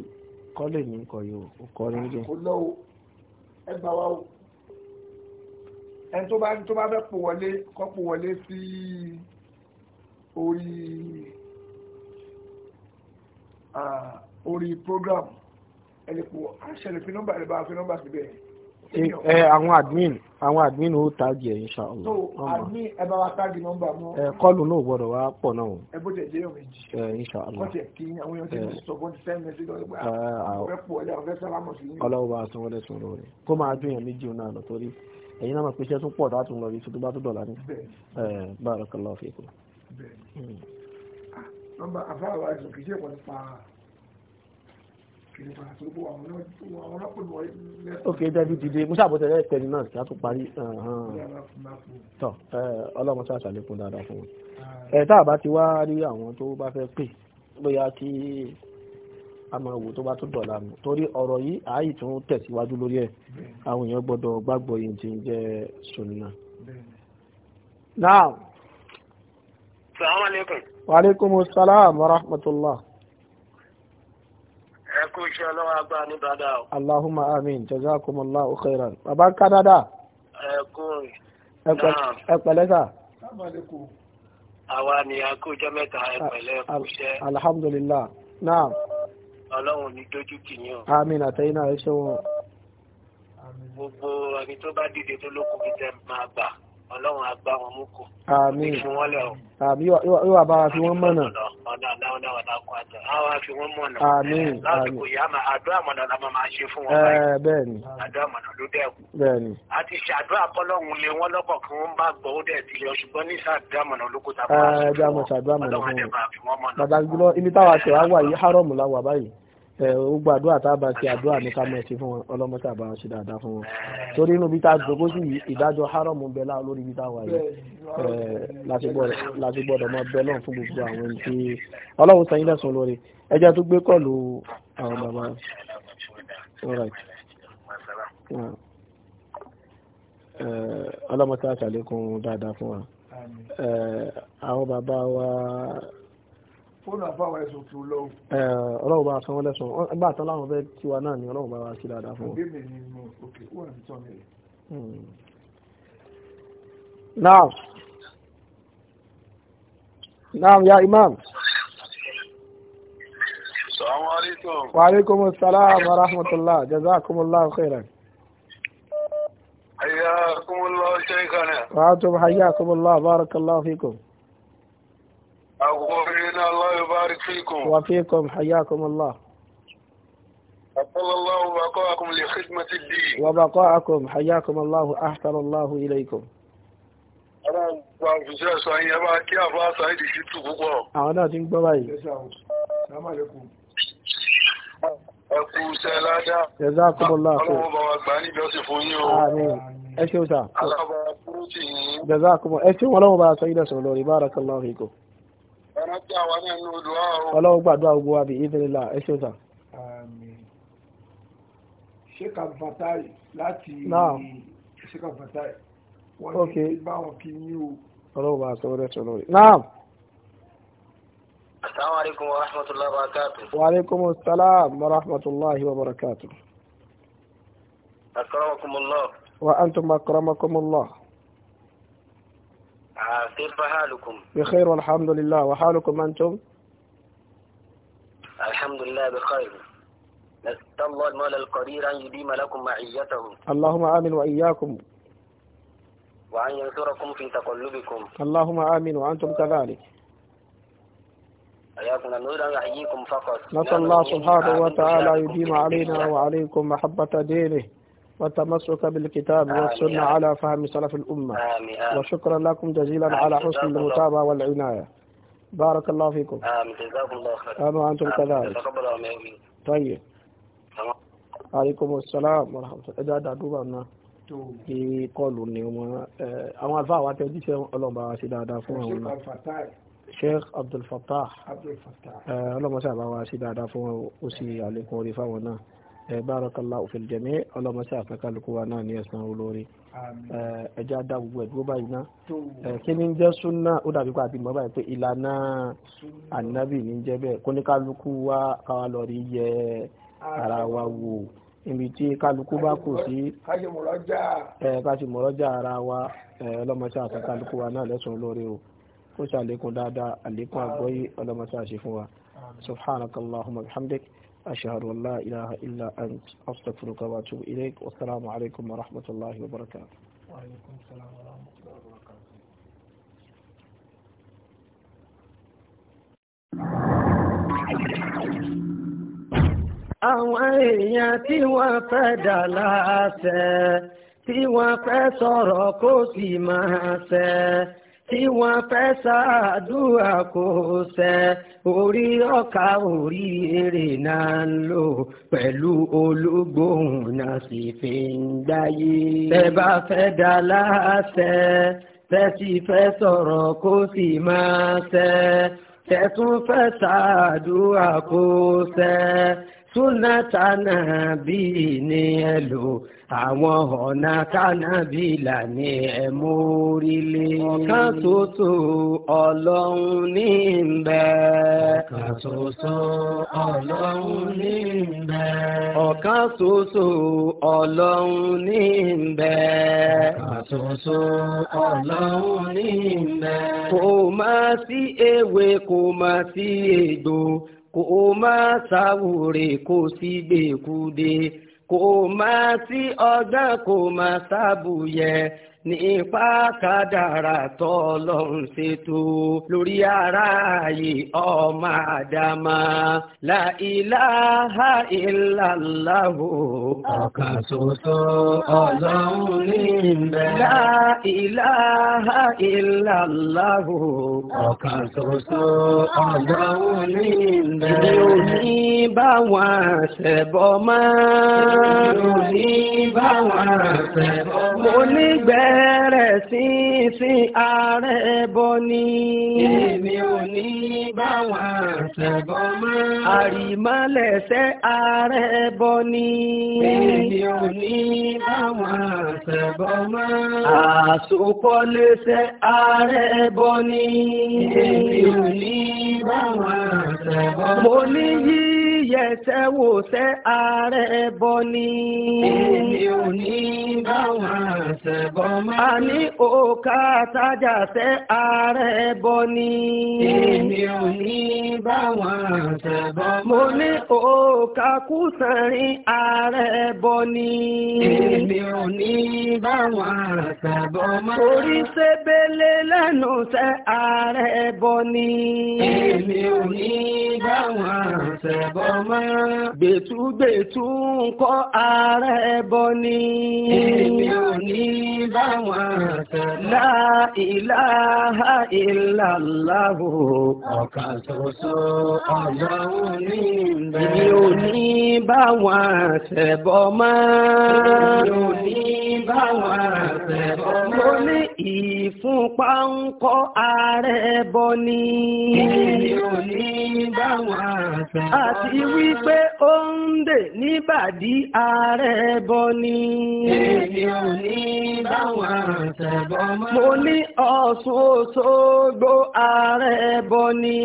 kọ́ lè ní nǹkan yìí
o kọ́ ní jẹ́. kò lọ o ẹ gbà wá o ẹni tó bá tó bá fẹ́ pò wọlé kọ́ pò wọlé sí orí ah, orí program ẹ lè pò àṣẹ lè fi nọ́mbà lè bá fi nọ́mbà síbẹ̀ yẹn ẹ eh, eh,
àwọn admin àwọn admin ó tagi ẹ inṣàlá. so
admin ẹ bá wa tagi nọ́mbà mọ. ẹ eh,
kọlù náà gbọ́dọ̀ wá pọ̀ náà o.
ẹ bó tẹ jẹyọ méjì.
ẹ inṣàlá. wọ́n ti ẹ̀
kí àwọn èèyàn ti ní sọ̀bọ́n ti sẹ́yìn mẹ́sì lọ́wọ́ pé àwọn fẹ́ pọ̀ ọ̀dà ọ̀fẹ́ sálámọ̀ sí. ọlọ́wọ́
bá a sanwó lẹ́sùn lóore kó máa dún yẹn méjì náà lọ torí ẹ̀yin náà máa pèsè tún pọ̀ láti lọ iṣu tó bá tó dọ̀là ní. báyọ̀ kọ́lá ọ̀fẹ́ kù.
nọ́mbà àfáà wa ẹ̀sùn kì í ṣe ìpọ̀ nípa Okay,
dẹ́bi dìde musa àbọ̀tẹ̀ lẹ́yìn pẹ̀lú náà kí a tún parí tọ́ ọlọ́mọ sáà ṣàlékún dáadáa fún wọn. ẹ̀ tá a bá ti wá rí àwọn tó bá fẹ́ pè bóyá kí a máa wò tó bá tún dọ̀la nù torí ọ̀rọ̀ yìí ààyè tó ń tẹ̀síwájú lórí ẹ̀ àwọn èèyàn gbọ́dọ̀ gbàgbọ́ yìí ti ń jẹ́ sunna. now.
salaamaleykum.
wa aleykum rahmatulah
kú iṣẹ́ ọlọ́run agbá ní bàdà o.
Allahumma amin jazakumullahu khairan. Bàbá ń ká dáadáa.
Ẹ kú rìn. Ẹ pẹ̀lẹ́ sà. Àwa ni a kú ọjọ́ mẹ́ta ẹ pẹ̀lẹ́ kú iṣẹ́.
Alhamdulillah. Naam.
Ọlọ́run ní dojú kì ní o. Amin
àtẹ̀yìn náà ẹ ṣe wọn.
Gbogbo ẹni tó bá dìde tó lókun fi tẹ́ máa gbà ọlọ́run àgbà wọn mú kù. àmín
àmín yóò wà bára fi wọ́n mọ̀nà.
ọ̀nà àdáwọ̀dá wàdà kọ́ àtọ̀ àwọn àfi wọ́n mọ̀nà. àmín àmín lásìkò yìí àmà àdúrà mọ̀nà la máa ṣe fún wọn báyìí. bẹ́ẹ̀ ni àdúrà mọ̀nà ló dẹ̀kù. bẹ́ẹ̀ ni. a ti ṣàdúrà kọ́lọ́hún lé wọn lọ́kọ̀ kí wọ́n bá gbọ́ ó dẹ̀ ti lọ ṣùgbọ́n ní sàdúrà mọ̀nà olókùtà.
ẹ ó gba àdúrà tá a bá ṣe àdúrà ní ká mọ̀ ṣe fún wọn ọlọ́mọṣẹ́ àbá ṣe dáadáa fún wọn torí inú bí tá a jókòó sí ìdájọ́ hárọ̀mù bẹ́ẹ̀ láwọn lórí bí tá a wà yìí láti gbọ́dọ̀ mọ bẹ́ẹ̀ lọ́n fún gbogbo àwọn ẹni tí ọlọ́run sanyí lẹ́sùn lórí ẹjẹ́ tó gbé kọ́ọ̀lù àwọn bàbá a àṣàlékún dáadáa fún wa àwọn bàbá wa
fóònù àfáwà ẹ̀sùn tí ó lọ́wọ́.
ọlọ́run bá sanwó lẹ́sùn ẹgbẹ́ àtọ́ láwọn fẹ́ tí wa náà ni ọlọ́run bá wa sí dáadáa fún un. naam naam ya imam.
salaamu aleykum. wa aleykum salaam wa rahmatulah jazakumullahu khairan. hayyakumullahu shaykhana. wa antum
hayyakumullah barakallahu fikum.
àgùkọ́ الله يبارك فيكم
وفيكم حياكم الله
أطل الله بقاءكم لخدمة الدين
وبقاءكم حياكم الله أحسن الله إليكم أنا أتنك بباي
السلام عليكم جزاكم الله خير. آمين.
أشهد. جزاكم الله خير. بارك الله فيكم. ọlọ́run gbàdúrà gbogbo wa bí ìdílélà ẹ ṣe sà.
sheikh abdullahi láti sheikh abdullahi wọ́n ti bá wọn kí ní o.
ọlọ́run bá a sọ wọlé sọ lórí. naam.
asalaamualeykum wa rahmatulahi wa barakatu. wa
aleykum salaam wa rahmatulahi wa barakatu.
akramakumullah.
wa
كيف حالكم
بخير والحمد لله وحالكم أنتم
الحمد لله بخير نسأل الله المال
القدير أن يديم لكم معيته اللهم آمين وإياكم وأن ينصركم في تقلبكم اللهم آمين وأنتم كذلك نسأل الله نعم. سبحانه وتعالى يديم نعم. علينا وعليكم محبة دينه والتمسك بالكتاب والسنة على فهم سلف الأمة وشكرا لكم جزيلا على حسن المتابعة والعناية بارك الله فيكم
آمين الله أنتم كذلك
طيب عليكم السلام ورحمة الله إذا دعوا ki kọlu ni wọn àwọn alfa àwọn akẹ́kọ̀ọ́ jíṣẹ́ ọlọ́mọba wa ṣe dáadáa fún wọn ọ̀la sheikh abdulfatah ọlọ́mọba wa ṣe dáadáa fún wọn ó Eh, barakallahu fil jami ọlọmọṣẹ àfẹkálukú wa náà ní ẹ̀san olórí eh, ẹjẹ adá gbogbo ẹ dúró báyìí náà eh, kí ni ń jẹ́ súnà ó dàbí pé àti mọ̀ báyìí pé ìlànà ànábì ní jẹ́ bẹ́ẹ̀ kó ní kálukú wa káwa lọ rí yẹ ara wa wò níbi tí kálukú bá kù sí káṣí mọ̀rọ́jà ara wa ọlọmọṣẹ àfẹkálukú wa náà lẹ́san olórí o kó ṣàlékún dáadáa àlékún àgbọ́yé ọlọmọṣẹ àṣẹ fún wa subhanakallahumma bihamdik. أشهد أن لا إله إلا أنت أستغفرك وأتوب إليك والسلام عليكم ورحمة الله وبركاته
وعليكم السلام ورحمة الله وبركاته
Àwọn èèyàn tí wọ́n fẹ́ dà láàṣẹ, tí wọ́n fẹ́ sọ̀rọ̀ kó sì máa ṣẹ. tí wọ́n fẹ́ ṣàdúrà kò ṣẹ orí ọkà orí èrè náà ń lò pẹ̀lú olúgbòhùn náà sì fi ń gbáyé. tẹ́ bá fẹ́ dá láṣẹ tẹ́ sì fẹ́ sọ̀rọ̀ kó sì máa ṣẹ tẹ́ tún fẹ́ ṣàdúrà kò ṣẹ súnà tánà bí ní ẹ lò àwọn ọ̀nà tánà bí lànà ẹ mórílé. ọ̀kan ṣoṣo ọlọ́run ní ń bẹ. ọ̀kan ṣoṣo ọlọ́run
ní ń bẹ.
ọ̀kan ṣoṣo ọlọ́run ní ń bẹ. ọ̀kan ṣoṣo ọlọ́run ní ń kò má sí ewé kò má sí egbò kò má sáwùrè kò sí gbèkúde kò má sí ọgbọ́n kò má sábùyẹ ní ipa kádàrà tọ́lọ́run ṣètò lórí ara ayé ọmọ àdámà láìláha ìlàláhù ọ̀kan ṣoṣo ọlọ́run ní ìbẹ̀. láìláha ìlàláhù ọ̀kan ṣoṣo ọlọ́run ní ìbẹ̀. ìdí òní bá wọn máa. ìdí òní bá wọn máa. mo nígbẹ́ bẹ̀rẹ̀ sí sí ààrẹ bọ́ ni. èmi ò ní bá wọn ṣẹ̀bọ mọ́. àrìmọ́lẹ̀ṣẹ́ ààrẹ bọ́ ni. èmi ò ní bá wọn ṣẹ̀bọ mọ́. àsopọ̀lẹ́ṣẹ́ ààrẹ bọ́ ni. èmi ò ní bá wọn ṣẹ̀bọ mọ́. mo ní yí yẹsẹ̀ wò sẹ́ ààrẹ bọ ni. èmi ò ní bá wọn ṣẹ̀bọ mọ́. a ní òkà tájà sẹ́ ààrẹ bọ ni. èmi ò ní bá wọn ṣẹ̀bọ mọ́. mo ní òkà kùsànrin ààrẹ bọ ni. èmi ò ní bá wọn ṣẹ̀bọ mọ́. orí ṣẹ́bẹ̀lẹ̀ lẹ́nu sẹ́ ààrẹ bọ ni. èmi ò ní bá wọn ṣẹ̀bọ ọmọ. gbẹ̀túgbẹ̀tú ń kọ́ ara ẹ bọ ni. èmi ò ní bá wọn sọ̀rọ̀. la ilaha illallah ọ̀kan ṣoṣo ọlọ́run ní ìbẹ̀. èmi ò ní bá wọn ṣẹbọ mọ́. èmi ò ní bá wọn ṣẹbọ mọ́. mo ní ìfúnpá ń kọ́ ara ẹ ni. èmi ò ní bá wọn ṣẹbọ mọ́ wípé ó ń dè níbàdí ààrẹ bọ ni. èmi ò ní báwọn àtẹ̀bọ̀ mọ́. mo ní Ọ̀ṣun Òṣogbo ààrẹ bọ ni.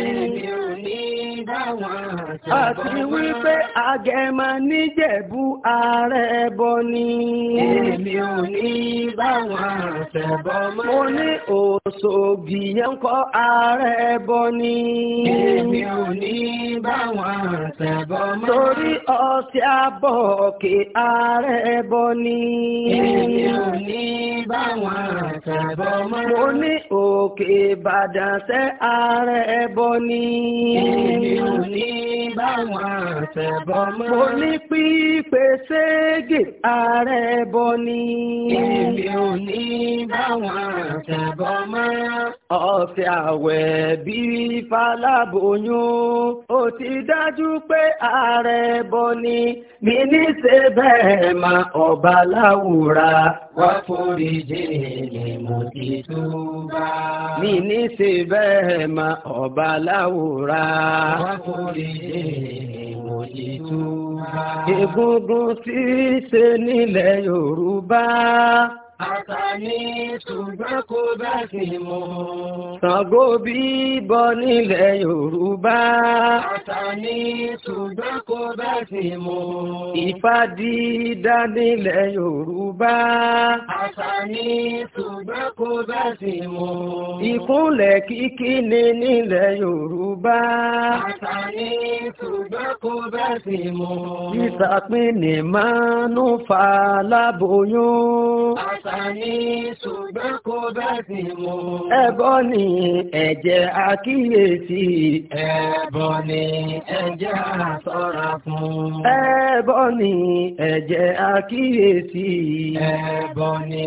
èmi ò ní báwọn àtẹ̀bọ̀ mọ́. àti wípé Agẹmọ níjẹ̀bú ààrẹ bọ ni. mo ní Òṣogbo ààrẹ bọ ni. èmi ò ní báwọn. Torí ọtí abọ́ òkè ààrẹ bọ́ ni. Èmi ò ní bá wọn àtàbọ̀ mọ́. Mo ní òkè Ìbàdàn sẹ́ ààrẹ bọ́ ni. Èmi ò ní bá wọn àtàbọ̀ mọ́. Mo ní pípé ségè ààrẹ bọ́ ni. Èmi ò ní bá wọn mọ́ ọ̀sẹ̀ àwẹ̀ bíi faláboyún ó ti dájú pé ààrẹ bọ́ ni mi ní ṣe bẹ́ẹ̀ ma ọba láwùrà wá forí jìnnì mo ti túbà. mi ní ṣe bẹ́ẹ̀ ma ọba láwùrà wá forí jìnnì mo ti túbà. egungun tí ṣe nílẹ̀ Yorùbá. Àkàní ṣùgbọ́n kò bá sì mọ̀. Ṣàngó bíbọ nílẹ̀ Yorùbá. Àkàní ṣùgbọ́n kò bá sì mọ̀. Ifá dídá nílẹ̀ Yorùbá. Àkàní ṣùgbọ́n kò bá sì mọ̀. Ìkúnlẹ̀ kíkí ni nílẹ̀ Yorùbá. Àkàní ṣùgbọ́n kò bá sì mọ̀. Ìsàpín máa ń fa láboyún. Àkàní ní ṣùgbọ́n kò bá sì mú. ẹbọ ni ẹ̀jẹ̀ àkíyèsí. ẹbọ ni ẹ̀jẹ̀ àṣọ́ra fún. ẹbọ ni ẹ̀jẹ̀ àkíyèsí. ẹbọ ni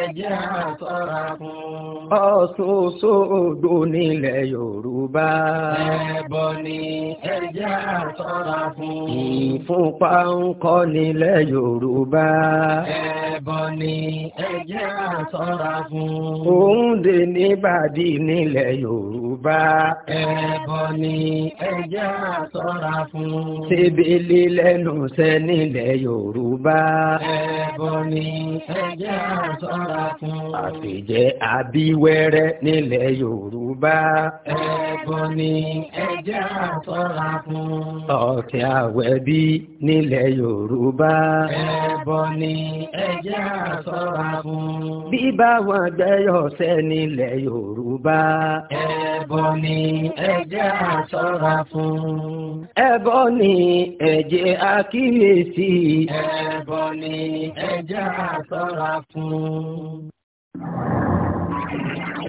ẹ̀jẹ̀ àṣọ́ra fún. ọ̀ṣọ́ṣọ́ odò nílẹ̀ Yorùbá. ẹbọ ni ẹ̀jẹ̀ àṣọ́ra fún. ìfúnpá ń kọ́ nílẹ̀ Yorùbá. ẹbọ ni ẹ̀jẹ̀ àṣọra fún. òun dè níbàdí nílẹ̀ yorùbá. ẹbọ ni ẹ̀jẹ̀ àṣọra fún. sebele lẹ́nu sẹ́ nílẹ̀ yorùbá. ẹbọ ni ẹ̀jẹ̀ àṣọra fún. àfijẹ abiwẹ́rẹ́ nílẹ̀ yorùbá. ẹbọ ni ẹ̀jẹ̀ àṣọra fún. ọ̀sẹ̀ àwẹ̀bí nílẹ̀ yorùbá. ẹbọ ni ẹ̀jẹ̀ àṣọra fún fún. bí báwọn gbẹ́yọ̀ sẹ́ni ilẹ̀ yorùbá. ẹbọ ni ẹ jẹ́ a fún. ẹbọ ni ẹ jẹ́ kíyèsí. ẹbọ ni ẹ jẹ́ a fún.